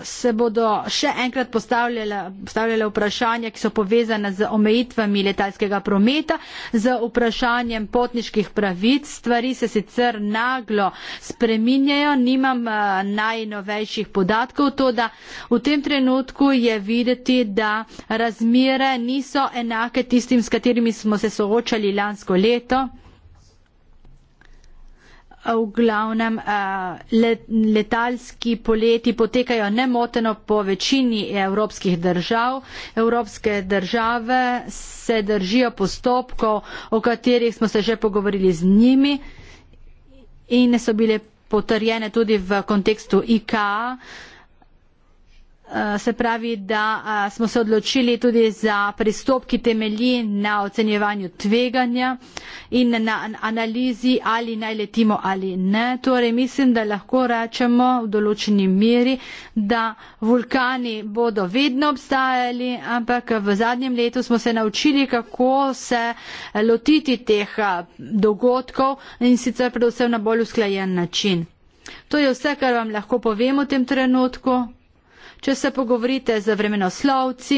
[SPEAKER 3] se bodo še enkrat postavljale vprašanja, ki so povezane z omejitvami letalskega prometa, z vprašanjem potniških pravic. Stvari se sicer naglo spreminjajo, nimam eh, najnovejših podatkov, to da v tem trenutku je videti, da razmire niso enake tistim, s katerimi smo se soočali lansko leto v glavnem letalski poleti potekajo nemoteno po večini evropskih držav. Evropske države se držijo postopkov, o katerih smo se že pogovorili z njimi in so bile potrjene tudi v kontekstu IKA. Eh, se pravi, da eh, smo se odločili tudi za pristop, ki temelji na ocenjevanju tveganja in na analizi, ali naj letimo ali ne. Torej, mislim, da lahko rečemo v določeni meri, da vulkani bodo vedno obstajali, ampak v zadnjem letu smo se naučili, kako se eh, lotiti teh dogodkov in sicer predvsem na bolj usklajen način. To je vse, kar vam lahko povem v tem trenutku. Če se pogovorite z vremenoslovci,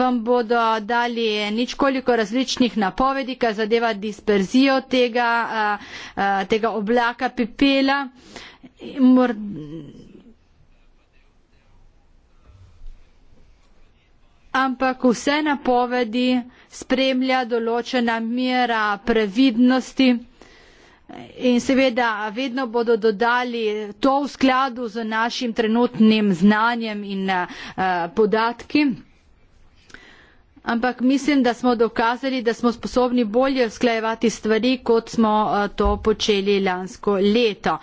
[SPEAKER 3] vam bodo dali ničkoliko različnih napovedi, kar zadeva disperzijo tega, tega oblaka pepela. Mor Ampak vse napovedi spremlja določena mera previdnosti. In seveda, vedno bodo dodali to v skladu z našim trenutnim znanjem in uh, podatki. Ampak mislim, da smo dokazali, da smo sposobni bolje usklajevati stvari, kot smo eh, to počeli lansko leto.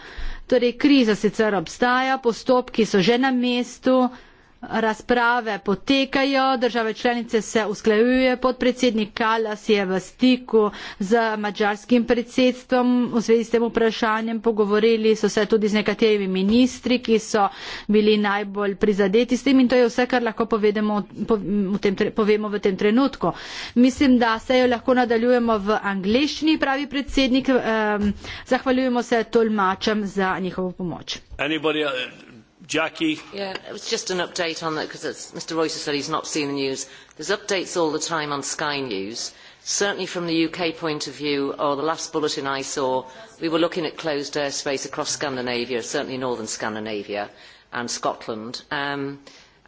[SPEAKER 3] Torej, kriza sicer obstaja, postopki so že na mestu, uh, razprave potekajo, države članice se usklajuje, podpredsednik Kalas je v stiku z mačarskim predsedstvom v zvezi s tem vprašanjem, pogovorili so se tudi z nekaterimi ministri, ki so bili najbolj prizadeti s tem in to je vse, kar lahko povedemo, po, tem, povemo v tem trenutku. Mislim, da se jo lahko nadaljujemo v angleščini, pravi predsednik, eh, zahvaljujemo se tolmačem za njihovo pomoč.
[SPEAKER 5] Anybody, uh... Jackie. Yeah, it was just an update on that because Mr. Royce said he's not seen the news. There's updates all the time on Sky News. Certainly from the UK point of view, or oh, the last bulletin I saw, we were looking at closed airspace across Scandinavia, certainly northern Scandinavia and Scotland. Um,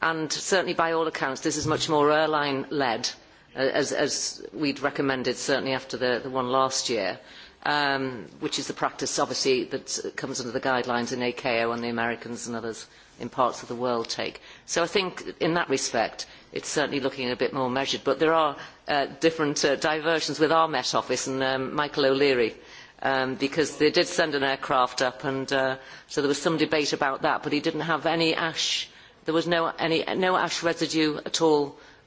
[SPEAKER 5] and certainly by all accounts, this is much more airline-led, uh, as, as we'd recommended certainly after the, the one last year um, which is the practice, obviously, that comes under the guidelines in ACAO and the Americans and others in parts of the world take. So I think in that respect, it's certainly looking a bit more measured. But there are uh, different uh, diversions with our Met Office and um, Michael O'Leary, um, because they did send an aircraft up, and uh, so there was some debate about that, but he didn't have any ash. There was no, any, no ash residue at all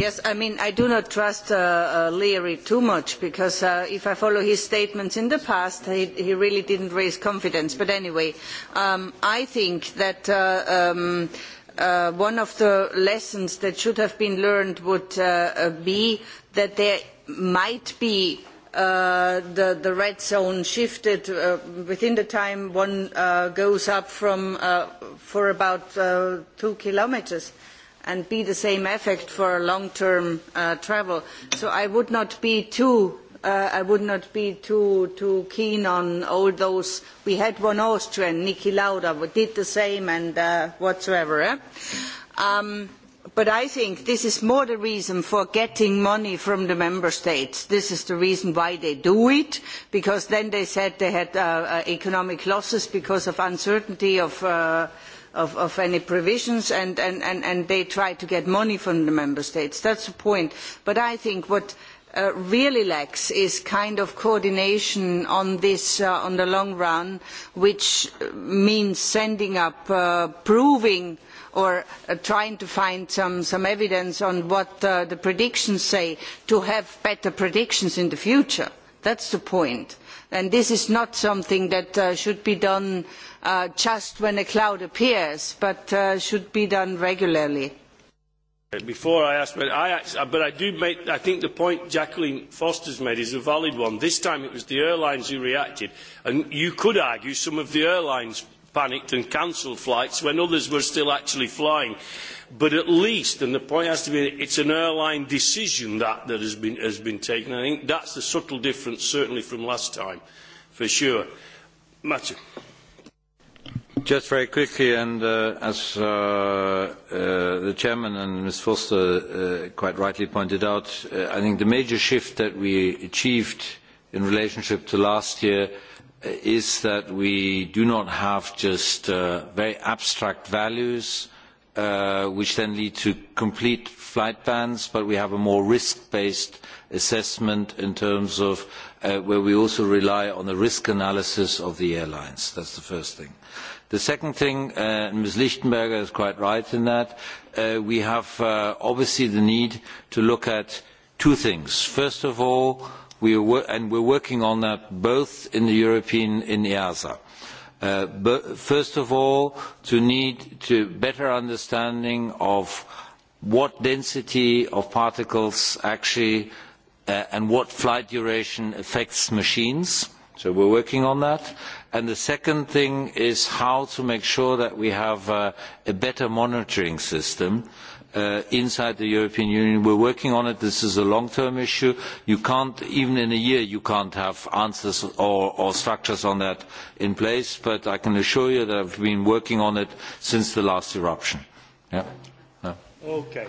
[SPEAKER 7] Yes, I mean, I do not trust uh, uh, Leary too much because uh, if I follow his statements in the past, he, he really didn't raise confidence. But anyway, um, I think that. Uh, um, uh, one of the lessons that should have been learned would uh, uh be that there might be uh, the, the red zone shifted uh, within the time one uh, goes up from uh, for about uh, two kilometres. Uh, and be the same effect for long term uh, travel. So I would not be too uh, I would not be too too keen on all those. We had one Austrian, Niki Lauda, who did the same and uh, whatsoever. Eh? Um, but I think this is more the reason for getting money from the member states. This is the reason why they do it, because then they said they had uh, uh economic losses because of uncertainty of. Uh, of, of any provisions and, and, and, and they try to get money from the member states. That's the point. But I think what uh, really lacks is kind of coordination on this uh, on the long run, which means sending up, uh, proving or uh, trying to find some, some evidence on what uh, the predictions say to have better predictions in the future. That's the point this is not something that uh, should be done uh, just when a cloud appears but uh, should be done regularly.
[SPEAKER 1] Before I ask, but I, but I do make, I think the point Jacqueline Foster's made is a valid one. This time it was the airlines who reacted, and you could argue some of the airlines panicked and cancelled flights when others were still actually flying. But at least, and the point has to be, it's an airline decision that, that has, been, has been taken. I think that's the subtle difference, certainly from last time, for sure. Matthew.
[SPEAKER 4] Just very quickly, and uh, as uh, uh, the chairman and Ms. Foster uh, quite rightly pointed out, uh, I think the major shift that we achieved in relationship to last year Uh, is that we do not have just uh, very abstract values uh, which then lead to complete flight bans, but we have a more risk-based assessment in terms of uh, where we also rely on the risk analysis of the airlines. That's the first thing. The second thing, uh, Ms. Lichtenberger is quite right in that, uh, we have uh, obviously the need to look at two things. First of all, uh, and we're working on that both in the European in EASA. E uh, first of all, to need to better understanding of what density of particles actually, uh, and what flight duration affects machines. We're working on that. The second thing is how to make sure that we have uh, a better monitoring system, uh, inside the European Union. We're working on it. This is a long-term issue. You can't, even in a year, you can't have answers or, or structures on that in place. But I can assure you that I've been working on it since the last eruption. Yeah.
[SPEAKER 1] No. Okay.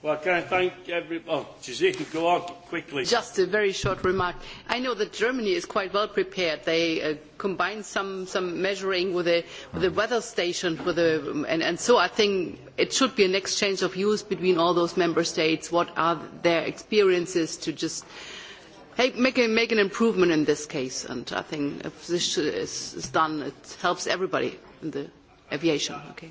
[SPEAKER 1] Well, can I thank everybody? Oh, Giuseppe, go on quickly. Just a very short remark. I know that Germany is quite well prepared.
[SPEAKER 2] They uh, combine some, some measuring with a, with a weather station, with a, and, and so I think it should be an exchange of views between all those member states. What are their experiences to just hey, make, a, make an improvement in this case? And I think if this is done, it helps everybody in the aviation. Okay.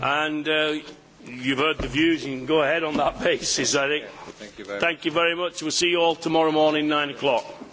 [SPEAKER 1] and uh, you have heard the views. You can go ahead on that basis. I think. Thank you very much. We will see you all tomorrow morning, nine o'clock.